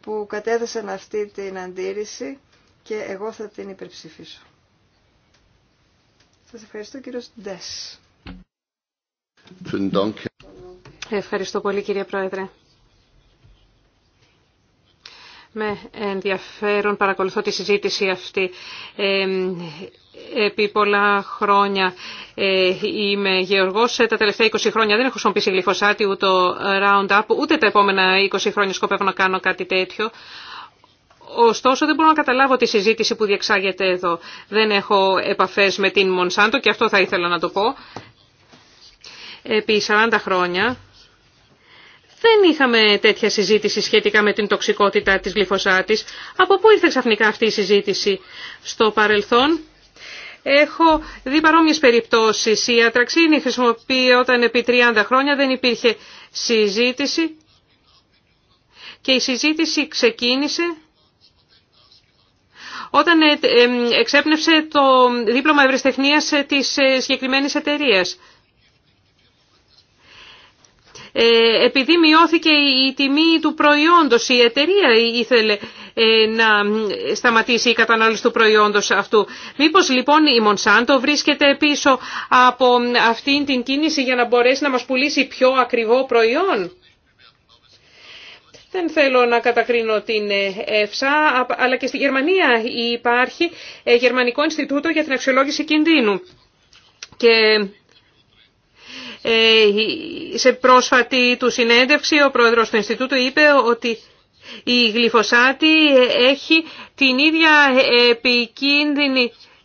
που κατέθεσαν αυτή την αντίρρηση και εγώ θα την υπερψηφίσω. Σας ευχαριστώ κύριος Ντες. Ευχαριστώ πολύ κύριε Πρόεδρε. Με ενδιαφέρον παρακολουθώ τη συζήτηση αυτή. Ε, επί πολλά χρόνια ε, είμαι γεωργός. Ε, τα τελευταία 20 χρόνια δεν έχω χρησιμοποιήσει γλυφοσάτη ούτε το round-up, ούτε τα επόμενα 20 χρόνια σκοπεύω να κάνω κάτι τέτοιο. Ωστόσο δεν μπορώ να καταλάβω τη συζήτηση που διεξάγεται εδώ. Δεν έχω επαφές με την Μονσάντο και αυτό θα ήθελα να το πω. Επί 40 χρόνια δεν είχαμε τέτοια συζήτηση σχετικά με την τοξικότητα της γλυφοσάτης. Από πού ήρθε ξαφνικά αυτή η συζήτηση στο παρελθόν. Έχω δει παρόμοιες περιπτώσεις. Η ατραξίνη χρησιμοποιεί όταν επί 30 χρόνια δεν υπήρχε συζήτηση και η συζήτηση ξεκίνησε όταν ε, ε, εξέπνευσε το δίπλωμα ευρεσιτεχνίας ε, της συγκεκριμένης εταιρείας. Ε, επειδή μειώθηκε η τιμή του προϊόντος, η εταιρεία ήθελε ε, να σταματήσει η κατανάλωση του προϊόντος αυτού. Μήπως λοιπόν η Μονσάντο βρίσκεται πίσω από αυτήν την κίνηση για να μπορέσει να μας πουλήσει πιο ακριβό προϊόν. Δεν θέλω να κατακρίνω την ΕΦΣΑ, αλλά και στη Γερμανία υπάρχει ε, Γερμανικό Ινστιτούτο για την Αξιολόγηση Κινδύνου. Και ε, σε πρόσφατη του συνέντευξη ο πρόεδρος του Ινστιτούτου είπε ότι η γλυφοσάτη έχει την ίδια,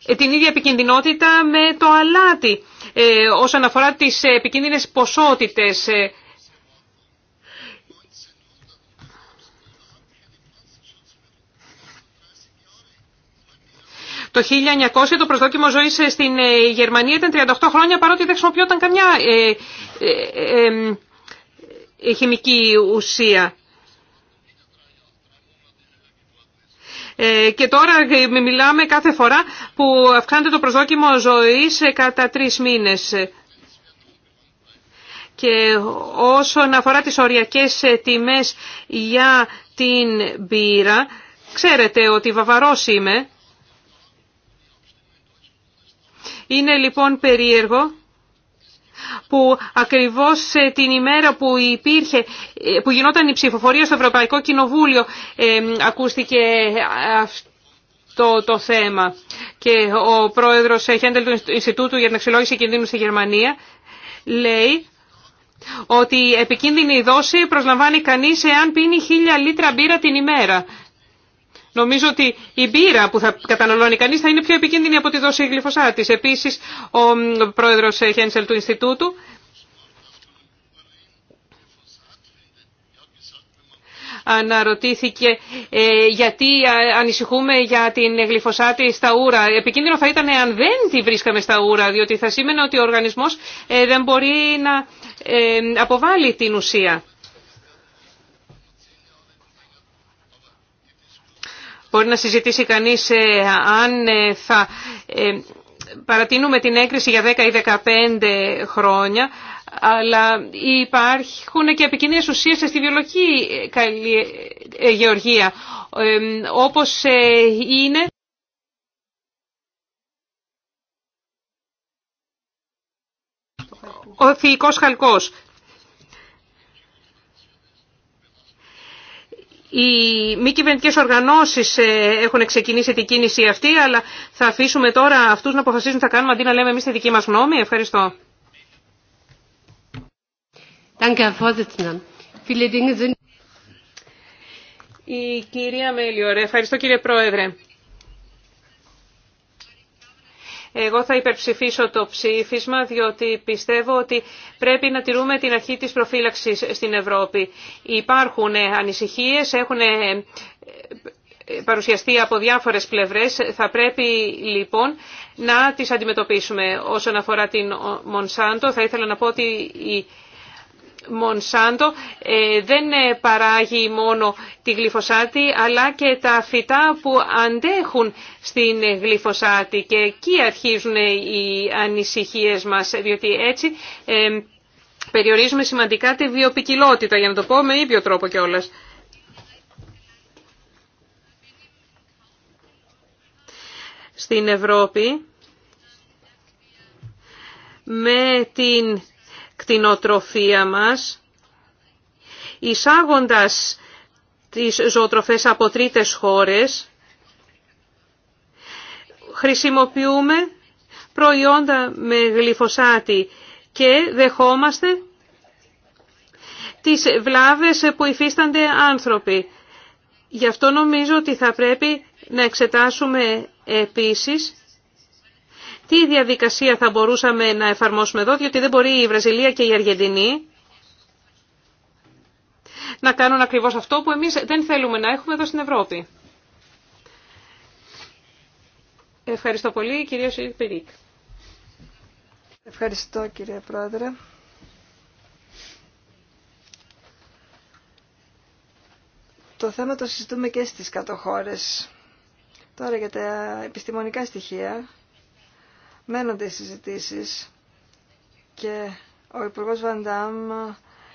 ε, την ίδια επικινδυνότητα με το αλάτι ε, όσον αφορά τις επικίνδυνες ποσότητες Το 1900 το προσδόκιμο ζωή ε, στην ε, Γερμανία ήταν 38 χρόνια παρότι δεν χρησιμοποιόταν καμιά ε, χημική ουσία. και τώρα μιλάμε κάθε φορά που αυξάνεται το προσδόκιμο ζωής κατά τρεις μήνες. Και όσον αφορά τις οριακές τιμές για την μπύρα, ξέρετε ότι βαβαρός είμαι. Είναι λοιπόν περίεργο που ακριβώς την ημέρα που, υπήρχε, που γινόταν η ψηφοφορία στο Ευρωπαϊκό Κοινοβούλιο ακούστηκε αυτό το θέμα. Και ο πρόεδρος Χέντελ του Ινστιτούτου για την Αξιολόγηση Κινδύνου στη Γερμανία λέει ότι επικίνδυνη δόση προσλαμβάνει κανείς εάν πίνει χίλια λίτρα μπύρα την ημέρα. Νομίζω ότι η μπύρα που θα καταναλώνει κανεί, θα είναι πιο επικίνδυνη από τη δόση γλυφοσάτης. Επίσης, ο πρόεδρος Χένσελ του Ινστιτούτου αναρωτήθηκε ε, γιατί ε, ανησυχούμε για την γλυφοσάτη στα ούρα. Επικίνδυνο θα ήταν αν δεν τη βρίσκαμε στα ούρα, διότι θα σήμαινε ότι ο οργανισμός ε, δεν μπορεί να αποβάλει την ουσία. Μπορεί να συζητήσει κανείς ε, αν ε, θα ε, παρατείνουμε την έγκριση για 10 ή 15 χρόνια, αλλά υπάρχουν και επικίνδυνες ουσίες στη βιολογική γεωργία, όπως είναι... Ο θηλυκός χαλκός. Οι μη κυβερνητικέ οργανώσει ε, έχουν ξεκινήσει την κίνηση αυτή, αλλά θα αφήσουμε τώρα αυτού να αποφασίζουν τι θα κάνουμε αντί να λέμε εμεί τη δική μα γνώμη. Ευχαριστώ. Η κυρία Μέλιορε. ευχαριστώ κύριε Πρόεδρε. Εγώ θα υπερψηφίσω το ψήφισμα διότι πιστεύω ότι πρέπει να τηρούμε την αρχή της προφύλαξης στην Ευρώπη. Υπάρχουν ανησυχίες, έχουν ε, ε, παρουσιαστεί από διάφορες πλευρές. Θα πρέπει λοιπόν να τις αντιμετωπίσουμε. Όσον αφορά την Μονσάντο θα ήθελα να πω ότι η Μονσάντο ε, δεν ε, παράγει μόνο τη γλυφοσάτη αλλά και τα φυτά που αντέχουν στην γλυφοσάτη και εκεί αρχίζουν ε, οι ανησυχίες μας διότι έτσι περιορίζουμε σημαντικά τη βιοπικιλότητα για να το πω με ίδιο τρόπο κιόλας. Στην Ευρώπη με την οτροφία μας, εισάγοντας τις ζωοτροφές από τρίτες χώρες, χρησιμοποιούμε προϊόντα με γλυφοσάτη και δεχόμαστε τις βλάβες που υφίστανται άνθρωποι. Γι' αυτό νομίζω ότι θα πρέπει να εξετάσουμε επίσης τι διαδικασία θα μπορούσαμε να εφαρμόσουμε εδώ, διότι δεν μπορεί η Βραζιλία και η Αργεντινή να κάνουν ακριβώς αυτό που εμείς δεν θέλουμε να έχουμε εδώ στην Ευρώπη. Ευχαριστώ πολύ, κυρία Σιρπηρίκ. Ευχαριστώ, κύριε Πρόεδρε. Το θέμα το συζητούμε και στις κατοχώρες. Τώρα για τα επιστημονικά στοιχεία μένονται οι συζητήσει και ο Υπουργό Βαντάμ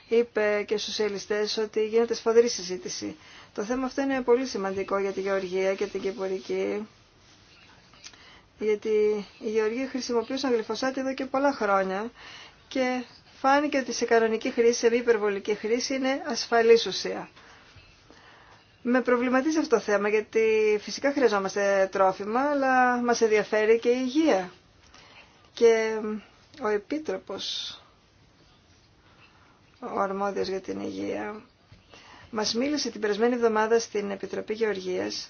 είπε και στου ελιστέ ότι γίνεται σφοδρή συζήτηση. Το θέμα αυτό είναι πολύ σημαντικό για τη γεωργία και την κυπουρική, γιατί η Γεωργία χρησιμοποιούσε γλυφοσάτη εδώ και πολλά χρόνια και φάνηκε ότι σε κανονική χρήση, σε μη υπερβολική χρήση είναι ασφαλή ουσία. Με προβληματίζει αυτό το θέμα γιατί φυσικά χρειαζόμαστε τρόφιμα αλλά μας ενδιαφέρει και η υγεία και ο Επίτροπος, ο Αρμόδιος για την Υγεία, μας μίλησε την περασμένη εβδομάδα στην Επιτροπή Γεωργίας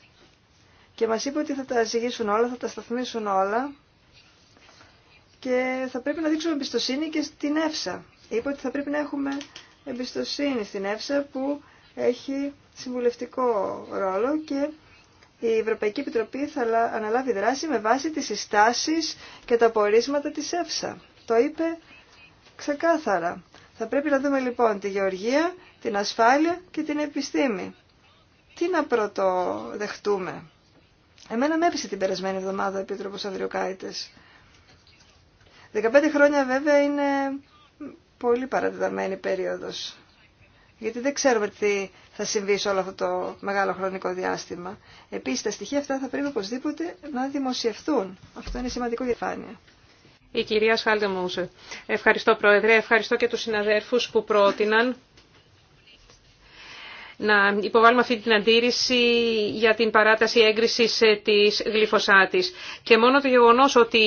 και μας είπε ότι θα τα ζυγίσουν όλα, θα τα σταθμίσουν όλα και θα πρέπει να δείξουμε εμπιστοσύνη και στην ΕΦΣΑ. Είπε ότι θα πρέπει να έχουμε εμπιστοσύνη στην ΕΦΣΑ που έχει συμβουλευτικό ρόλο και η Ευρωπαϊκή Επιτροπή θα αναλάβει δράση με βάση τις συστάσεις και τα πορίσματα της ΕΦΣΑ. Το είπε ξεκάθαρα. Θα πρέπει να δούμε λοιπόν τη γεωργία, την ασφάλεια και την επιστήμη. Τι να πρωτοδεχτούμε. Εμένα με έπεισε την περασμένη εβδομάδα ο Επίτροπος Ανδριοκάητες. 15 χρόνια βέβαια είναι πολύ παρατεταμένη περίοδος. Γιατί δεν ξέρουμε τι θα συμβεί σε όλο αυτό το μεγάλο χρονικό διάστημα. Επίσης, τα στοιχεία αυτά θα πρέπει οπωσδήποτε να δημοσιευθούν. Αυτό είναι σημαντικό διαφάνεια. Η κυρία Σχάλτε Ευχαριστώ, Πρόεδρε. Ευχαριστώ και τους συναδέρφους που πρότειναν να υποβάλουμε αυτή την αντίρρηση για την παράταση έγκρισης ε, της γλυφοσάτης. Και μόνο το γεγονός ότι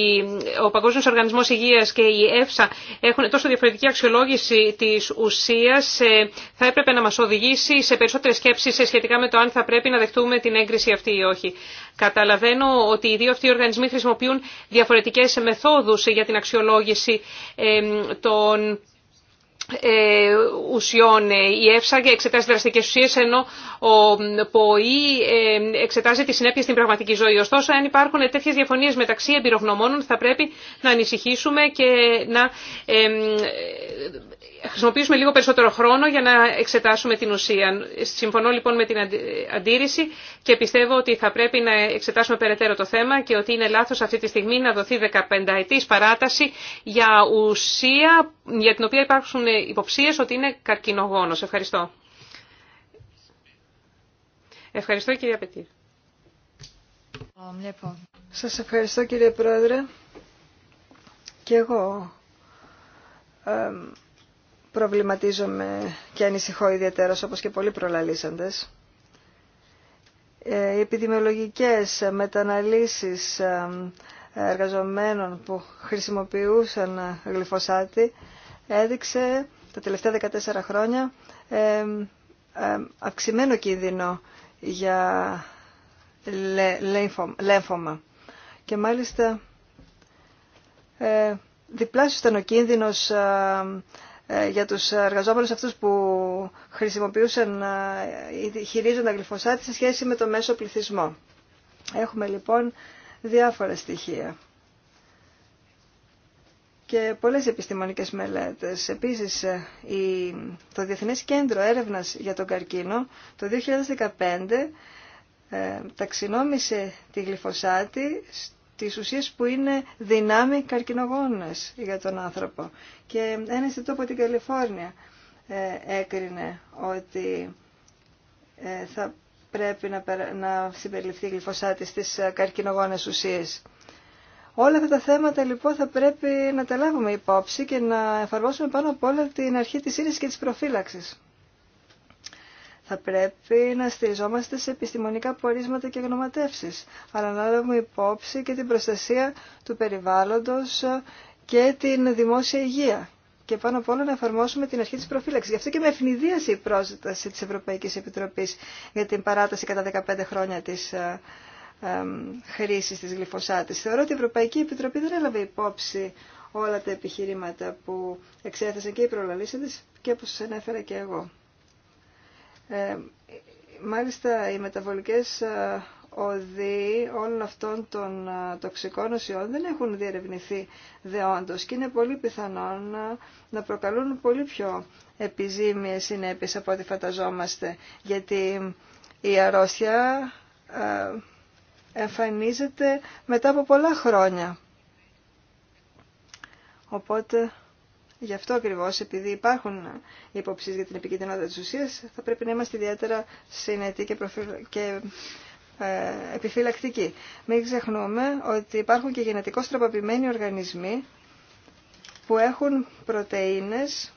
ο Παγκόσμιο Οργανισμός Υγεία και η ΕΦΣΑ έχουν τόσο διαφορετική αξιολόγηση της ουσία ε, θα έπρεπε να μας οδηγήσει σε περισσότερες σκέψεις ε, σχετικά με το αν θα πρέπει να δεχτούμε την έγκριση αυτή ή όχι. Καταλαβαίνω ότι οι δύο αυτοί οι οργανισμοί χρησιμοποιούν διαφορετικέ μεθόδου για την αξιολόγηση των ε, ουσιών. Ε, η ΕΦΣΑ εξετάζει δραστικέ ουσίε, ενώ ο ΠΟΗ ε, εξετάζει τη συνέπεια στην πραγματική ζωή. Ωστόσο, αν υπάρχουν τέτοιε διαφωνίε μεταξύ εμπειρογνωμόνων, θα πρέπει να ανησυχήσουμε και να χρησιμοποιήσουμε λίγο περισσότερο χρόνο για να εξετάσουμε την ουσία. Συμφωνώ λοιπόν με την αντίρρηση και πιστεύω ότι θα πρέπει να εξετάσουμε περαιτέρω το θέμα και ότι είναι λάθος αυτή τη στιγμή να δοθεί 15 ετή παράταση για ουσία για την οποία υπάρχουν υποψίες ότι είναι καρκινογόνος. Ευχαριστώ. Ευχαριστώ κυρία Πετήρ. Σας ευχαριστώ κύριε Πρόεδρε. Και εγώ προβληματίζομαι και ανησυχώ ιδιαίτερα, όπως και πολλοί προλαλήσαντες. Ε, οι επιδημιολογικές μεταναλύσεις ε, εργαζομένων που χρησιμοποιούσαν γλυφοσάτη έδειξε τα τελευταία 14 χρόνια ε, αυξημένο κίνδυνο για λέμφωμα. Και μάλιστα διπλάσιο ήταν ο κίνδυνος ε, για τους εργαζόμενους αυτούς που χρησιμοποιούσαν ε, ή χειρίζονταν γλυφοσάτη σε σχέση με το μέσο πληθυσμό. Έχουμε λοιπόν διάφορα στοιχεία και πολλές επιστημονικές μελέτες. Επίσης, ε, το Διεθνές Κέντρο Έρευνας για τον Καρκίνο το 2015 ταξινόμησε τη γλυφοσάτη τις ουσίες που είναι δυνάμει καρκινογόνες για τον άνθρωπο. Και ένα Ινστιτούτο από την Καλιφόρνια ε, έκρινε ότι ε, θα πρέπει να, να συμπεριληφθεί η γλυφοσάτη στις ε, καρκινογόνες ουσίες. Όλα αυτά τα θέματα λοιπόν θα πρέπει να τα λάβουμε υπόψη και να εφαρμόσουμε πάνω απ' όλα την αρχή της ίνης και της προφύλαξης. Θα πρέπει να στηριζόμαστε σε επιστημονικά πορίσματα και γνωματεύσει, αλλά να λάβουμε υπόψη και την προστασία του περιβάλλοντο και την δημόσια υγεία. Και πάνω απ' όλα να εφαρμόσουμε την αρχή τη προφύλαξης. Γι' αυτό και με ευνηδίασε η πρόσταση τη Ευρωπαϊκή Επιτροπή για την παράταση κατά 15 χρόνια τη ε, χρήση τη γλυφωσάτη. Θεωρώ ότι η Ευρωπαϊκή Επιτροπή δεν έλαβε υπόψη όλα τα επιχειρήματα που εξέθεσαν και οι και όπω σας ανέφερα και εγώ. Ε, μάλιστα οι μεταβολικές ε, οδοί όλων αυτών των ε, τοξικών ουσιών δεν έχουν διερευνηθεί δεόντως και είναι πολύ πιθανό να, να προκαλούν πολύ πιο επιζήμιες συνέπειες από ό,τι φανταζόμαστε γιατί η αρρώστια εμφανίζεται μετά από πολλά χρόνια. Οπότε Γι' αυτό ακριβώ, επειδή υπάρχουν υποψίε για την επικίνδυνοτητα τη ουσία, θα πρέπει να είμαστε ιδιαίτερα συνετοί και, ε, επιφυλακτικοί. Μην ξεχνούμε ότι υπάρχουν και γενετικώ τροποποιημένοι οργανισμοί που έχουν πρωτεΐνες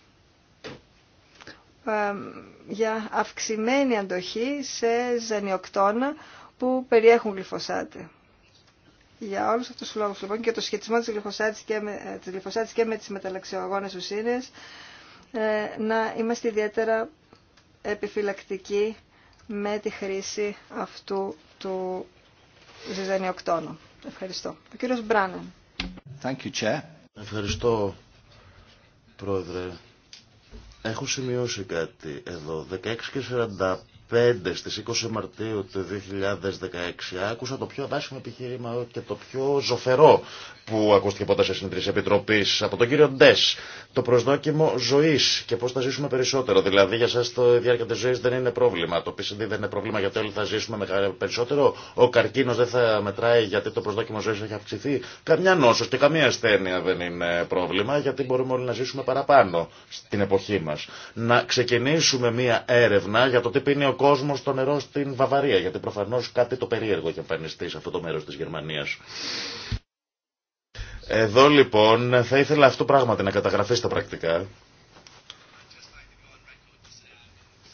ε, για αυξημένη αντοχή σε ζανιοκτώνα που περιέχουν γλυφοσάτη. Για όλου αυτού του λόγου λοιπόν και το σχετισμό της γλυφοσάτη και με, ε, της γλυφοσάτης και ε, να είμαστε ιδιαίτερα επιφυλακτικοί με τη χρήση αυτού του ζυζανιοκτώνου. Ευχαριστώ. Ο κύριος Μπράνεν. Ευχαριστώ, Πρόεδρε. Έχω σημειώσει κάτι εδώ. 16 και στις 20 Μαρτίου του 2016 άκουσα το πιο βάσιμο επιχείρημα και το πιο ζωφερό που ακούστηκε ποτέ σε συνήθειες επιτροπής από τον κύριο Ντες το προσδόκιμο ζωής και πώς θα ζήσουμε περισσότερο δηλαδή για σας το διάρκεια της ζωής δεν είναι πρόβλημα το PCD δεν είναι πρόβλημα γιατί όλοι θα ζήσουμε περισσότερο ο καρκίνος δεν θα μετράει γιατί το προσδόκιμο ζωής έχει αυξηθεί καμιά νόσος και καμία ασθένεια δεν είναι πρόβλημα γιατί μπορούμε όλοι να ζήσουμε παραπάνω στην εποχή μας να ξεκινήσουμε μια έρευνα για το τι πίνει ο κόσμο στο νερό στην Βαβαρία, γιατί προφανώς κάτι το περίεργο έχει εμφανιστεί σε αυτό το μέρος της Γερμανίας. Εδώ λοιπόν θα ήθελα αυτό πράγματι να καταγραφεί στα πρακτικά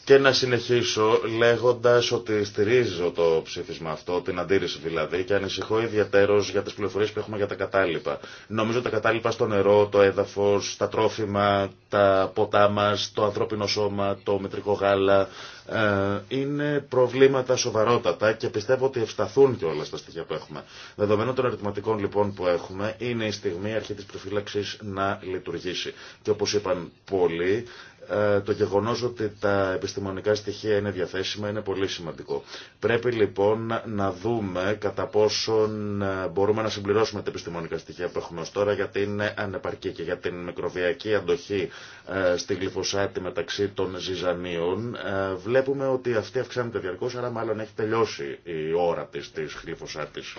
Και να συνεχίσω λέγοντας ότι στηρίζω το ψήφισμα αυτό, την αντίρρηση δηλαδή, και ανησυχώ ιδιαίτερως για τις πληροφορίες που έχουμε για τα κατάλοιπα. Νομίζω τα κατάλοιπα στο νερό, το έδαφος, τα τρόφιμα, τα ποτά μας, το ανθρώπινο σώμα, το μετρικό γάλα, ε, είναι προβλήματα σοβαρότατα και πιστεύω ότι ευσταθούν και όλα στα στοιχεία που έχουμε. Δεδομένων των ερωτηματικών λοιπόν που έχουμε, είναι η στιγμή αρχή της προφύλαξης να λειτουργήσει. Και όπως είπαν πολλοί, ε, το γεγονός ότι τα επιστημονικά στοιχεία είναι διαθέσιμα είναι πολύ σημαντικό. Πρέπει λοιπόν να δούμε κατά πόσον ε, μπορούμε να συμπληρώσουμε τα επιστημονικά στοιχεία που έχουμε ως τώρα γιατί είναι ανεπαρκή και για την μικροβιακή αντοχή ε, στη γλυφοσάτη μεταξύ των ζυζανίων. Βλέπουμε ότι αυτή αυξάνεται διαρκώς, άρα μάλλον έχει τελειώσει η ώρα της της γλυφοσάτης.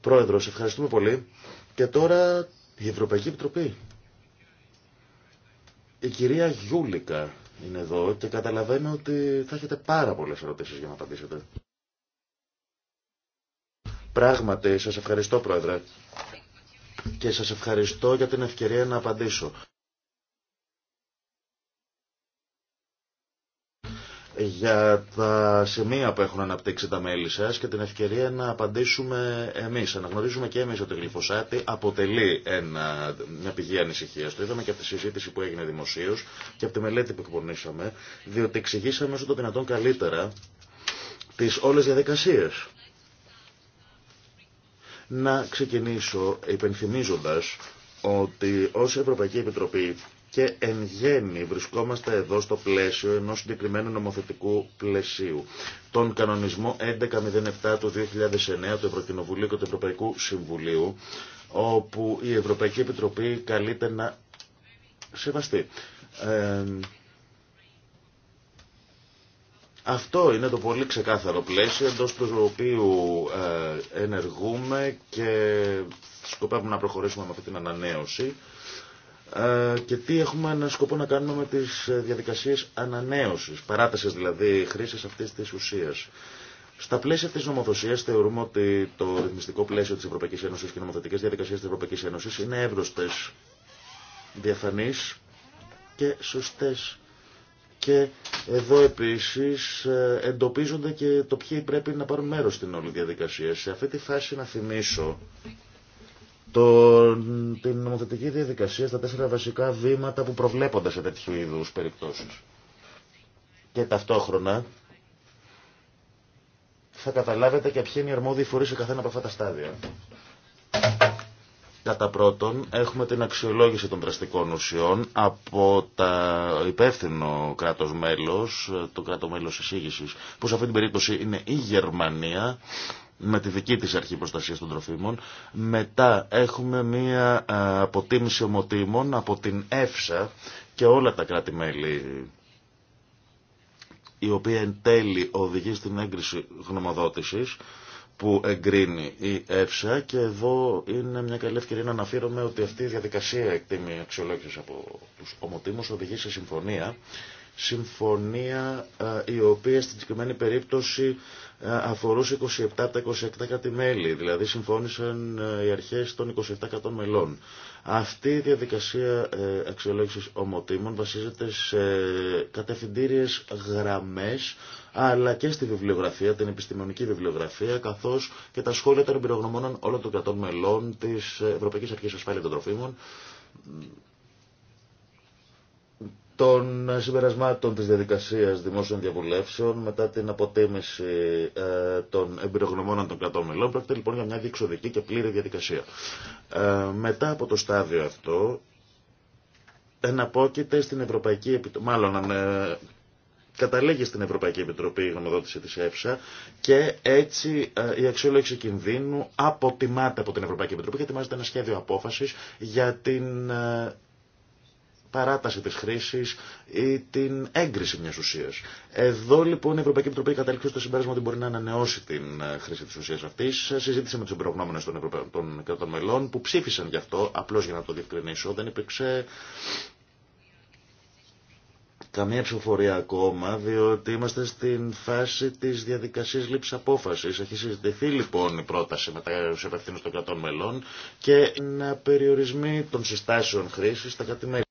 Πρόεδρος, ευχαριστούμε πολύ. Και τώρα η Ευρωπαϊκή Επιτροπή. Η κυρία Γιούλικα είναι εδώ και καταλαβαίνω ότι θα έχετε πάρα πολλές ερωτήσεις για να απαντήσετε. Πράγματι, σας ευχαριστώ Πρόεδρε και σας ευχαριστώ για την ευκαιρία να απαντήσω. για τα σημεία που έχουν αναπτύξει τα μέλη σας και την ευκαιρία να απαντήσουμε εμείς. Αναγνωρίζουμε και εμείς ότι η γλυφοσάτη αποτελεί ένα, μια πηγή ανησυχίας. Το είδαμε και από τη συζήτηση που έγινε δημοσίω και από τη μελέτη που εκπονήσαμε, διότι εξηγήσαμε όσο το δυνατόν καλύτερα τις όλες διαδικασίες. Να ξεκινήσω υπενθυμίζοντας ότι ως Ευρωπαϊκή Επιτροπή και εν γέννη βρισκόμαστε εδώ στο πλαίσιο ενός συγκεκριμένου νομοθετικού πλαισίου. Τον κανονισμό 1107 του 2009 του Ευρωκοινοβουλίου και του Ευρωπαϊκού Συμβουλίου όπου η Ευρωπαϊκή Επιτροπή καλείται να σεβαστεί. αυτό είναι το πολύ ξεκάθαρο πλαίσιο εντό του οποίου ε, ενεργούμε και σκοπεύουμε να προχωρήσουμε με αυτή την ανανέωση ε, και τι έχουμε ένα σκοπό να κάνουμε με τις ε, διαδικασίες ανανέωσης, παράτασης δηλαδή χρήσης αυτής της ουσίας. Στα πλαίσια τη νομοθεσία θεωρούμε ότι το ρυθμιστικό πλαίσιο τη Ευρωπαϊκή Ένωση και οι νομοθετικέ διαδικασίε τη Ευρωπαϊκή Ένωση είναι εύρωστε, διαφανεί και σωστέ. Και εδώ επίση ε, εντοπίζονται και το ποιοι πρέπει να πάρουν μέρο στην όλη διαδικασία. Σε αυτή τη φάση να θυμίσω το, την νομοθετική διαδικασία στα τέσσερα βασικά βήματα που προβλέπονται σε τέτοιου είδου περιπτώσεις. Και ταυτόχρονα θα καταλάβετε και ποιοι είναι οι αρμόδιοι φορείς σε καθένα από αυτά τα στάδια. Κατά πρώτον, έχουμε την αξιολόγηση των δραστικών ουσιών από τα υπεύθυνο κράτος μέλος, το κράτο μέλος εισήγησης, που σε αυτή την περίπτωση είναι η Γερμανία, με τη δική της αρχή προστασίας των τροφίμων. Μετά έχουμε μία ε, αποτίμηση ομοτήμων από την ΕΦΣΑ και όλα τα κράτη-μέλη η οποία εν τέλει οδηγεί στην έγκριση γνωμοδότησης που εγκρίνει η ΕΦΣΑ και εδώ είναι μια καλή ευκαιρία να αναφέρομαι ότι αυτή η διαδικασία εκτίμη αξιολόγηση από τους ομοτήμους οδηγεί σε συμφωνία συμφωνία ε, η οποία στην συγκεκριμένη περίπτωση ε, αφορούσε 27 από τα 27 μέλη, δηλαδή συμφώνησαν ε, οι αρχές των 27 κατών μελών. Αυτή η διαδικασία αξιολόγησης ομοτήμων βασίζεται σε κατευθυντήριες γραμμές αλλά και στη βιβλιογραφία, την επιστημονική βιβλιογραφία, καθώς και τα σχόλια των εμπειρογνωμόνων όλων των κρατών μελών της Ευρωπαϊκής Αρχής Ασφάλειας των Τροφίμων των συμπερασμάτων της διαδικασίας δημόσιων διαβουλεύσεων μετά την αποτίμηση ε, των εμπειρογνωμόνων των κρατών μελών. Πρόκειται λοιπόν για μια διεξοδική και πλήρη διαδικασία. Ε, μετά από το στάδιο αυτό εναπόκειται στην Ευρωπαϊκή Επιτροπή, μάλλον ε, καταλήγει στην Ευρωπαϊκή Επιτροπή η γνωμοδότηση της ΕΦΣΑ και έτσι η αξιολόγηση κινδύνου αποτιμάται από την Ευρωπαϊκή Επιτροπή και ετοιμάζεται ένα σχέδιο απόφασης για την παράταση της χρήσης ή την έγκριση μιας ουσίας. Εδώ λοιπόν η Ευρωπαϊκή Επιτροπή κατέληξε στο συμπέρασμα ότι μπορεί να ανανεώσει την εγκριση μιας ουσιας εδω λοιπον η ευρωπαικη επιτροπη καταληξε στο συμπερασμα οτι μπορει να ανανεωσει την χρηση της ουσίας αυτής. Ε, συζήτησε με τους εμπειρογνώμενες των, των κρατών μελών που ψήφισαν γι' αυτό, απλώς για να το διευκρινίσω, δεν υπήρξε καμία ψηφοφορία ακόμα, διότι είμαστε στην φάση τη διαδικασία λήψη απόφαση. Έχει συζητηθεί λοιπόν η πρόταση με του υπευθύνου των κρατών μελών και να περιορισμεί των συστάσεων χρήση στα κατημέρια. μελη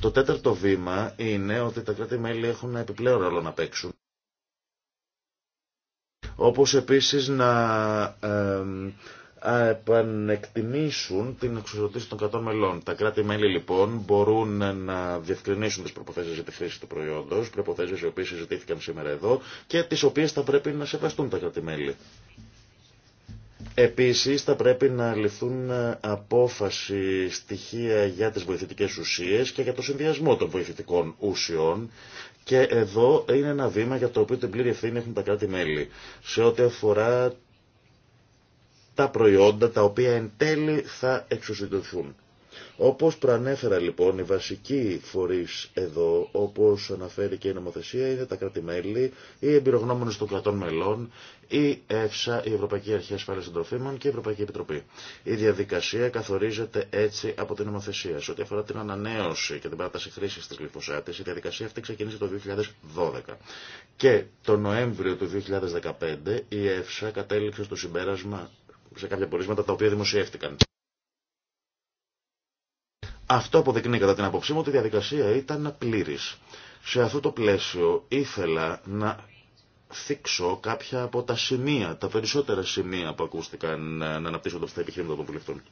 το τέταρτο βήμα είναι ότι τα κράτη-μέλη έχουν επιπλέον ρόλο να παίξουν. Όπως επίσης να επανεκτιμήσουν την εξουσιοδοτήση των κρατών μελών. Τα κράτη-μέλη λοιπόν μπορούν να διευκρινίσουν τις προποθέσεις για τη χρήση του προϊόντος, προποθέσεις οι οποίες συζητήθηκαν σήμερα εδώ και τις οποίες θα πρέπει να σεβαστούν τα κράτη-μέλη. Επίσης θα πρέπει να ληφθούν ε, απόφαση στοιχεία για τις βοηθητικές ουσίες και για το συνδυασμό των βοηθητικών ουσιών και εδώ είναι ένα βήμα για το οποίο την πλήρη ευθύνη έχουν τα κράτη-μέλη σε ό,τι αφορά τα προϊόντα τα οποία εν τέλει θα εξουσιοδοθούν. Όπως προανέφερα λοιπόν, οι βασικοί φορείς εδώ, όπως αναφέρει και η νομοθεσία, είναι τα κράτη-μέλη, οι εμπειρογνώμονες των κρατών μελών, η ΕΦΣΑ, η Ευρωπαϊκή Αρχή Ασφάλειας των Τροφίμων και η Ευρωπαϊκή Επιτροπή. Η διαδικασία καθορίζεται έτσι από την νομοθεσία. Σε ό,τι αφορά την ανανέωση και την παράταση χρήσης της γλυφοσάτης, η διαδικασία αυτή ξεκίνησε το 2012. Και το Νοέμβριο του 2015 η ΕΦΣΑ κατέληξε στο συμπέρασμα σε κάποια πορίσματα τα οποία δημοσιεύτηκαν. Αυτό αποδεικνύει κατά την άποψή μου ότι η διαδικασία ήταν πλήρη. Σε αυτό το πλαίσιο ήθελα να θίξω κάποια από τα σημεία, τα περισσότερα σημεία που ακούστηκαν ε, να αναπτύσσονται τα επιχείρηματα των βουλευτών.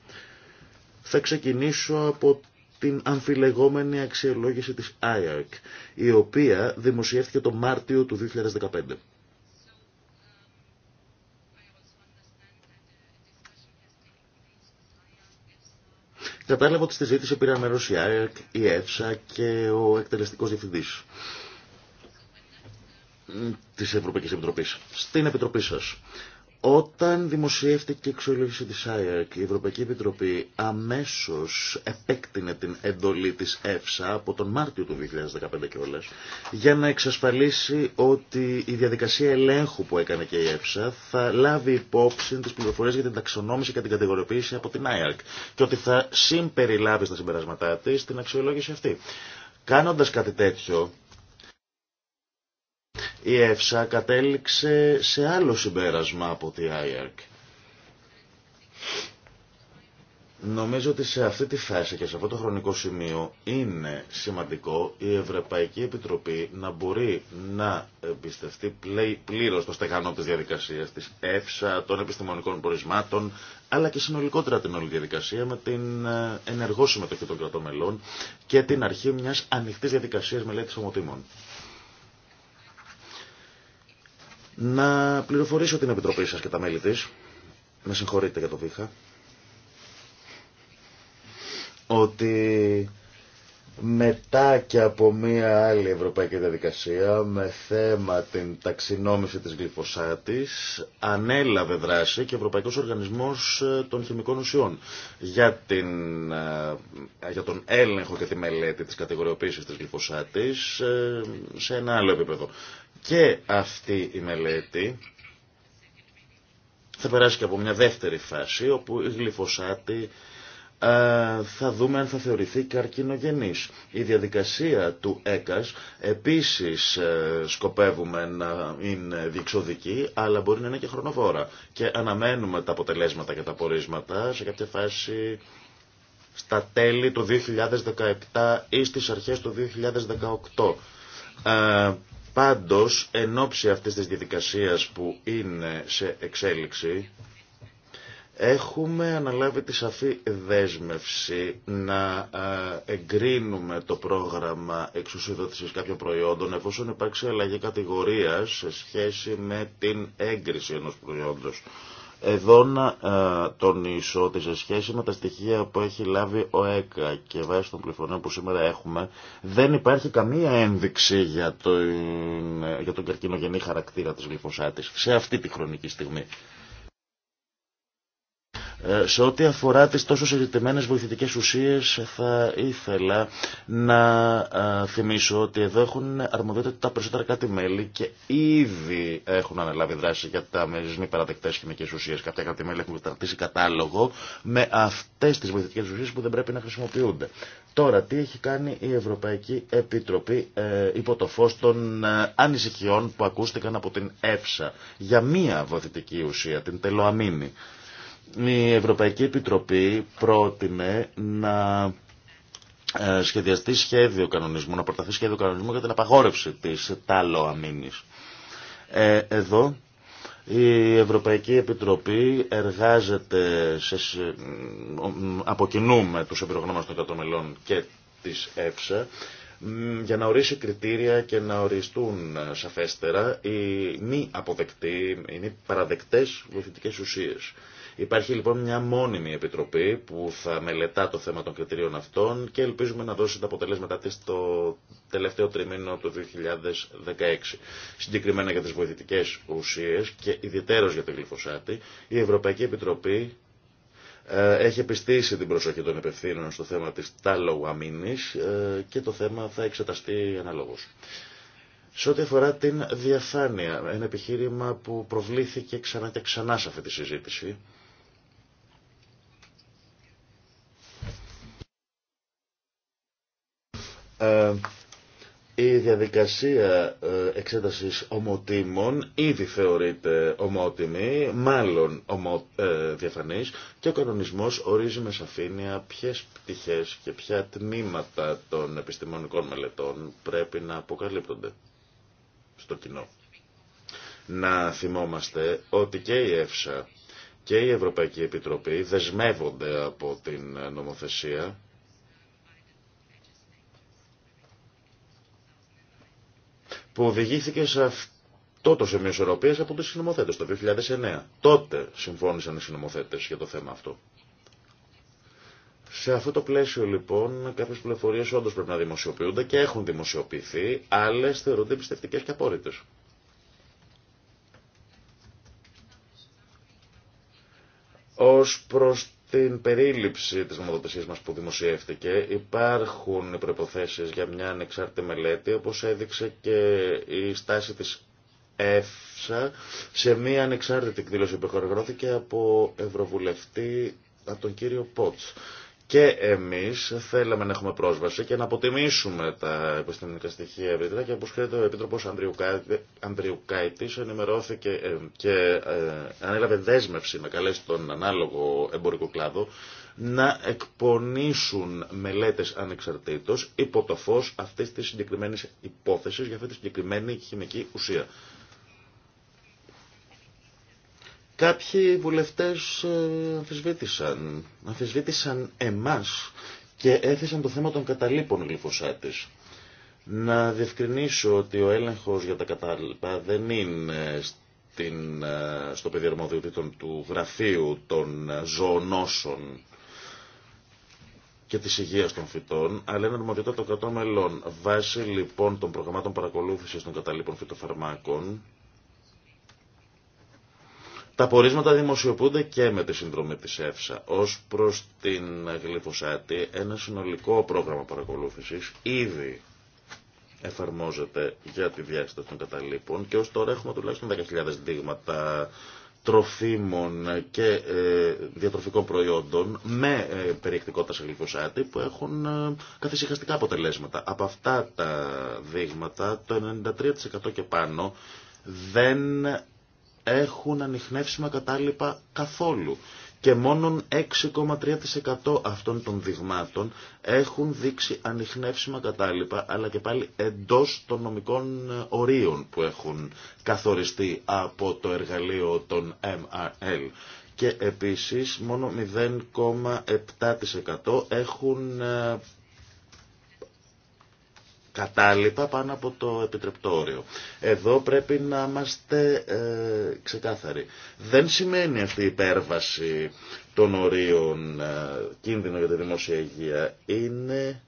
Θα ξεκινήσω από την αμφιλεγόμενη αξιολόγηση της IARC, η οποία δημοσιεύτηκε το Μάρτιο του 2015. Κατάλαβα ότι στη συζήτηση πήραν μέρο η ΆΕΚ, η ΕΦΣΑ και ο εκτελεστικό διευθυντή τη Ευρωπαϊκή Επιτροπή. Στην Επιτροπή σα. Όταν δημοσιεύτηκε η εξολόγηση της ΆΙΑΡΚ η Ευρωπαϊκή Επιτροπή αμέσως επέκτηνε την εντολή της ΕΦΣΑ από τον Μάρτιο του 2015 κιόλας για να εξασφαλίσει ότι η διαδικασία ελέγχου που έκανε και η ΕΦΣΑ θα λάβει υπόψη τις πληροφορίες για την ταξονόμηση και την κατηγοριοποίηση από την ΆΙΑΡΚ και ότι θα συμπεριλάβει στα συμπεράσματά της την αξιολόγηση αυτή. Κάνοντας κάτι τέτοιο, η ΕΦΣΑ κατέληξε σε άλλο συμπέρασμα από τη ΆΙΑΡΚ. Νομίζω ότι σε αυτή τη φάση και σε αυτό το χρονικό σημείο είναι σημαντικό η Ευρωπαϊκή Επιτροπή να μπορεί να εμπιστευτεί πλήρως το στεγανό της διαδικασίας της ΕΦΣΑ, των επιστημονικών πορισμάτων, αλλά και συνολικότερα την όλη διαδικασία με την ε, ενεργό συμμετοχή των κρατών μελών και την αρχή μιας ανοιχτής διαδικασίας μελέτης ομοτήμων. Να πληροφορήσω την Επιτροπή σας και τα μέλη της, με συγχωρείτε για το βήχα, ότι μετά και από μία άλλη ευρωπαϊκή διαδικασία με θέμα την ταξινόμηση της γλυφοσάτης ανέλαβε δράση και ο Ευρωπαϊκός Οργανισμός ε, των Χημικών Ουσιών για, την, ε, για τον έλεγχο και τη μελέτη της κατηγοριοποίησης της γλυφοσάτης ε, σε ένα άλλο επίπεδο. Και αυτή η μελέτη θα περάσει και από μια δεύτερη φάση όπου η γλυφοσάτη θα δούμε αν θα θεωρηθεί καρκινογενής. Η διαδικασία του ΕΚΑΣ επίσης σκοπεύουμε να είναι διεξοδική αλλά μπορεί να είναι και χρονοβόρα και αναμένουμε τα αποτελέσματα και τα πορίσματα σε κάποια φάση στα τέλη του 2017 ή στις αρχές του 2018. Πάντως, εν ώψη αυτής της διαδικασίας που είναι σε εξέλιξη, έχουμε αναλάβει τη σαφή δέσμευση να ε, εγκρίνουμε το πρόγραμμα εξουσιοδότησης κάποιων προϊόντων εφόσον υπάρξει αλλαγή κατηγορίας σε σχέση με την έγκριση ενός προϊόντος. Εδώ να ε, τονίσω ότι σε σχέση με τα στοιχεία που έχει λάβει ο ΕΚΑ και βάσει των πληροφοριών που σήμερα έχουμε, δεν υπάρχει καμία ένδειξη για τον, ε, για τον καρκινογενή χαρακτήρα της γλυφοσάτης σε αυτή τη χρονική στιγμή. Ε, σε ό,τι αφορά τις τόσο συζητημένες βοηθητικές ουσίες θα ήθελα να ε, θυμίσω ότι εδώ έχουν αρμοδιότητα τα περισσότερα κάτι μέλη και ήδη έχουν αναλάβει δράση για τα μερισμη παραδεκτές χημικές ουσίες. Κάποια κάτι μέλη έχουν κρατήσει κατάλογο με αυτές τις βοηθητικές ουσίες που δεν πρέπει να χρησιμοποιούνται. Τώρα, τι έχει κάνει η Ευρωπαϊκή Επιτροπή ε, υπό το φως των ε, ανησυχιών που ακούστηκαν από την ΕΦΣΑ για μία βοηθητική ουσία, την τελοαμίνη. Η Ευρωπαϊκή Επιτροπή πρότεινε να ε, σχεδιαστεί σχέδιο κανονισμού, να προταθεί σχέδιο κανονισμού για την απαγόρευση της τάλο αμήνης. Ε, εδώ η Ευρωπαϊκή Επιτροπή εργάζεται σε, από κοινού με τους εμπειρογνώμες των μελών και της ΕΦΣΑ για να ορίσει κριτήρια και να οριστούν σαφέστερα οι μη αποδεκτοί, οι μη παραδεκτές βοηθητικές ουσίες. Υπάρχει λοιπόν μια μόνιμη επιτροπή που θα μελετά το θέμα των κριτηρίων αυτών και ελπίζουμε να δώσει τα αποτελέσματά της το τελευταίο τριμήνο του 2016. Συγκεκριμένα για τις βοηθητικές ουσίες και ιδιαίτερως για το γλυφοσάτη, η Ευρωπαϊκή Επιτροπή ε, έχει επιστήσει την προσοχή των επευθύνων στο θέμα της τάλογαμίνης ε, και το θέμα θα εξεταστεί αναλόγως. Σε ό,τι αφορά την διαφάνεια, ένα επιχείρημα που προβλήθηκε ξανά και ξανά σε αυτή τη συζήτηση, Ε, η διαδικασία ε, εξέτασης ομοτήμων ήδη θεωρείται ομότιμη, μάλλον ομο, ε, διαφανής και ο κανονισμός ορίζει με σαφήνεια ποιες πτυχές και ποια τμήματα των επιστημονικών μελετών πρέπει να αποκαλύπτονται στο κοινό. Να θυμόμαστε ότι και η ΕΦΣΑ και η Ευρωπαϊκή Επιτροπή δεσμεύονται από την νομοθεσία που οδηγήθηκε σε αυτό το σημείο ισορροπία από του συνομοθέτε το 2009. Τότε συμφώνησαν οι συνομοθέτε για το θέμα αυτό. Σε αυτό το πλαίσιο λοιπόν κάποιε πληροφορίε όντω πρέπει να δημοσιοποιούνται και έχουν δημοσιοποιηθεί, άλλε θεωρούνται πιστευτικέ και απόρριτε. Ω προς στην περίληψη της νομοδοτησίας μας που δημοσιεύτηκε υπάρχουν οι προϋποθέσεις για μια ανεξάρτητη μελέτη όπως έδειξε και η στάση της ΕΦΣΑ σε μια ανεξάρτητη εκδήλωση που χορηγώθηκε από Ευρωβουλευτή από τον κύριο Πότς. Και εμείς θέλαμε να έχουμε πρόσβαση και να αποτιμήσουμε τα επιστημονικά στοιχεία ευρύτερα και όπως ξέρετε ο Επίτροπος Ανδριουκάητης ενημερώθηκε ε, και ε, ανέλαβε δέσμευση να καλέσει τον ανάλογο εμπορικό κλάδο να εκπονήσουν μελέτες ανεξαρτήτως υπό το φως αυτής της συγκεκριμένης υπόθεσης για αυτή τη συγκεκριμένη χημική ουσία. Κάποιοι βουλευτές ε, αμφισβήτησαν, αμφισβήτησαν εμάς και έθεσαν το θέμα των καταλήπων γλυφωσάτης. Να διευκρινίσω ότι ο έλεγχος για τα κατάλοιπα δεν είναι στην, ε, στο πεδίο αρμοδιοτήτων του γραφείου των ε, ζωονόσων και της υγείας των φυτών, αλλά είναι αρμοδιότητα των κρατών μελών. Βάσει λοιπόν των προγραμμάτων παρακολούθησης των καταλήπων φυτοφαρμάκων, τα πορίσματα δημοσιοποιούνται και με τη συνδρομή της ΕΦΣΑ. Ως προς την γλυφοσάτη, ένα συνολικό πρόγραμμα παρακολούθησης ήδη εφαρμόζεται για τη διάσταση των καταλήπων και ως τώρα έχουμε τουλάχιστον 10.000 δείγματα τροφίμων και ε, διατροφικών προϊόντων με ε, περιεκτικότητα σε γλυφοσάτη που έχουν ε, καθησυχαστικά αποτελέσματα. Από αυτά τα δείγματα το 93% και πάνω δεν έχουν ανοιχνεύσιμα κατάλοιπα καθόλου και μόνον 6,3% αυτών των δειγμάτων έχουν δείξει ανοιχνεύσιμα κατάλοιπα, αλλά και πάλι εντός των νομικών ε, ορίων που έχουν καθοριστεί από το εργαλείο των MRL. Και επίσης μόνο 0,7% έχουν ε, κατάλοιπα πάνω από το επιτρεπτό όριο. Εδώ πρέπει να είμαστε ε, ξεκάθαροι. Δεν σημαίνει αυτή η υπέρβαση των ορίων ε, κίνδυνο για τη δημόσια υγεία. Είναι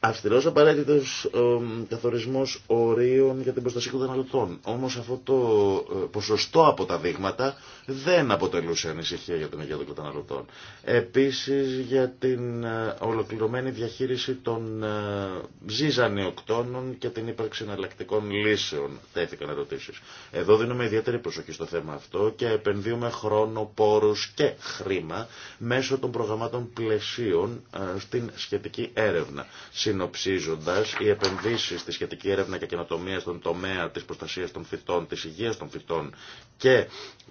αυστηρός απαραίτητος ε, καθορισμός ορίων για την προστασία των καταναλωτών. Όμως αυτό το ε, ποσοστό από τα δείγματα δεν αποτελούσε ανησυχία για την υγεία των καταναλωτών. Επίσης για την ε, ολοκληρωμένη διαχείριση των ε, ζυζανιοκτώνων και την ύπαρξη εναλλακτικών λύσεων τέθηκαν ερωτήσεις. Εδώ δίνουμε ιδιαίτερη προσοχή στο θέμα αυτό και επενδύουμε χρόνο, πόρους και χρήμα μέσω των προγραμμάτων πλαισίων ε, στην σχετική έρευνα. Συνοψίζοντας, οι επενδύσεις στη σχετική έρευνα και καινοτομία στον τομέα της προστασίας των φυτών, της υγείας των φυτών και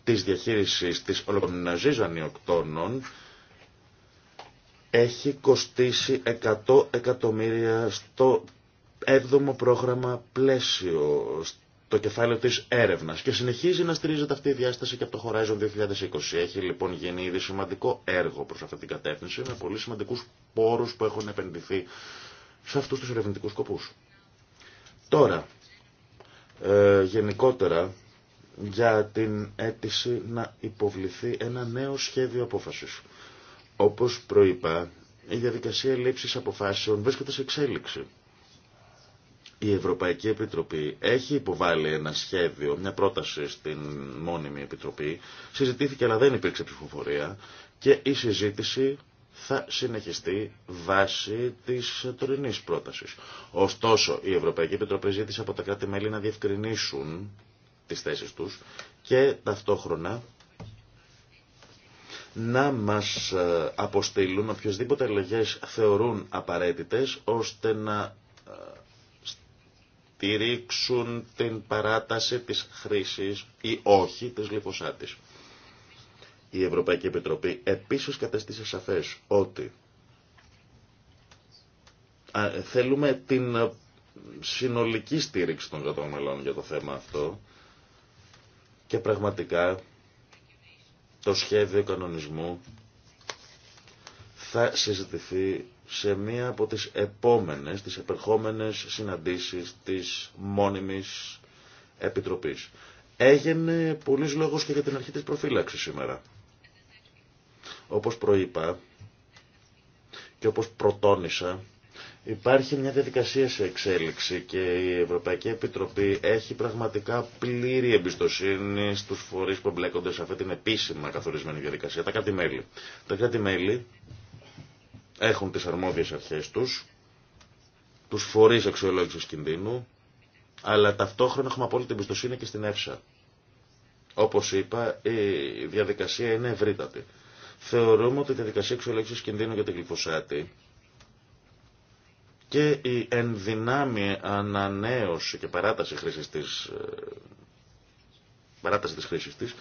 της διαχείρισης διαχείριση της ολοκληρωναζής ανιοκτώνων έχει κοστίσει 100 εκατομμύρια στο 7ο πρόγραμμα πλαίσιο, στο κεφάλαιο της έρευνας και συνεχίζει να στηρίζεται αυτή η διάσταση και από το Horizon 2020. Έχει λοιπόν γίνει ήδη σημαντικό έργο προς αυτή την κατεύθυνση με πολύ σημαντικούς πόρους που έχουν επενδυθεί σε αυτούς τους ερευνητικούς σκοπούς. Τώρα, ε, γενικότερα, για την αίτηση να υποβληθεί ένα νέο σχέδιο απόφασης. Όπως προείπα, η διαδικασία λήψης αποφάσεων βρίσκεται σε εξέλιξη. Η Ευρωπαϊκή Επιτροπή έχει υποβάλει ένα σχέδιο, μια πρόταση στην μόνιμη Επιτροπή, συζητήθηκε αλλά δεν υπήρξε ψηφοφορία και η συζήτηση θα συνεχιστεί βάσει της τωρινής πρότασης. Ωστόσο, η Ευρωπαϊκή Επιτροπή ζήτησε από τα κράτη-μέλη να διευκρινίσουν τις θέσεις τους και ταυτόχρονα να μας ε, αποστείλουν οποιασδήποτε αλλαγέ θεωρούν απαραίτητες ώστε να ε, στηρίξουν την παράταση της χρήσης ή όχι της γλυφοσάτης. Η Ευρωπαϊκή λιποσατης η επίσης κατέστησε σαφές ότι ε, θέλουμε την συνολική στήριξη των κρατών για το θέμα αυτό και πραγματικά το σχέδιο κανονισμού θα συζητηθεί σε μία από τις επόμενες, τις επερχόμενες συναντήσεις της μόνιμης επιτροπής. Έγινε πολλή λόγος και για την αρχή της προφύλαξης σήμερα. Όπως προείπα και όπως προτώνησα, Υπάρχει μια διαδικασία σε εξέλιξη και η Ευρωπαϊκή Επιτροπή έχει πραγματικά πλήρη εμπιστοσύνη στου φορεί που εμπλέκονται σε αυτή την επίσημα καθορισμένη διαδικασία, τα κράτη-μέλη. Τα κράτη-μέλη έχουν τι αρμόδιε αρχέ του, του φορεί αξιολόγηση κινδύνου, αλλά ταυτόχρονα έχουμε απόλυτη εμπιστοσύνη και στην ΕΦΣΑ. Όπω είπα, η διαδικασία είναι ευρύτατη. Θεωρούμε ότι η διαδικασία αξιολόγηση κινδύνου για την γλυφοσάτη και η ενδυνάμει ανανέωση και παράταση χρήσης της, ε, παράταση της χρήσης της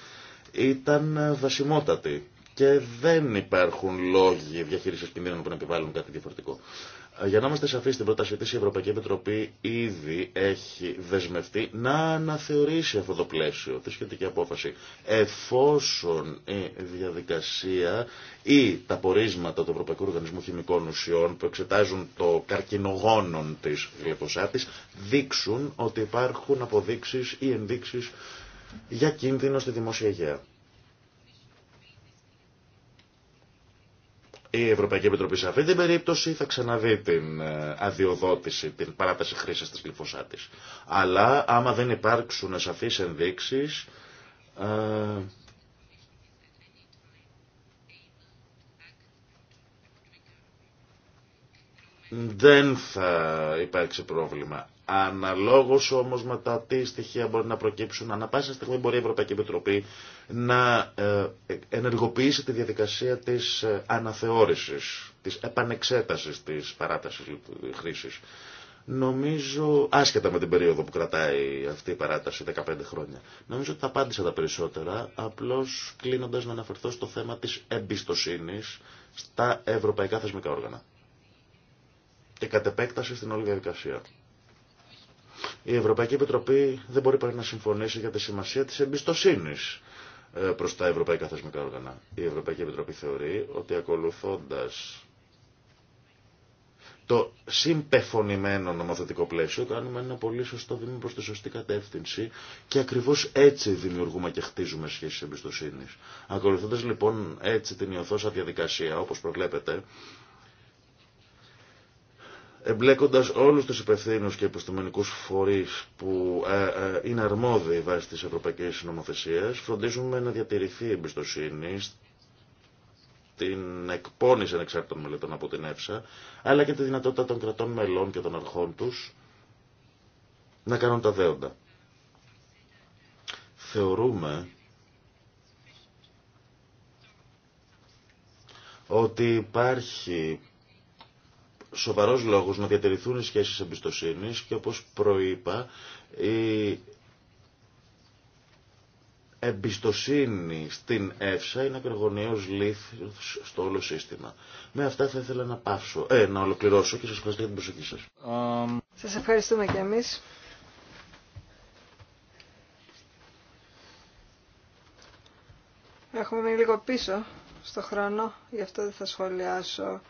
ήταν βασιμότατη και δεν υπάρχουν λόγοι διαχείρισης κινδύνων που να επιβάλλουν κάτι διαφορετικό. Για να είμαστε σαφείς στην πρότασή της, η Ευρωπαϊκή Επιτροπή ήδη έχει δεσμευτεί να αναθεωρήσει αυτό το πλαίσιο, τη σχετική απόφαση, εφόσον η διαδικασία ή τα πορίσματα του Ευρωπαϊκού Οργανισμού Χημικών Ουσιών που εξετάζουν το καρκινογόνο της γλυκοσάτης δείξουν ότι υπάρχουν αποδείξεις ή ενδείξεις για κίνδυνο στη δημόσια υγεία. η Ευρωπαϊκή Επιτροπή σε αυτή την περίπτωση θα ξαναδεί την ε, αδειοδότηση, την παράταση χρήση τη γλυφωσάτη. Αλλά άμα δεν υπάρξουν σαφεί ενδείξει. Ε, δεν θα υπάρξει πρόβλημα. Αναλόγως όμως με τα τι στοιχεία μπορεί να προκύψουν, ανά πάσα στιγμή μπορεί η Ευρωπαϊκή Επιτροπή να ε, ενεργοποιήσει τη διαδικασία της ε, αναθεώρησης, της επανεξέτασης της παράτασης ε, χρήσης. Νομίζω, άσχετα με την περίοδο που κρατάει αυτή η παράταση, 15 χρόνια, νομίζω ότι θα απάντησα τα περισσότερα, απλώς κλείνοντας να αναφερθώ στο θέμα της εμπιστοσύνης στα ευρωπαϊκά θεσμικά όργανα και κατ' επέκταση στην όλη διαδικασία. Η Ευρωπαϊκή Επιτροπή δεν μπορεί παρά να συμφωνήσει για τη σημασία της εμπιστοσύνης ε, προς τα ευρωπαϊκά θεσμικά όργανα. Η Ευρωπαϊκή Επιτροπή θεωρεί ότι ακολουθώντας το συμπεφωνημένο νομοθετικό πλαίσιο κάνουμε ένα πολύ σωστό βήμα προς τη σωστή κατεύθυνση και ακριβώς έτσι δημιουργούμε και χτίζουμε σχέσεις εμπιστοσύνης. Ακολουθώντας λοιπόν έτσι την ιωθώσα διαδικασία όπως προβλέπετε εμπλέκοντας όλους τους υπευθύνους και επιστημονικούς φορείς που ε, ε, είναι αρμόδιοι βάσει της Ευρωπαϊκής Νομοθεσίας, φροντίζουμε να διατηρηθεί η εμπιστοσύνη την εκπόνηση ανεξάρτητων μελετών από την ΕΦΣΑ, αλλά και τη δυνατότητα των κρατών μελών και των αρχών τους να κάνουν τα δέοντα. Θεωρούμε ότι υπάρχει σοβαρός λόγος να διατηρηθούν οι σχέσεις εμπιστοσύνης και όπως προείπα η εμπιστοσύνη στην ΕΦΣΑ είναι ακρογωνιαίο λήθος στο όλο σύστημα. Με αυτά θα ήθελα να πάψω, ε, να ολοκληρώσω και σας ευχαριστώ για την προσοχή σας. Σας ευχαριστούμε και εμείς. Έχουμε μείνει λίγο πίσω στο χρόνο, γι' αυτό δεν θα σχολιάσω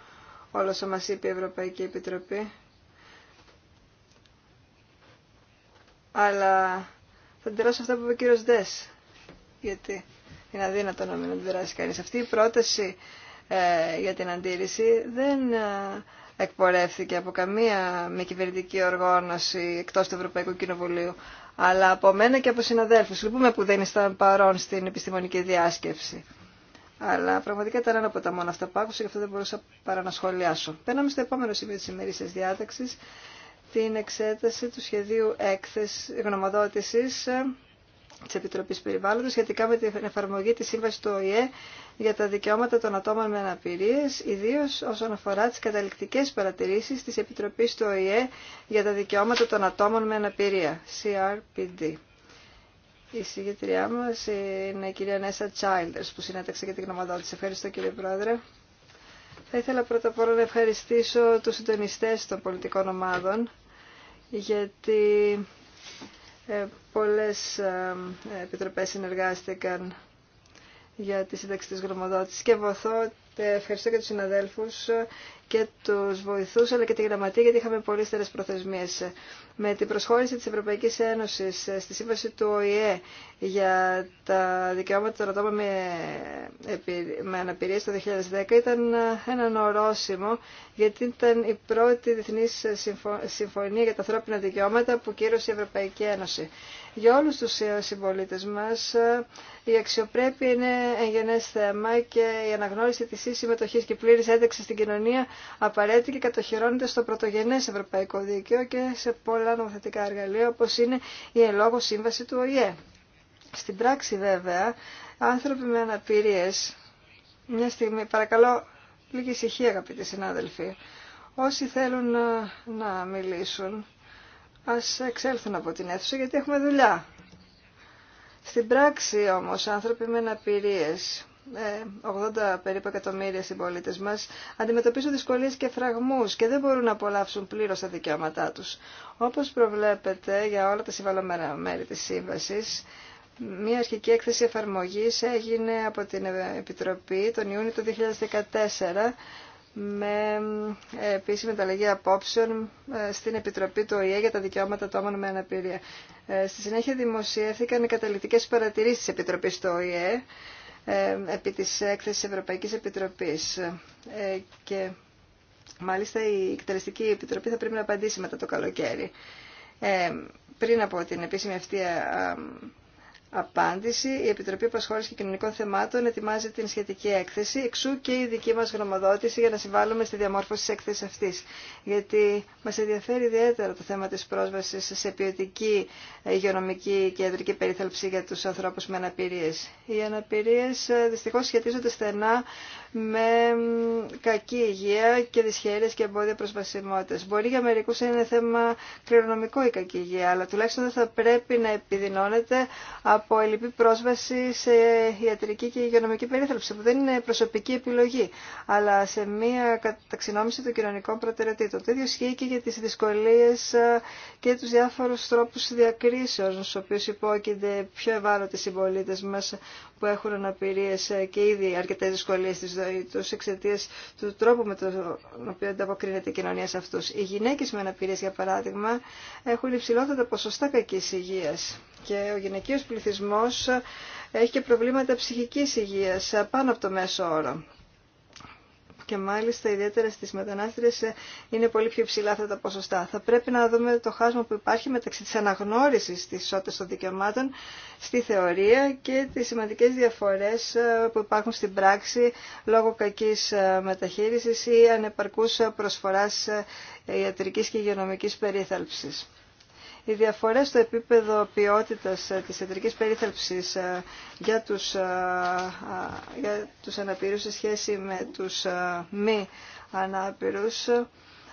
όλο όσο μας είπε η Ευρωπαϊκή Επιτροπή. Αλλά θα αντιδράσω αυτά που είπε ο κύριος Δες, γιατί είναι αδύνατο να μην αντιδράσει κανείς. Αυτή η πρόταση ε, για την αντίρρηση δεν ε, εκπορεύθηκε από καμία μη κυβερνητική οργάνωση εκτός του Ευρωπαϊκού Κοινοβουλίου, αλλά από μένα και από συναδέλφους. Λυπούμε που δεν ήσταν παρόν στην επιστημονική διάσκεψη. Αλλά πραγματικά ήταν ένα από τα μόνα αυτά που άκουσα, και αυτό δεν μπορούσα παρά να σχολιάσω. Παίρνουμε στο επόμενο σημείο τη ημερήσια διάταξη την εξέταση του σχεδίου έκθεση γνωμοδότηση ε, τη Επιτροπή Περιβάλλοντο σχετικά με την εφαρμογή τη Σύμβαση του ΟΗΕ για τα δικαιώματα των ατόμων με αναπηρίε, ιδίω όσον αφορά τι καταληκτικέ παρατηρήσει τη Επιτροπή του ΟΗΕ για τα δικαιώματα των ατόμων με αναπηρία, CRPD. Η συγγετριά μας είναι η κυρία Νέσα Τσάιλτερς που συνέταξε για την γνωμοδότηση. Ευχαριστώ κύριε Πρόεδρε. Θα ήθελα πρώτα απ' όλα να ευχαριστήσω τους συντονιστές των πολιτικών ομάδων γιατί ε, πολλές ε, επιτροπές συνεργάστηκαν για τη σύνταξη της γνωμοδότησης και βοηθώ ε, ευχαριστώ και τους συναδέλφους και τους βοηθούς αλλά και τη γραμματεία γιατί είχαμε πολύ στερές προθεσμίες. Με την προσχώρηση της Ευρωπαϊκής Ένωσης ε, στη σύμβαση του ΟΗΕ για τα δικαιώματα των ατόμων με, αναπηρία το 2010 ήταν ε, ένα ορόσημο γιατί ήταν η πρώτη διεθνής συμφωνία για τα ανθρώπινα δικαιώματα που κύρωσε η Ευρωπαϊκή Ένωση. Για όλους τους συμπολίτε μας η αξιοπρέπεια είναι εγγενές θέμα και η αναγνώριση διασφάλιση συμμετοχή και πλήρη ένταξη στην κοινωνία απαραίτητη και κατοχυρώνεται στο πρωτογενέ ευρωπαϊκό δίκαιο και σε πολλά νομοθετικά εργαλεία όπω είναι η ελόγω σύμβαση του ΟΗΕ. Στην πράξη βέβαια, άνθρωποι με αναπηρίε. Μια στιγμή, παρακαλώ, λίγη ησυχία αγαπητοί συνάδελφοι. Όσοι θέλουν ε, να, μιλήσουν, ας εξέλθουν από την αίθουσα γιατί έχουμε δουλειά. Στην πράξη όμως άνθρωποι με αναπηρίες 80 ε, περίπου εκατομμύρια συμπολίτε μα αντιμετωπίζουν δυσκολίε και φραγμού και δεν μπορούν να απολαύσουν πλήρω τα δικαιώματά του. Όπω προβλέπετε για όλα τα συμβαλλόμενα μέρη τη σύμβαση, μια αρχική έκθεση εφαρμογή έγινε από την Επιτροπή τον Ιούνιο του 2014 με ε, επίσημη ανταλλαγή απόψεων ε, στην Επιτροπή του ΟΗΕ για τα δικαιώματα ατόμων με αναπηρία. Στη συνέχεια δημοσιεύθηκαν οι καταληκτικές παρατηρήσεις τη Επιτροπής του ΟΗΕ ε, επί της έκθεσης Ευρωπαϊκής Επιτροπής. Ε, και μάλιστα η Εκτελεστική Επιτροπή θα πρέπει να απαντήσει μετά το καλοκαίρι. Ε, πριν από την επίσημη αυτή απάντηση. Η Επιτροπή Απασχόληση και Κοινωνικών Θεμάτων ετοιμάζει την σχετική έκθεση, εξού και η δική μα γνωμοδότηση για να συμβάλλουμε στη διαμόρφωση τη έκθεση αυτή. Γιατί μα ενδιαφέρει ιδιαίτερα το θέμα τη πρόσβαση σε ποιοτική ε, υγειονομική και ιατρική περίθαλψη για του ανθρώπου με αναπηρίε. Οι αναπηρίε δυστυχώ σχετίζονται στενά με κακή υγεία και δυσχέρειες και εμπόδια προσβασιμότητας. Μπορεί για μερικούς να είναι θέμα κληρονομικό η κακή υγεία, αλλά τουλάχιστον δεν θα πρέπει να επιδεινώνεται από ελλειπή πρόσβαση σε ιατρική και υγειονομική περίθαλψη, που δεν είναι προσωπική επιλογή, αλλά σε μια καταξινόμηση των κοινωνικών προτεραιοτήτων. Το ίδιο ισχύει και για τις δυσκολίες ε, και τους διάφορους τρόπους διακρίσεων, στους οποίους υπόκεινται πιο ευάλωτοι συμπολίτε μας που έχουν αναπηρίε ε, και ήδη αρκετέ δυσκολίε στη ζωή του εξαιτία του τρόπου με τον οποίο ανταποκρίνεται η κοινωνία σε αυτούς. Οι γυναίκες με αναπηρίε, για παράδειγμα, έχουν υψηλότερα ποσοστά κακής υγεία και ο γυναικείος πληθυσμός έχει και προβλήματα ψυχικής υγεία ε, πάνω από το μέσο όρο και μάλιστα ιδιαίτερα στις μετανάστριες ε, είναι πολύ πιο ψηλά αυτά τα ποσοστά. Θα πρέπει να δούμε το χάσμα που υπάρχει μεταξύ της αναγνώρισης της ισότητας των δικαιωμάτων στη θεωρία και τις σημαντικές διαφορές ε, που υπάρχουν στην πράξη λόγω κακής ε, μεταχείρισης ή ανεπαρκούς προσφοράς ιατρικής και υγειονομικής περίθαλψης οι διαφορές στο επίπεδο ποιότητας ε, της ιατρικής περίθαλψης ε, για τους, ε, για τους αναπήρους σε σχέση με τους μη ανάπηρους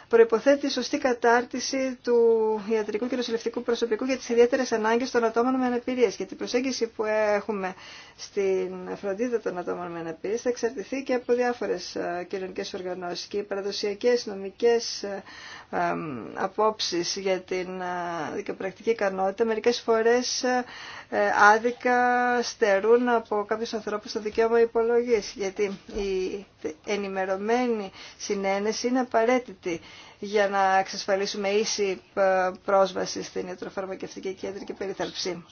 προϋποθέτει σωστή κατάρτιση του ιατρικού και νοσηλευτικού προσωπικού για τις ιδιαίτερες ανάγκες των ατόμων με αναπηρία. Γιατί η προσέγγιση που έχουμε στην φροντίδα των ατόμων με αναπηρία θα εξαρτηθεί και από διάφορες ε, κοινωνικές οργανώσεις και οι παραδοσιακές νομικές ε, ε, απόψεις για την δικαιοπρακτική ικανότητα μερικές φορές άδικα στερούν από κάποιους ανθρώπους το δικαίωμα υπολογής γιατί η ενημερωμένη συνένεση είναι απαραίτητη για να εξασφαλίσουμε ίση ε, πρόσβαση στην ιατροφαρμακευτική και περίθαλψη.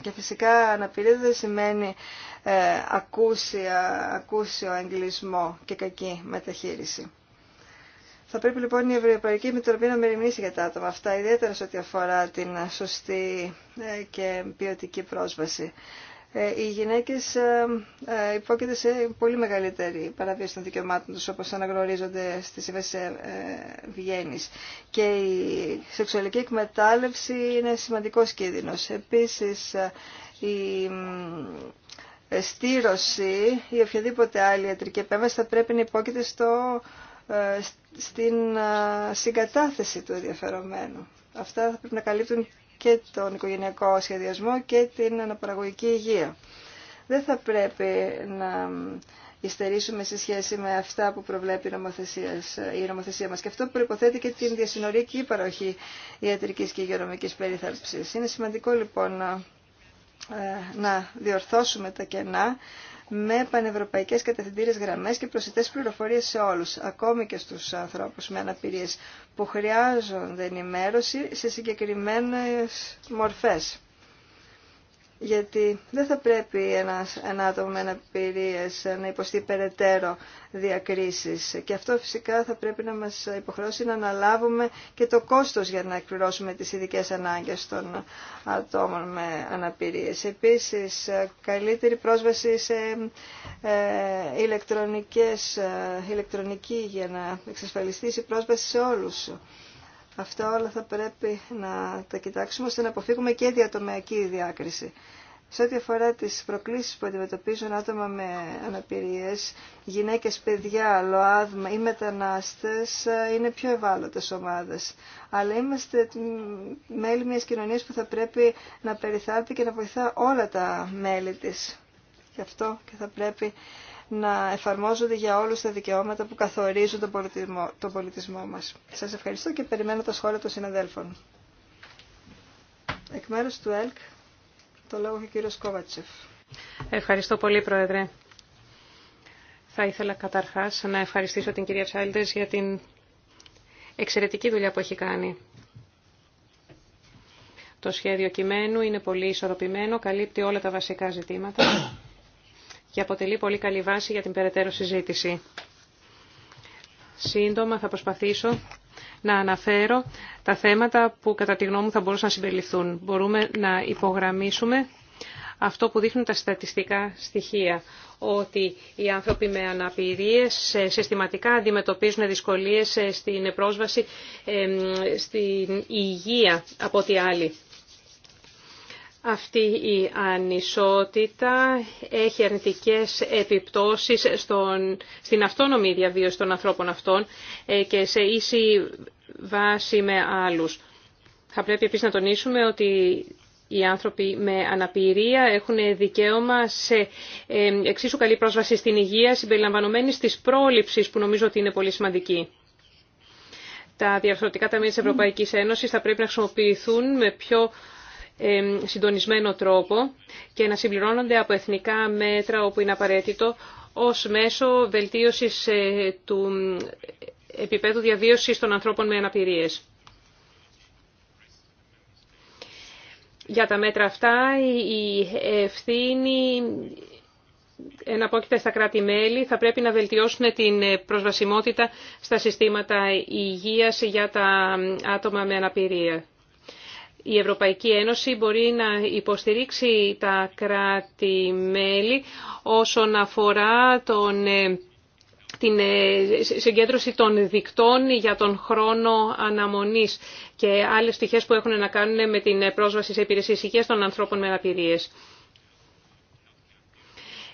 Και φυσικά αναπηρία δεν σημαίνει ε, ακούσια, ακούσιο αγγλισμό και κακή μεταχείριση. Θα πρέπει λοιπόν η Ευρωπαϊκή μητροπή να μεριμνήσει για τα άτομα αυτά, ιδιαίτερα σε ό,τι αφορά την σωστή ε, και ποιοτική πρόσβαση. Ε, οι γυναίκες ε, ε, υπόκειται σε πολύ μεγαλύτερη παραβίαση των δικαιωμάτων τους όπως αναγνωρίζονται στις ευαίσθησες Βιέννης. Και η σεξουαλική εκμετάλλευση είναι σημαντικός κίνδυνος. Επίσης η στήρωση ή οποιαδήποτε άλλη ιατρική επέμβαση θα πρέπει να υπόκειται στο, στην συγκατάθεση του ενδιαφερομένου. Αυτά θα πρέπει να καλύπτουν και τον οικογενειακό σχεδιασμό και την αναπαραγωγική υγεία. Δεν θα πρέπει να υστερήσουμε σε σχέση με αυτά που προβλέπει η νομοθεσία, η νομοθεσία μας. Και αυτό προϋποθέτει και την διασυνορική παροχή ιατρικής και υγειονομικής περίθαλψης. Είναι σημαντικό λοιπόν να ε, διορθώσουμε τα κενά με πανευρωπαϊκές κατευθυντήρε γραμμές και προσιτέ πληροφορίε σε όλους, ακόμη και στους ανθρώπου, με αναπηρίε, που χρειάζονται ενημέρωση σε συγκεκριμένες μορφές γιατί δεν θα πρέπει ένας, ένα άτομο με αναπηρίες να υποστεί περαιτέρω διακρίσεις. Και αυτό φυσικά θα πρέπει να μας υποχρεώσει να αναλάβουμε και το κόστος για να εκπληρώσουμε τις ειδικές ανάγκες των ατόμων με αναπηρίες. Επίσης, καλύτερη πρόσβαση σε ε, ηλεκτρονικές, ε, ηλεκτρονική για να εξασφαλιστεί η πρόσβαση σε όλους. Αυτά όλα θα πρέπει να τα κοιτάξουμε ώστε να αποφύγουμε και διατομιακή διάκριση. Σε ό,τι αφορά τι προκλήσει που αντιμετωπίζουν άτομα με αναπηρίε, γυναίκε, παιδιά, ΛΟΑΔΜΑ ή μετανάστε, ε, είναι πιο ευάλωτε ομάδε. Αλλά είμαστε μέλη μια κοινωνία που θα πρέπει να περιθάλπει και να βοηθά όλα τα μέλη τη. Γι' αυτό και θα πρέπει να εφαρμόζονται για όλους τα δικαιώματα που καθορίζουν τον πολιτισμό, τον πολιτισμό μας. Σας ευχαριστώ και περιμένω τα σχόλια των συναδέλφων. Εκ μέρους του ΕΛΚ, το λόγο και ο κύριος Κόβατσεφ. Ευχαριστώ πολύ, Πρόεδρε. Θα ήθελα καταρχάς να ευχαριστήσω την κυρία Τσάλντες για την εξαιρετική δουλειά που έχει κάνει. Το σχέδιο κειμένου είναι πολύ ισορροπημένο, καλύπτει όλα τα βασικά ζητήματα και αποτελεί πολύ καλή βάση για την περαιτέρω συζήτηση. Σύντομα θα προσπαθήσω να αναφέρω τα θέματα που κατά τη γνώμη μου θα μπορούσαν να συμπεριληφθούν. Μπορούμε να υπογραμμίσουμε αυτό που δείχνουν τα στατιστικά στοιχεία, ότι οι άνθρωποι με αναπηρίες ε, συστηματικά αντιμετωπίζουν δυσκολίες ε, στην πρόσβαση ε, στην υγεία από ό,τι άλλη. Αυτή η ανισότητα έχει αρνητικές επιπτώσεις στον, στην αυτόνομη διαβίωση των ανθρώπων αυτών ε, και σε ίση βάση με άλλους. Θα πρέπει επίσης να τονίσουμε ότι οι άνθρωποι με αναπηρία έχουν δικαίωμα σε ε, εξίσου καλή πρόσβαση στην υγεία συμπεριλαμβανομένης της πρόληψης που νομίζω ότι είναι πολύ σημαντική. Τα διαρθρωτικά ταμεία της Ευρωπαϊκής Ένωσης θα πρέπει να χρησιμοποιηθούν με πιο συντονισμένο τρόπο και να συμπληρώνονται από εθνικά μέτρα όπου είναι απαραίτητο ως μέσο βελτίωσης ε, του ε, επίπεδου διαβίωσης των ανθρώπων με αναπηρίες. Για τα μέτρα αυτά η ευθύνη εναπόκειται στα κράτη-μέλη θα πρέπει να βελτιώσουν την προσβασιμότητα στα συστήματα υγείας για τα άτομα με αναπηρία η Ευρωπαϊκή Ένωση μπορεί να υποστηρίξει τα κράτη-μέλη όσον αφορά τον, ε, την ε, συγκέντρωση των δικτών για τον χρόνο αναμονής και άλλες στοιχείες που έχουν να κάνουν με την πρόσβαση σε υπηρεσίες υγείας των ανθρώπων με αναπηρίες.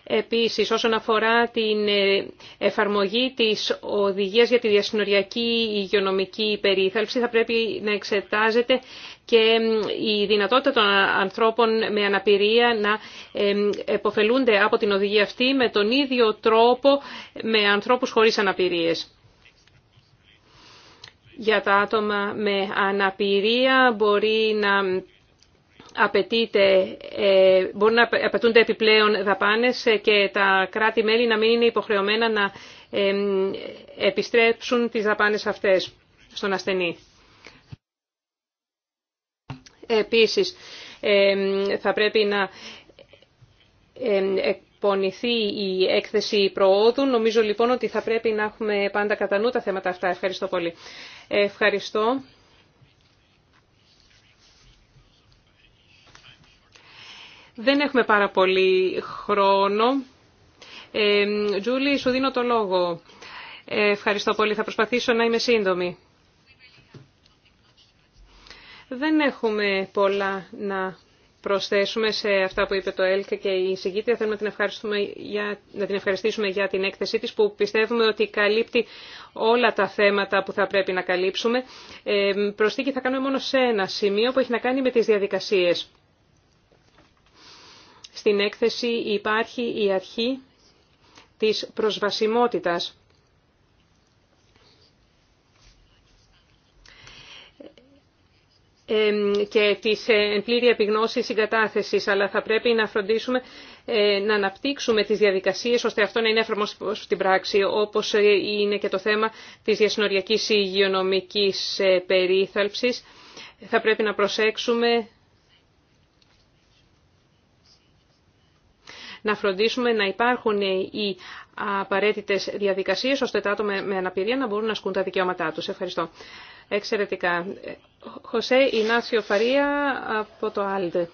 Επίσης, όσον αφορά την ε, εφαρμογή της οδηγίας για τη διασυνοριακή υγειονομική περίθαλψη, θα πρέπει να εξετάζεται και η δυνατότητα των ανθρώπων με αναπηρία να εποφελούνται από την οδηγία αυτή με τον ίδιο τρόπο με ανθρώπους χωρίς αναπηρίες. Για τα άτομα με αναπηρία μπορεί να ε, να απαιτούνται επιπλέον δαπάνες ε, και τα κράτη-μέλη να μην είναι υποχρεωμένα να επιστρέψουν τις δαπάνες αυτές στον ασθενή. Επίσης, θα πρέπει να εκπονηθεί η έκθεση προόδου. Νομίζω λοιπόν ότι θα πρέπει να έχουμε πάντα κατά νου τα θέματα αυτά. Ευχαριστώ πολύ. Ευχαριστώ. Δεν έχουμε πάρα πολύ χρόνο. Τζούλη, σου δίνω το λόγο. Ευχαριστώ πολύ. Θα προσπαθήσω να είμαι σύντομη. Δεν έχουμε πολλά να προσθέσουμε σε αυτά που είπε το Ελκ και η συγκήτρια. Θέλουμε να την, ευχαριστούμε για, να την ευχαριστήσουμε για την έκθεσή της που πιστεύουμε ότι καλύπτει όλα τα θέματα που θα πρέπει να καλύψουμε. Ε, προσθήκη θα κάνουμε μόνο σε ένα σημείο που έχει να κάνει με τις διαδικασίες. Στην έκθεση υπάρχει η αρχή της προσβασιμότητας. και της ε, πλήρη επιγνώσης συγκατάθεσης, αλλά θα πρέπει να φροντίσουμε ε, να αναπτύξουμε τις διαδικασίες ώστε αυτό να είναι εφαρμόσιμο στην πράξη, όπως ε, είναι και το θέμα της διασυνοριακής υγειονομικής περίθαλψης. Θα πρέπει να προσέξουμε να φροντίσουμε να υπάρχουν οι απαραίτητες διαδικασίες ώστε τα άτομα με αναπηρία να μπορούν να ασκούν τα δικαιώματά τους. Ευχαριστώ εξαιρετικά. Χωσέ Ινάσιο Φαρία από το Άλντε.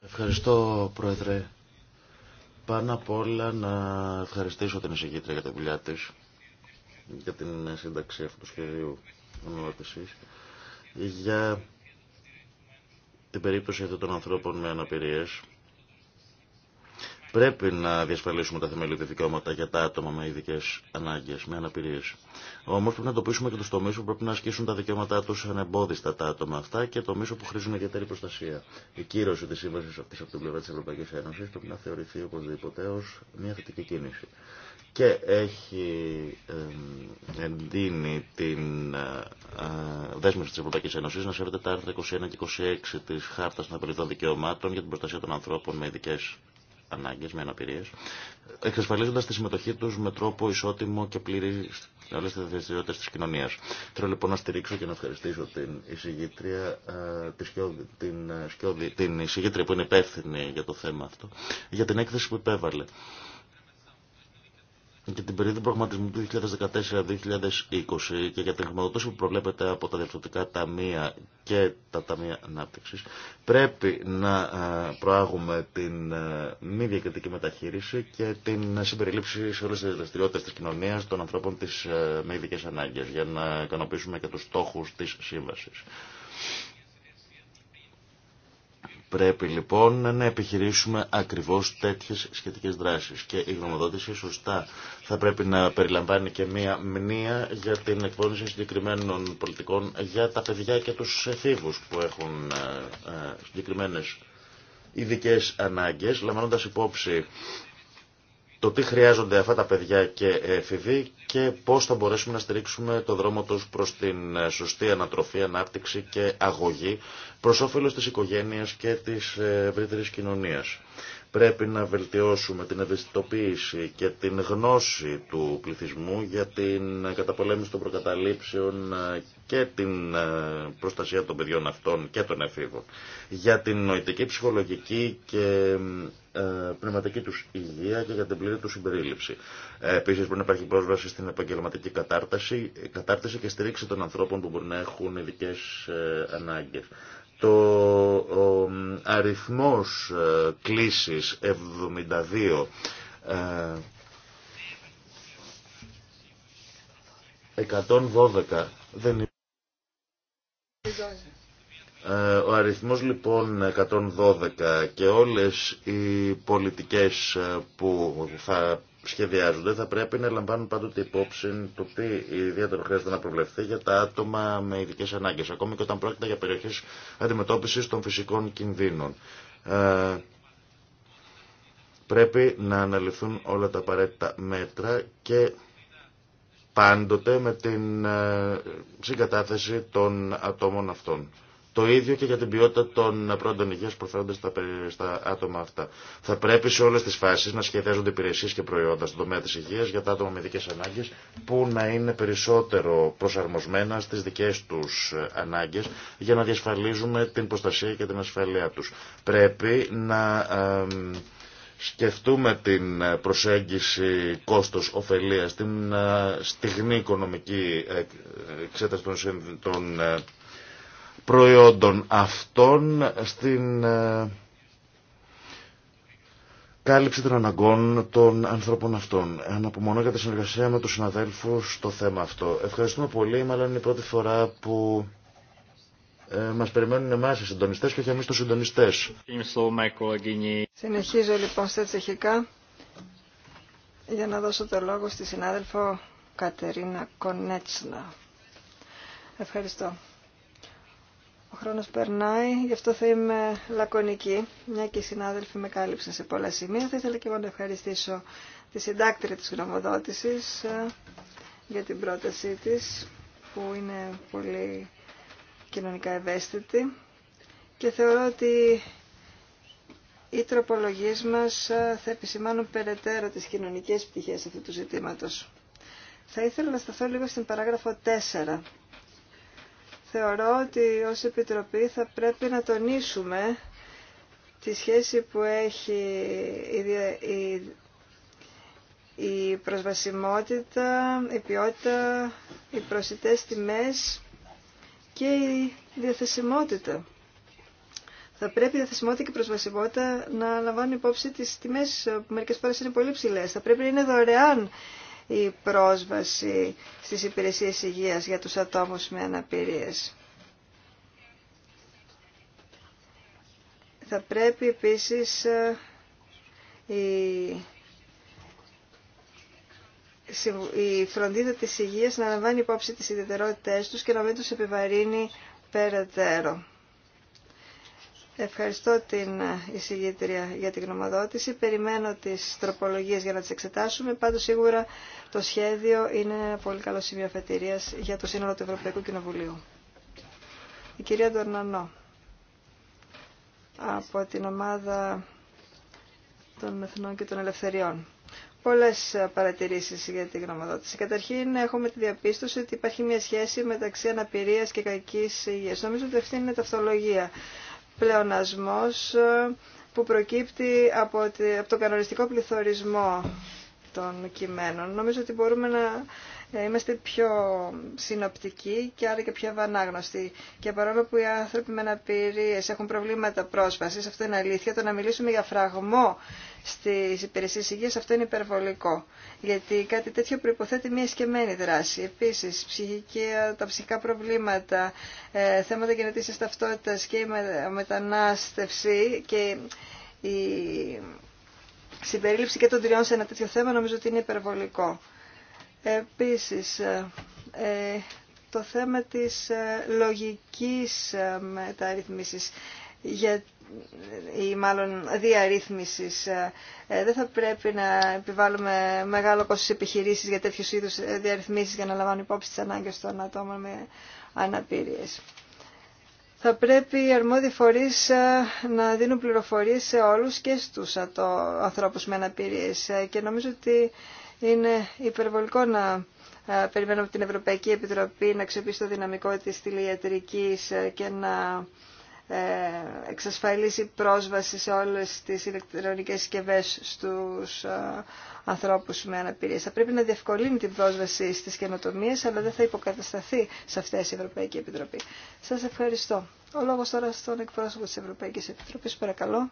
Ευχαριστώ Πρόεδρε. Πάνω απ' όλα να ευχαριστήσω την εισηγήτρια για τη δουλειά τη για την σύνταξη αυτού του σχεδίου νομοθεσής, για την περίπτωση αυτών των ανθρώπων με αναπηρίες Πρέπει να διασφαλίσουμε τα θεμελιώδη δικαιώματα για τα άτομα με ειδικέ ανάγκε, με αναπηρίε. Όμω πρέπει να εντοπίσουμε και του τομεί που πρέπει να ασκήσουν τα δικαιώματά του ανεμπόδιστα τα άτομα αυτά και τομεί που χρήζουν ιδιαίτερη προστασία. Η κύρωση τη σύμβαση αυτή από την πλευρά τη Ευρωπαϊκή Ένωση πρέπει να θεωρηθεί οπωσδήποτε ω μια θετική κίνηση. Και έχει εντείνει την ε, ε, δέσμευση τη Ευρωπαϊκή Ένωση να σέβεται τα άρθρα 21 και 26 τη Χάρτα των Απελευθερών Δικαιωμάτων για την προστασία των ανθρώπων με ειδικέ ανάγκες, με αναπηρίες, εξασφαλίζοντα τη συμμετοχή τους με τρόπο ισότιμο και πλήρη σε όλε τι δραστηριότητε τη κοινωνία. Θέλω λοιπόν να στηρίξω και να ευχαριστήσω την εισηγήτρια, ε, την, ε, την εισηγήτρια που είναι υπεύθυνη για το θέμα αυτό, για την έκθεση που υπέβαλε. Και την περίοδο προγραμματισμού του 2014-2020 και για την χρηματοδότηση που προβλέπεται από τα διευθυντικά ταμεία και τα ταμεία ανάπτυξης πρέπει να ε, προάγουμε την ε, μη διακριτική μεταχείριση και την συμπεριλήψη σε όλες τις δραστηριότητες της κοινωνίας των ανθρώπων της, ε, με ειδικές ανάγκες για να ικανοποιήσουμε και τους στόχους της σύμβασης. Πρέπει λοιπόν να επιχειρήσουμε ακριβώς τέτοιες σχετικές δράσεις και η γνωμοδότηση σωστά θα πρέπει να περιλαμβάνει και μία μνήα για την εκπόνηση συγκεκριμένων πολιτικών για τα παιδιά και τους εφήβους που έχουν ε, ε, συγκεκριμένες ειδικέ ανάγκες, λαμβάνοντας υπόψη το τι χρειάζονται αυτά τα παιδιά και εφηβοί και πώς θα μπορέσουμε να στηρίξουμε το δρόμο τους προς την σωστή ανατροφή, ανάπτυξη και αγωγή προς όφελος της οικογένειας και της ευρύτερης κοινωνίας. Πρέπει να βελτιώσουμε την ευαισθητοποίηση και την γνώση του πληθυσμού για την καταπολέμηση των προκαταλήψεων και την ε, προστασία των παιδιών αυτών και των εφήβων, για την νοητική, ψυχολογική και ε, πνευματική τους υγεία και για την πλήρη του συμπερίληψη. Ε, επίσης μπορεί να υπάρχει πρόσβαση στην επαγγελματική κατάρταση κατάρτιση και στηρίξη των ανθρώπων που μπορεί να έχουν ειδικέ ανάγκες. Το αριθμός κλήσης 72 112 δεν είναι ε, ο αριθμός λοιπόν 112 και όλες οι πολιτικές ε, που θα σχεδιάζονται θα πρέπει να λαμβάνουν πάντοτε υπόψη το τι ιδιαίτερα χρειάζεται να προβλεφθεί για τα άτομα με ειδικές ανάγκες, ακόμη και όταν πρόκειται για περιοχές αντιμετώπισης των φυσικών κινδύνων. Ε, πρέπει να αναλυθούν όλα τα απαραίτητα μέτρα και πάντοτε με την ε, συγκατάθεση των ατόμων αυτών. Το ίδιο και για την ποιότητα των πρώτων υγεία που προφέρονται στα, στα άτομα αυτά. Θα πρέπει σε όλε τι φάσει να σχεδιάζονται υπηρεσίε και προϊόντα στον τομέα τη υγεία για τα άτομα με ειδικέ ανάγκε που να είναι περισσότερο προσαρμοσμένα στι δικέ του ε, ανάγκε για να διασφαλίζουμε την προστασία και την ασφαλεία του. Πρέπει να σκεφτούμε την ε, προσέγγιση κόστος ωφελία, την ε, στιγμή οικονομική εξέταση των προϊόντων αυτών στην ε, κάλυψη των αναγκών των ανθρώπων αυτών. Αναπομονώ για τη συνεργασία με τους συναδέλφους στο θέμα αυτό. Ευχαριστούμε πολύ, μάλλον είναι η πρώτη φορά που ε, μας περιμένουν εμά οι συντονιστές και όχι εμείς τους συντονιστές. Συνεχίζω λοιπόν στα τσεχικά για να δώσω το λόγο στη συνάδελφο Κατερίνα Κονέτσνα. Ευχαριστώ. Ο χρόνος περνάει, γι' αυτό θα είμαι λακωνική, μια και οι συνάδελφοι με κάλυψαν σε πολλά σημεία. Θα ήθελα και εγώ να ευχαριστήσω τη συντάκτρια της γνωμοδότησης ε, για την πρότασή της, που είναι πολύ κοινωνικά ευαίσθητη. Και θεωρώ ότι οι τροπολογίες μας ε, θα επισημάνουν περαιτέρω τις κοινωνικές πτυχές αυτού του ζητήματος. Θα ήθελα να σταθώ λίγο στην παράγραφο 4 θεωρώ ότι ως Επιτροπή θα πρέπει να τονίσουμε τη σχέση που έχει η, προσβασιμότητα, η ποιότητα, οι προσιτές τιμές και η διαθεσιμότητα. Θα πρέπει η διαθεσιμότητα και η προσβασιμότητα να λαμβάνουν υπόψη τις τιμές που μερικές φορές είναι πολύ ψηλές. Θα πρέπει να είναι δωρεάν η πρόσβαση στις υπηρεσίες υγείας για τους ατόμους με αναπηρίες. Θα πρέπει επίσης ε, η φροντίδα της υγείας να λαμβάνει υπόψη τις ιδιαιτερότητές τους και να μην τους επιβαρύνει περαιτέρω. Ευχαριστώ την εισηγήτρια για την γνωμοδότηση. Περιμένω τις τροπολογίες για να τις εξετάσουμε. Πάντως σίγουρα το σχέδιο είναι ένα πολύ καλό σημείο αφετηρίας για το σύνολο του Ευρωπαϊκού Κοινοβουλίου. Η κυρία Ντορνανό από την ομάδα των Εθνών και των Ελευθεριών. πολλέ παρατηρήσει για την γνωμοδότηση. Καταρχήν έχουμε τη διαπίστωση ότι υπάρχει μια σχέση μεταξύ αναπηρία και κακή υγεία. Νομίζω ότι αυτή είναι ταυτολογία πλεονασμός ε, που προκύπτει από τον κανονιστικό πληθωρισμό των κειμένων. Νομίζω ότι μπορούμε να ε, είμαστε πιο συνοπτικοί και άρα και πιο ευανάγνωστοι. Και παρόλο που οι άνθρωποι με αναπηρίε έχουν προβλήματα πρόσβαση, αυτό είναι αλήθεια, το να μιλήσουμε για φραγμό στι υπηρεσίε υγεία, αυτό είναι υπερβολικό. Γιατί κάτι τέτοιο προποθέτει μια σκεμμένη δράση. Επίση, τα ψυχικά προβλήματα, ε, θέματα γενετήσια ταυτότητα και η μετανάστευση και η συμπερίληψη και των τριών σε ένα τέτοιο θέμα νομίζω ότι είναι υπερβολικό. Επίσης, ε, ε, το θέμα της ε, λογικής μεταρρυθμίσης για ή μάλλον διαρρύθμισης. δεν θα πρέπει να επιβάλλουμε μεγάλο κόστος επιχειρήσεις για τέτοιους είδους διαρρυθμίσεις για να λαμβάνουν υπόψη τις ανάγκες των ατόμων με αναπηρίες. Θα πρέπει οι αρμόδιοι φορείς να δίνουν πληροφορίες σε όλους και στους ανθρώπους με αναπηρίες και νομίζω ότι είναι υπερβολικό να ε, περιμένουμε την Ευρωπαϊκή Επιτροπή να αξιοποιήσει το δυναμικό της τηλεϊατρικής ε, και να ε, εξασφαλίσει πρόσβαση σε όλες τις ηλεκτρονικές συσκευέ στους ανθρώπους με αναπηρία. Θα πρέπει να διευκολύνει την πρόσβαση στις καινοτομίες, αλλά δεν θα υποκατασταθεί σε αυτές η Ευρωπαϊκή Επιτροπή. Σας ευχαριστώ. Ο λόγος τώρα στον εκπρόσωπο της Ευρωπαϊκής Επιτροπής, παρακαλώ.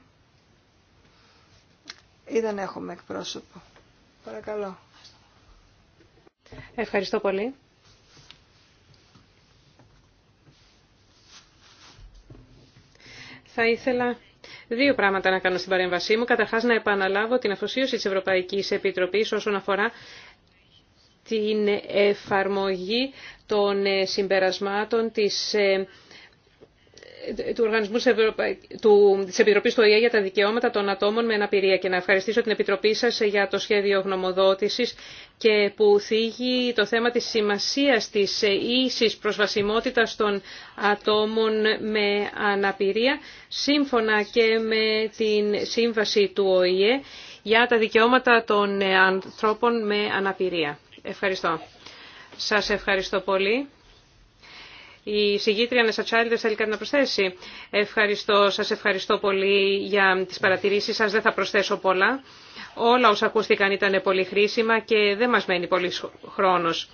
Ή δεν έχουμε εκπρόσωπο. Παρακαλώ. Ευχαριστώ πολύ. Θα ήθελα δύο πράγματα να κάνω στην παρέμβασή μου. Καταρχάς να επαναλάβω την αφοσίωση της Ευρωπαϊκής Επιτροπής όσον αφορά την εφαρμογή των συμπερασμάτων της ε, του Οργανισμού της, Επιτροπής του ΟΗΕ για τα Δικαιώματα των Ατόμων με Αναπηρία και να ευχαριστήσω την Επιτροπή σας για το σχέδιο γνωμοδότησης και που θίγει το θέμα της σημασίας της ίσης προσβασιμότητας των ατόμων με αναπηρία σύμφωνα και με την σύμβαση του ΟΗΕ για τα δικαιώματα των ανθρώπων με αναπηρία. Ευχαριστώ. Σας ευχαριστώ πολύ. Η συγγήτρια δεν θέλει κάτι να προσθέσει. Ευχαριστώ, σας ευχαριστώ πολύ για τις παρατηρήσεις σας. Δεν θα προσθέσω πολλά. Όλα όσα ακούστηκαν ήταν πολύ χρήσιμα και δεν μας μένει πολύ χρόνος.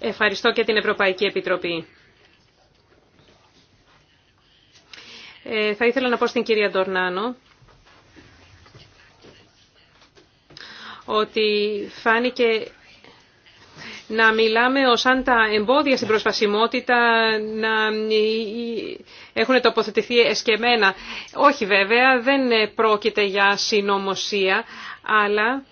Ευχαριστώ και την Ευρωπαϊκή Επιτροπή. Ε, θα ήθελα να πω στην κυρία Ντορνάνο ότι φάνηκε να μιλάμε ως αν τα εμπόδια στην προσβασιμότητα να ε, έχουν τοποθετηθεί εσκεμένα. Όχι βέβαια, δεν πρόκειται για συνωμοσία, αλλά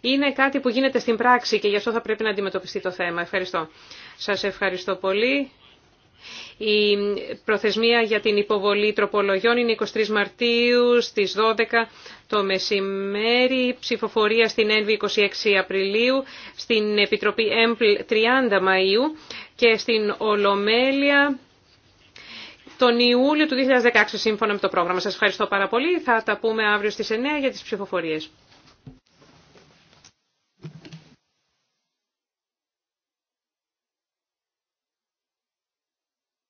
είναι κάτι που γίνεται στην πράξη και γι' αυτό θα πρέπει να αντιμετωπιστεί το θέμα. Ευχαριστώ. Σας ευχαριστώ πολύ. Η προθεσμία για την υποβολή τροπολογιών είναι 23 Μαρτίου στις 12 το μεσημέρι, ψηφοφορία στην ΕΝΒΗ 26 Απριλίου, στην Επιτροπή ΕΜΠΛ 30 Μαΐου και στην Ολομέλεια τον Ιούλιο του 2016 σύμφωνα με το πρόγραμμα. Σας ευχαριστώ πάρα πολύ. Θα τα πούμε αύριο στις 9 για τις ψηφοφορίες.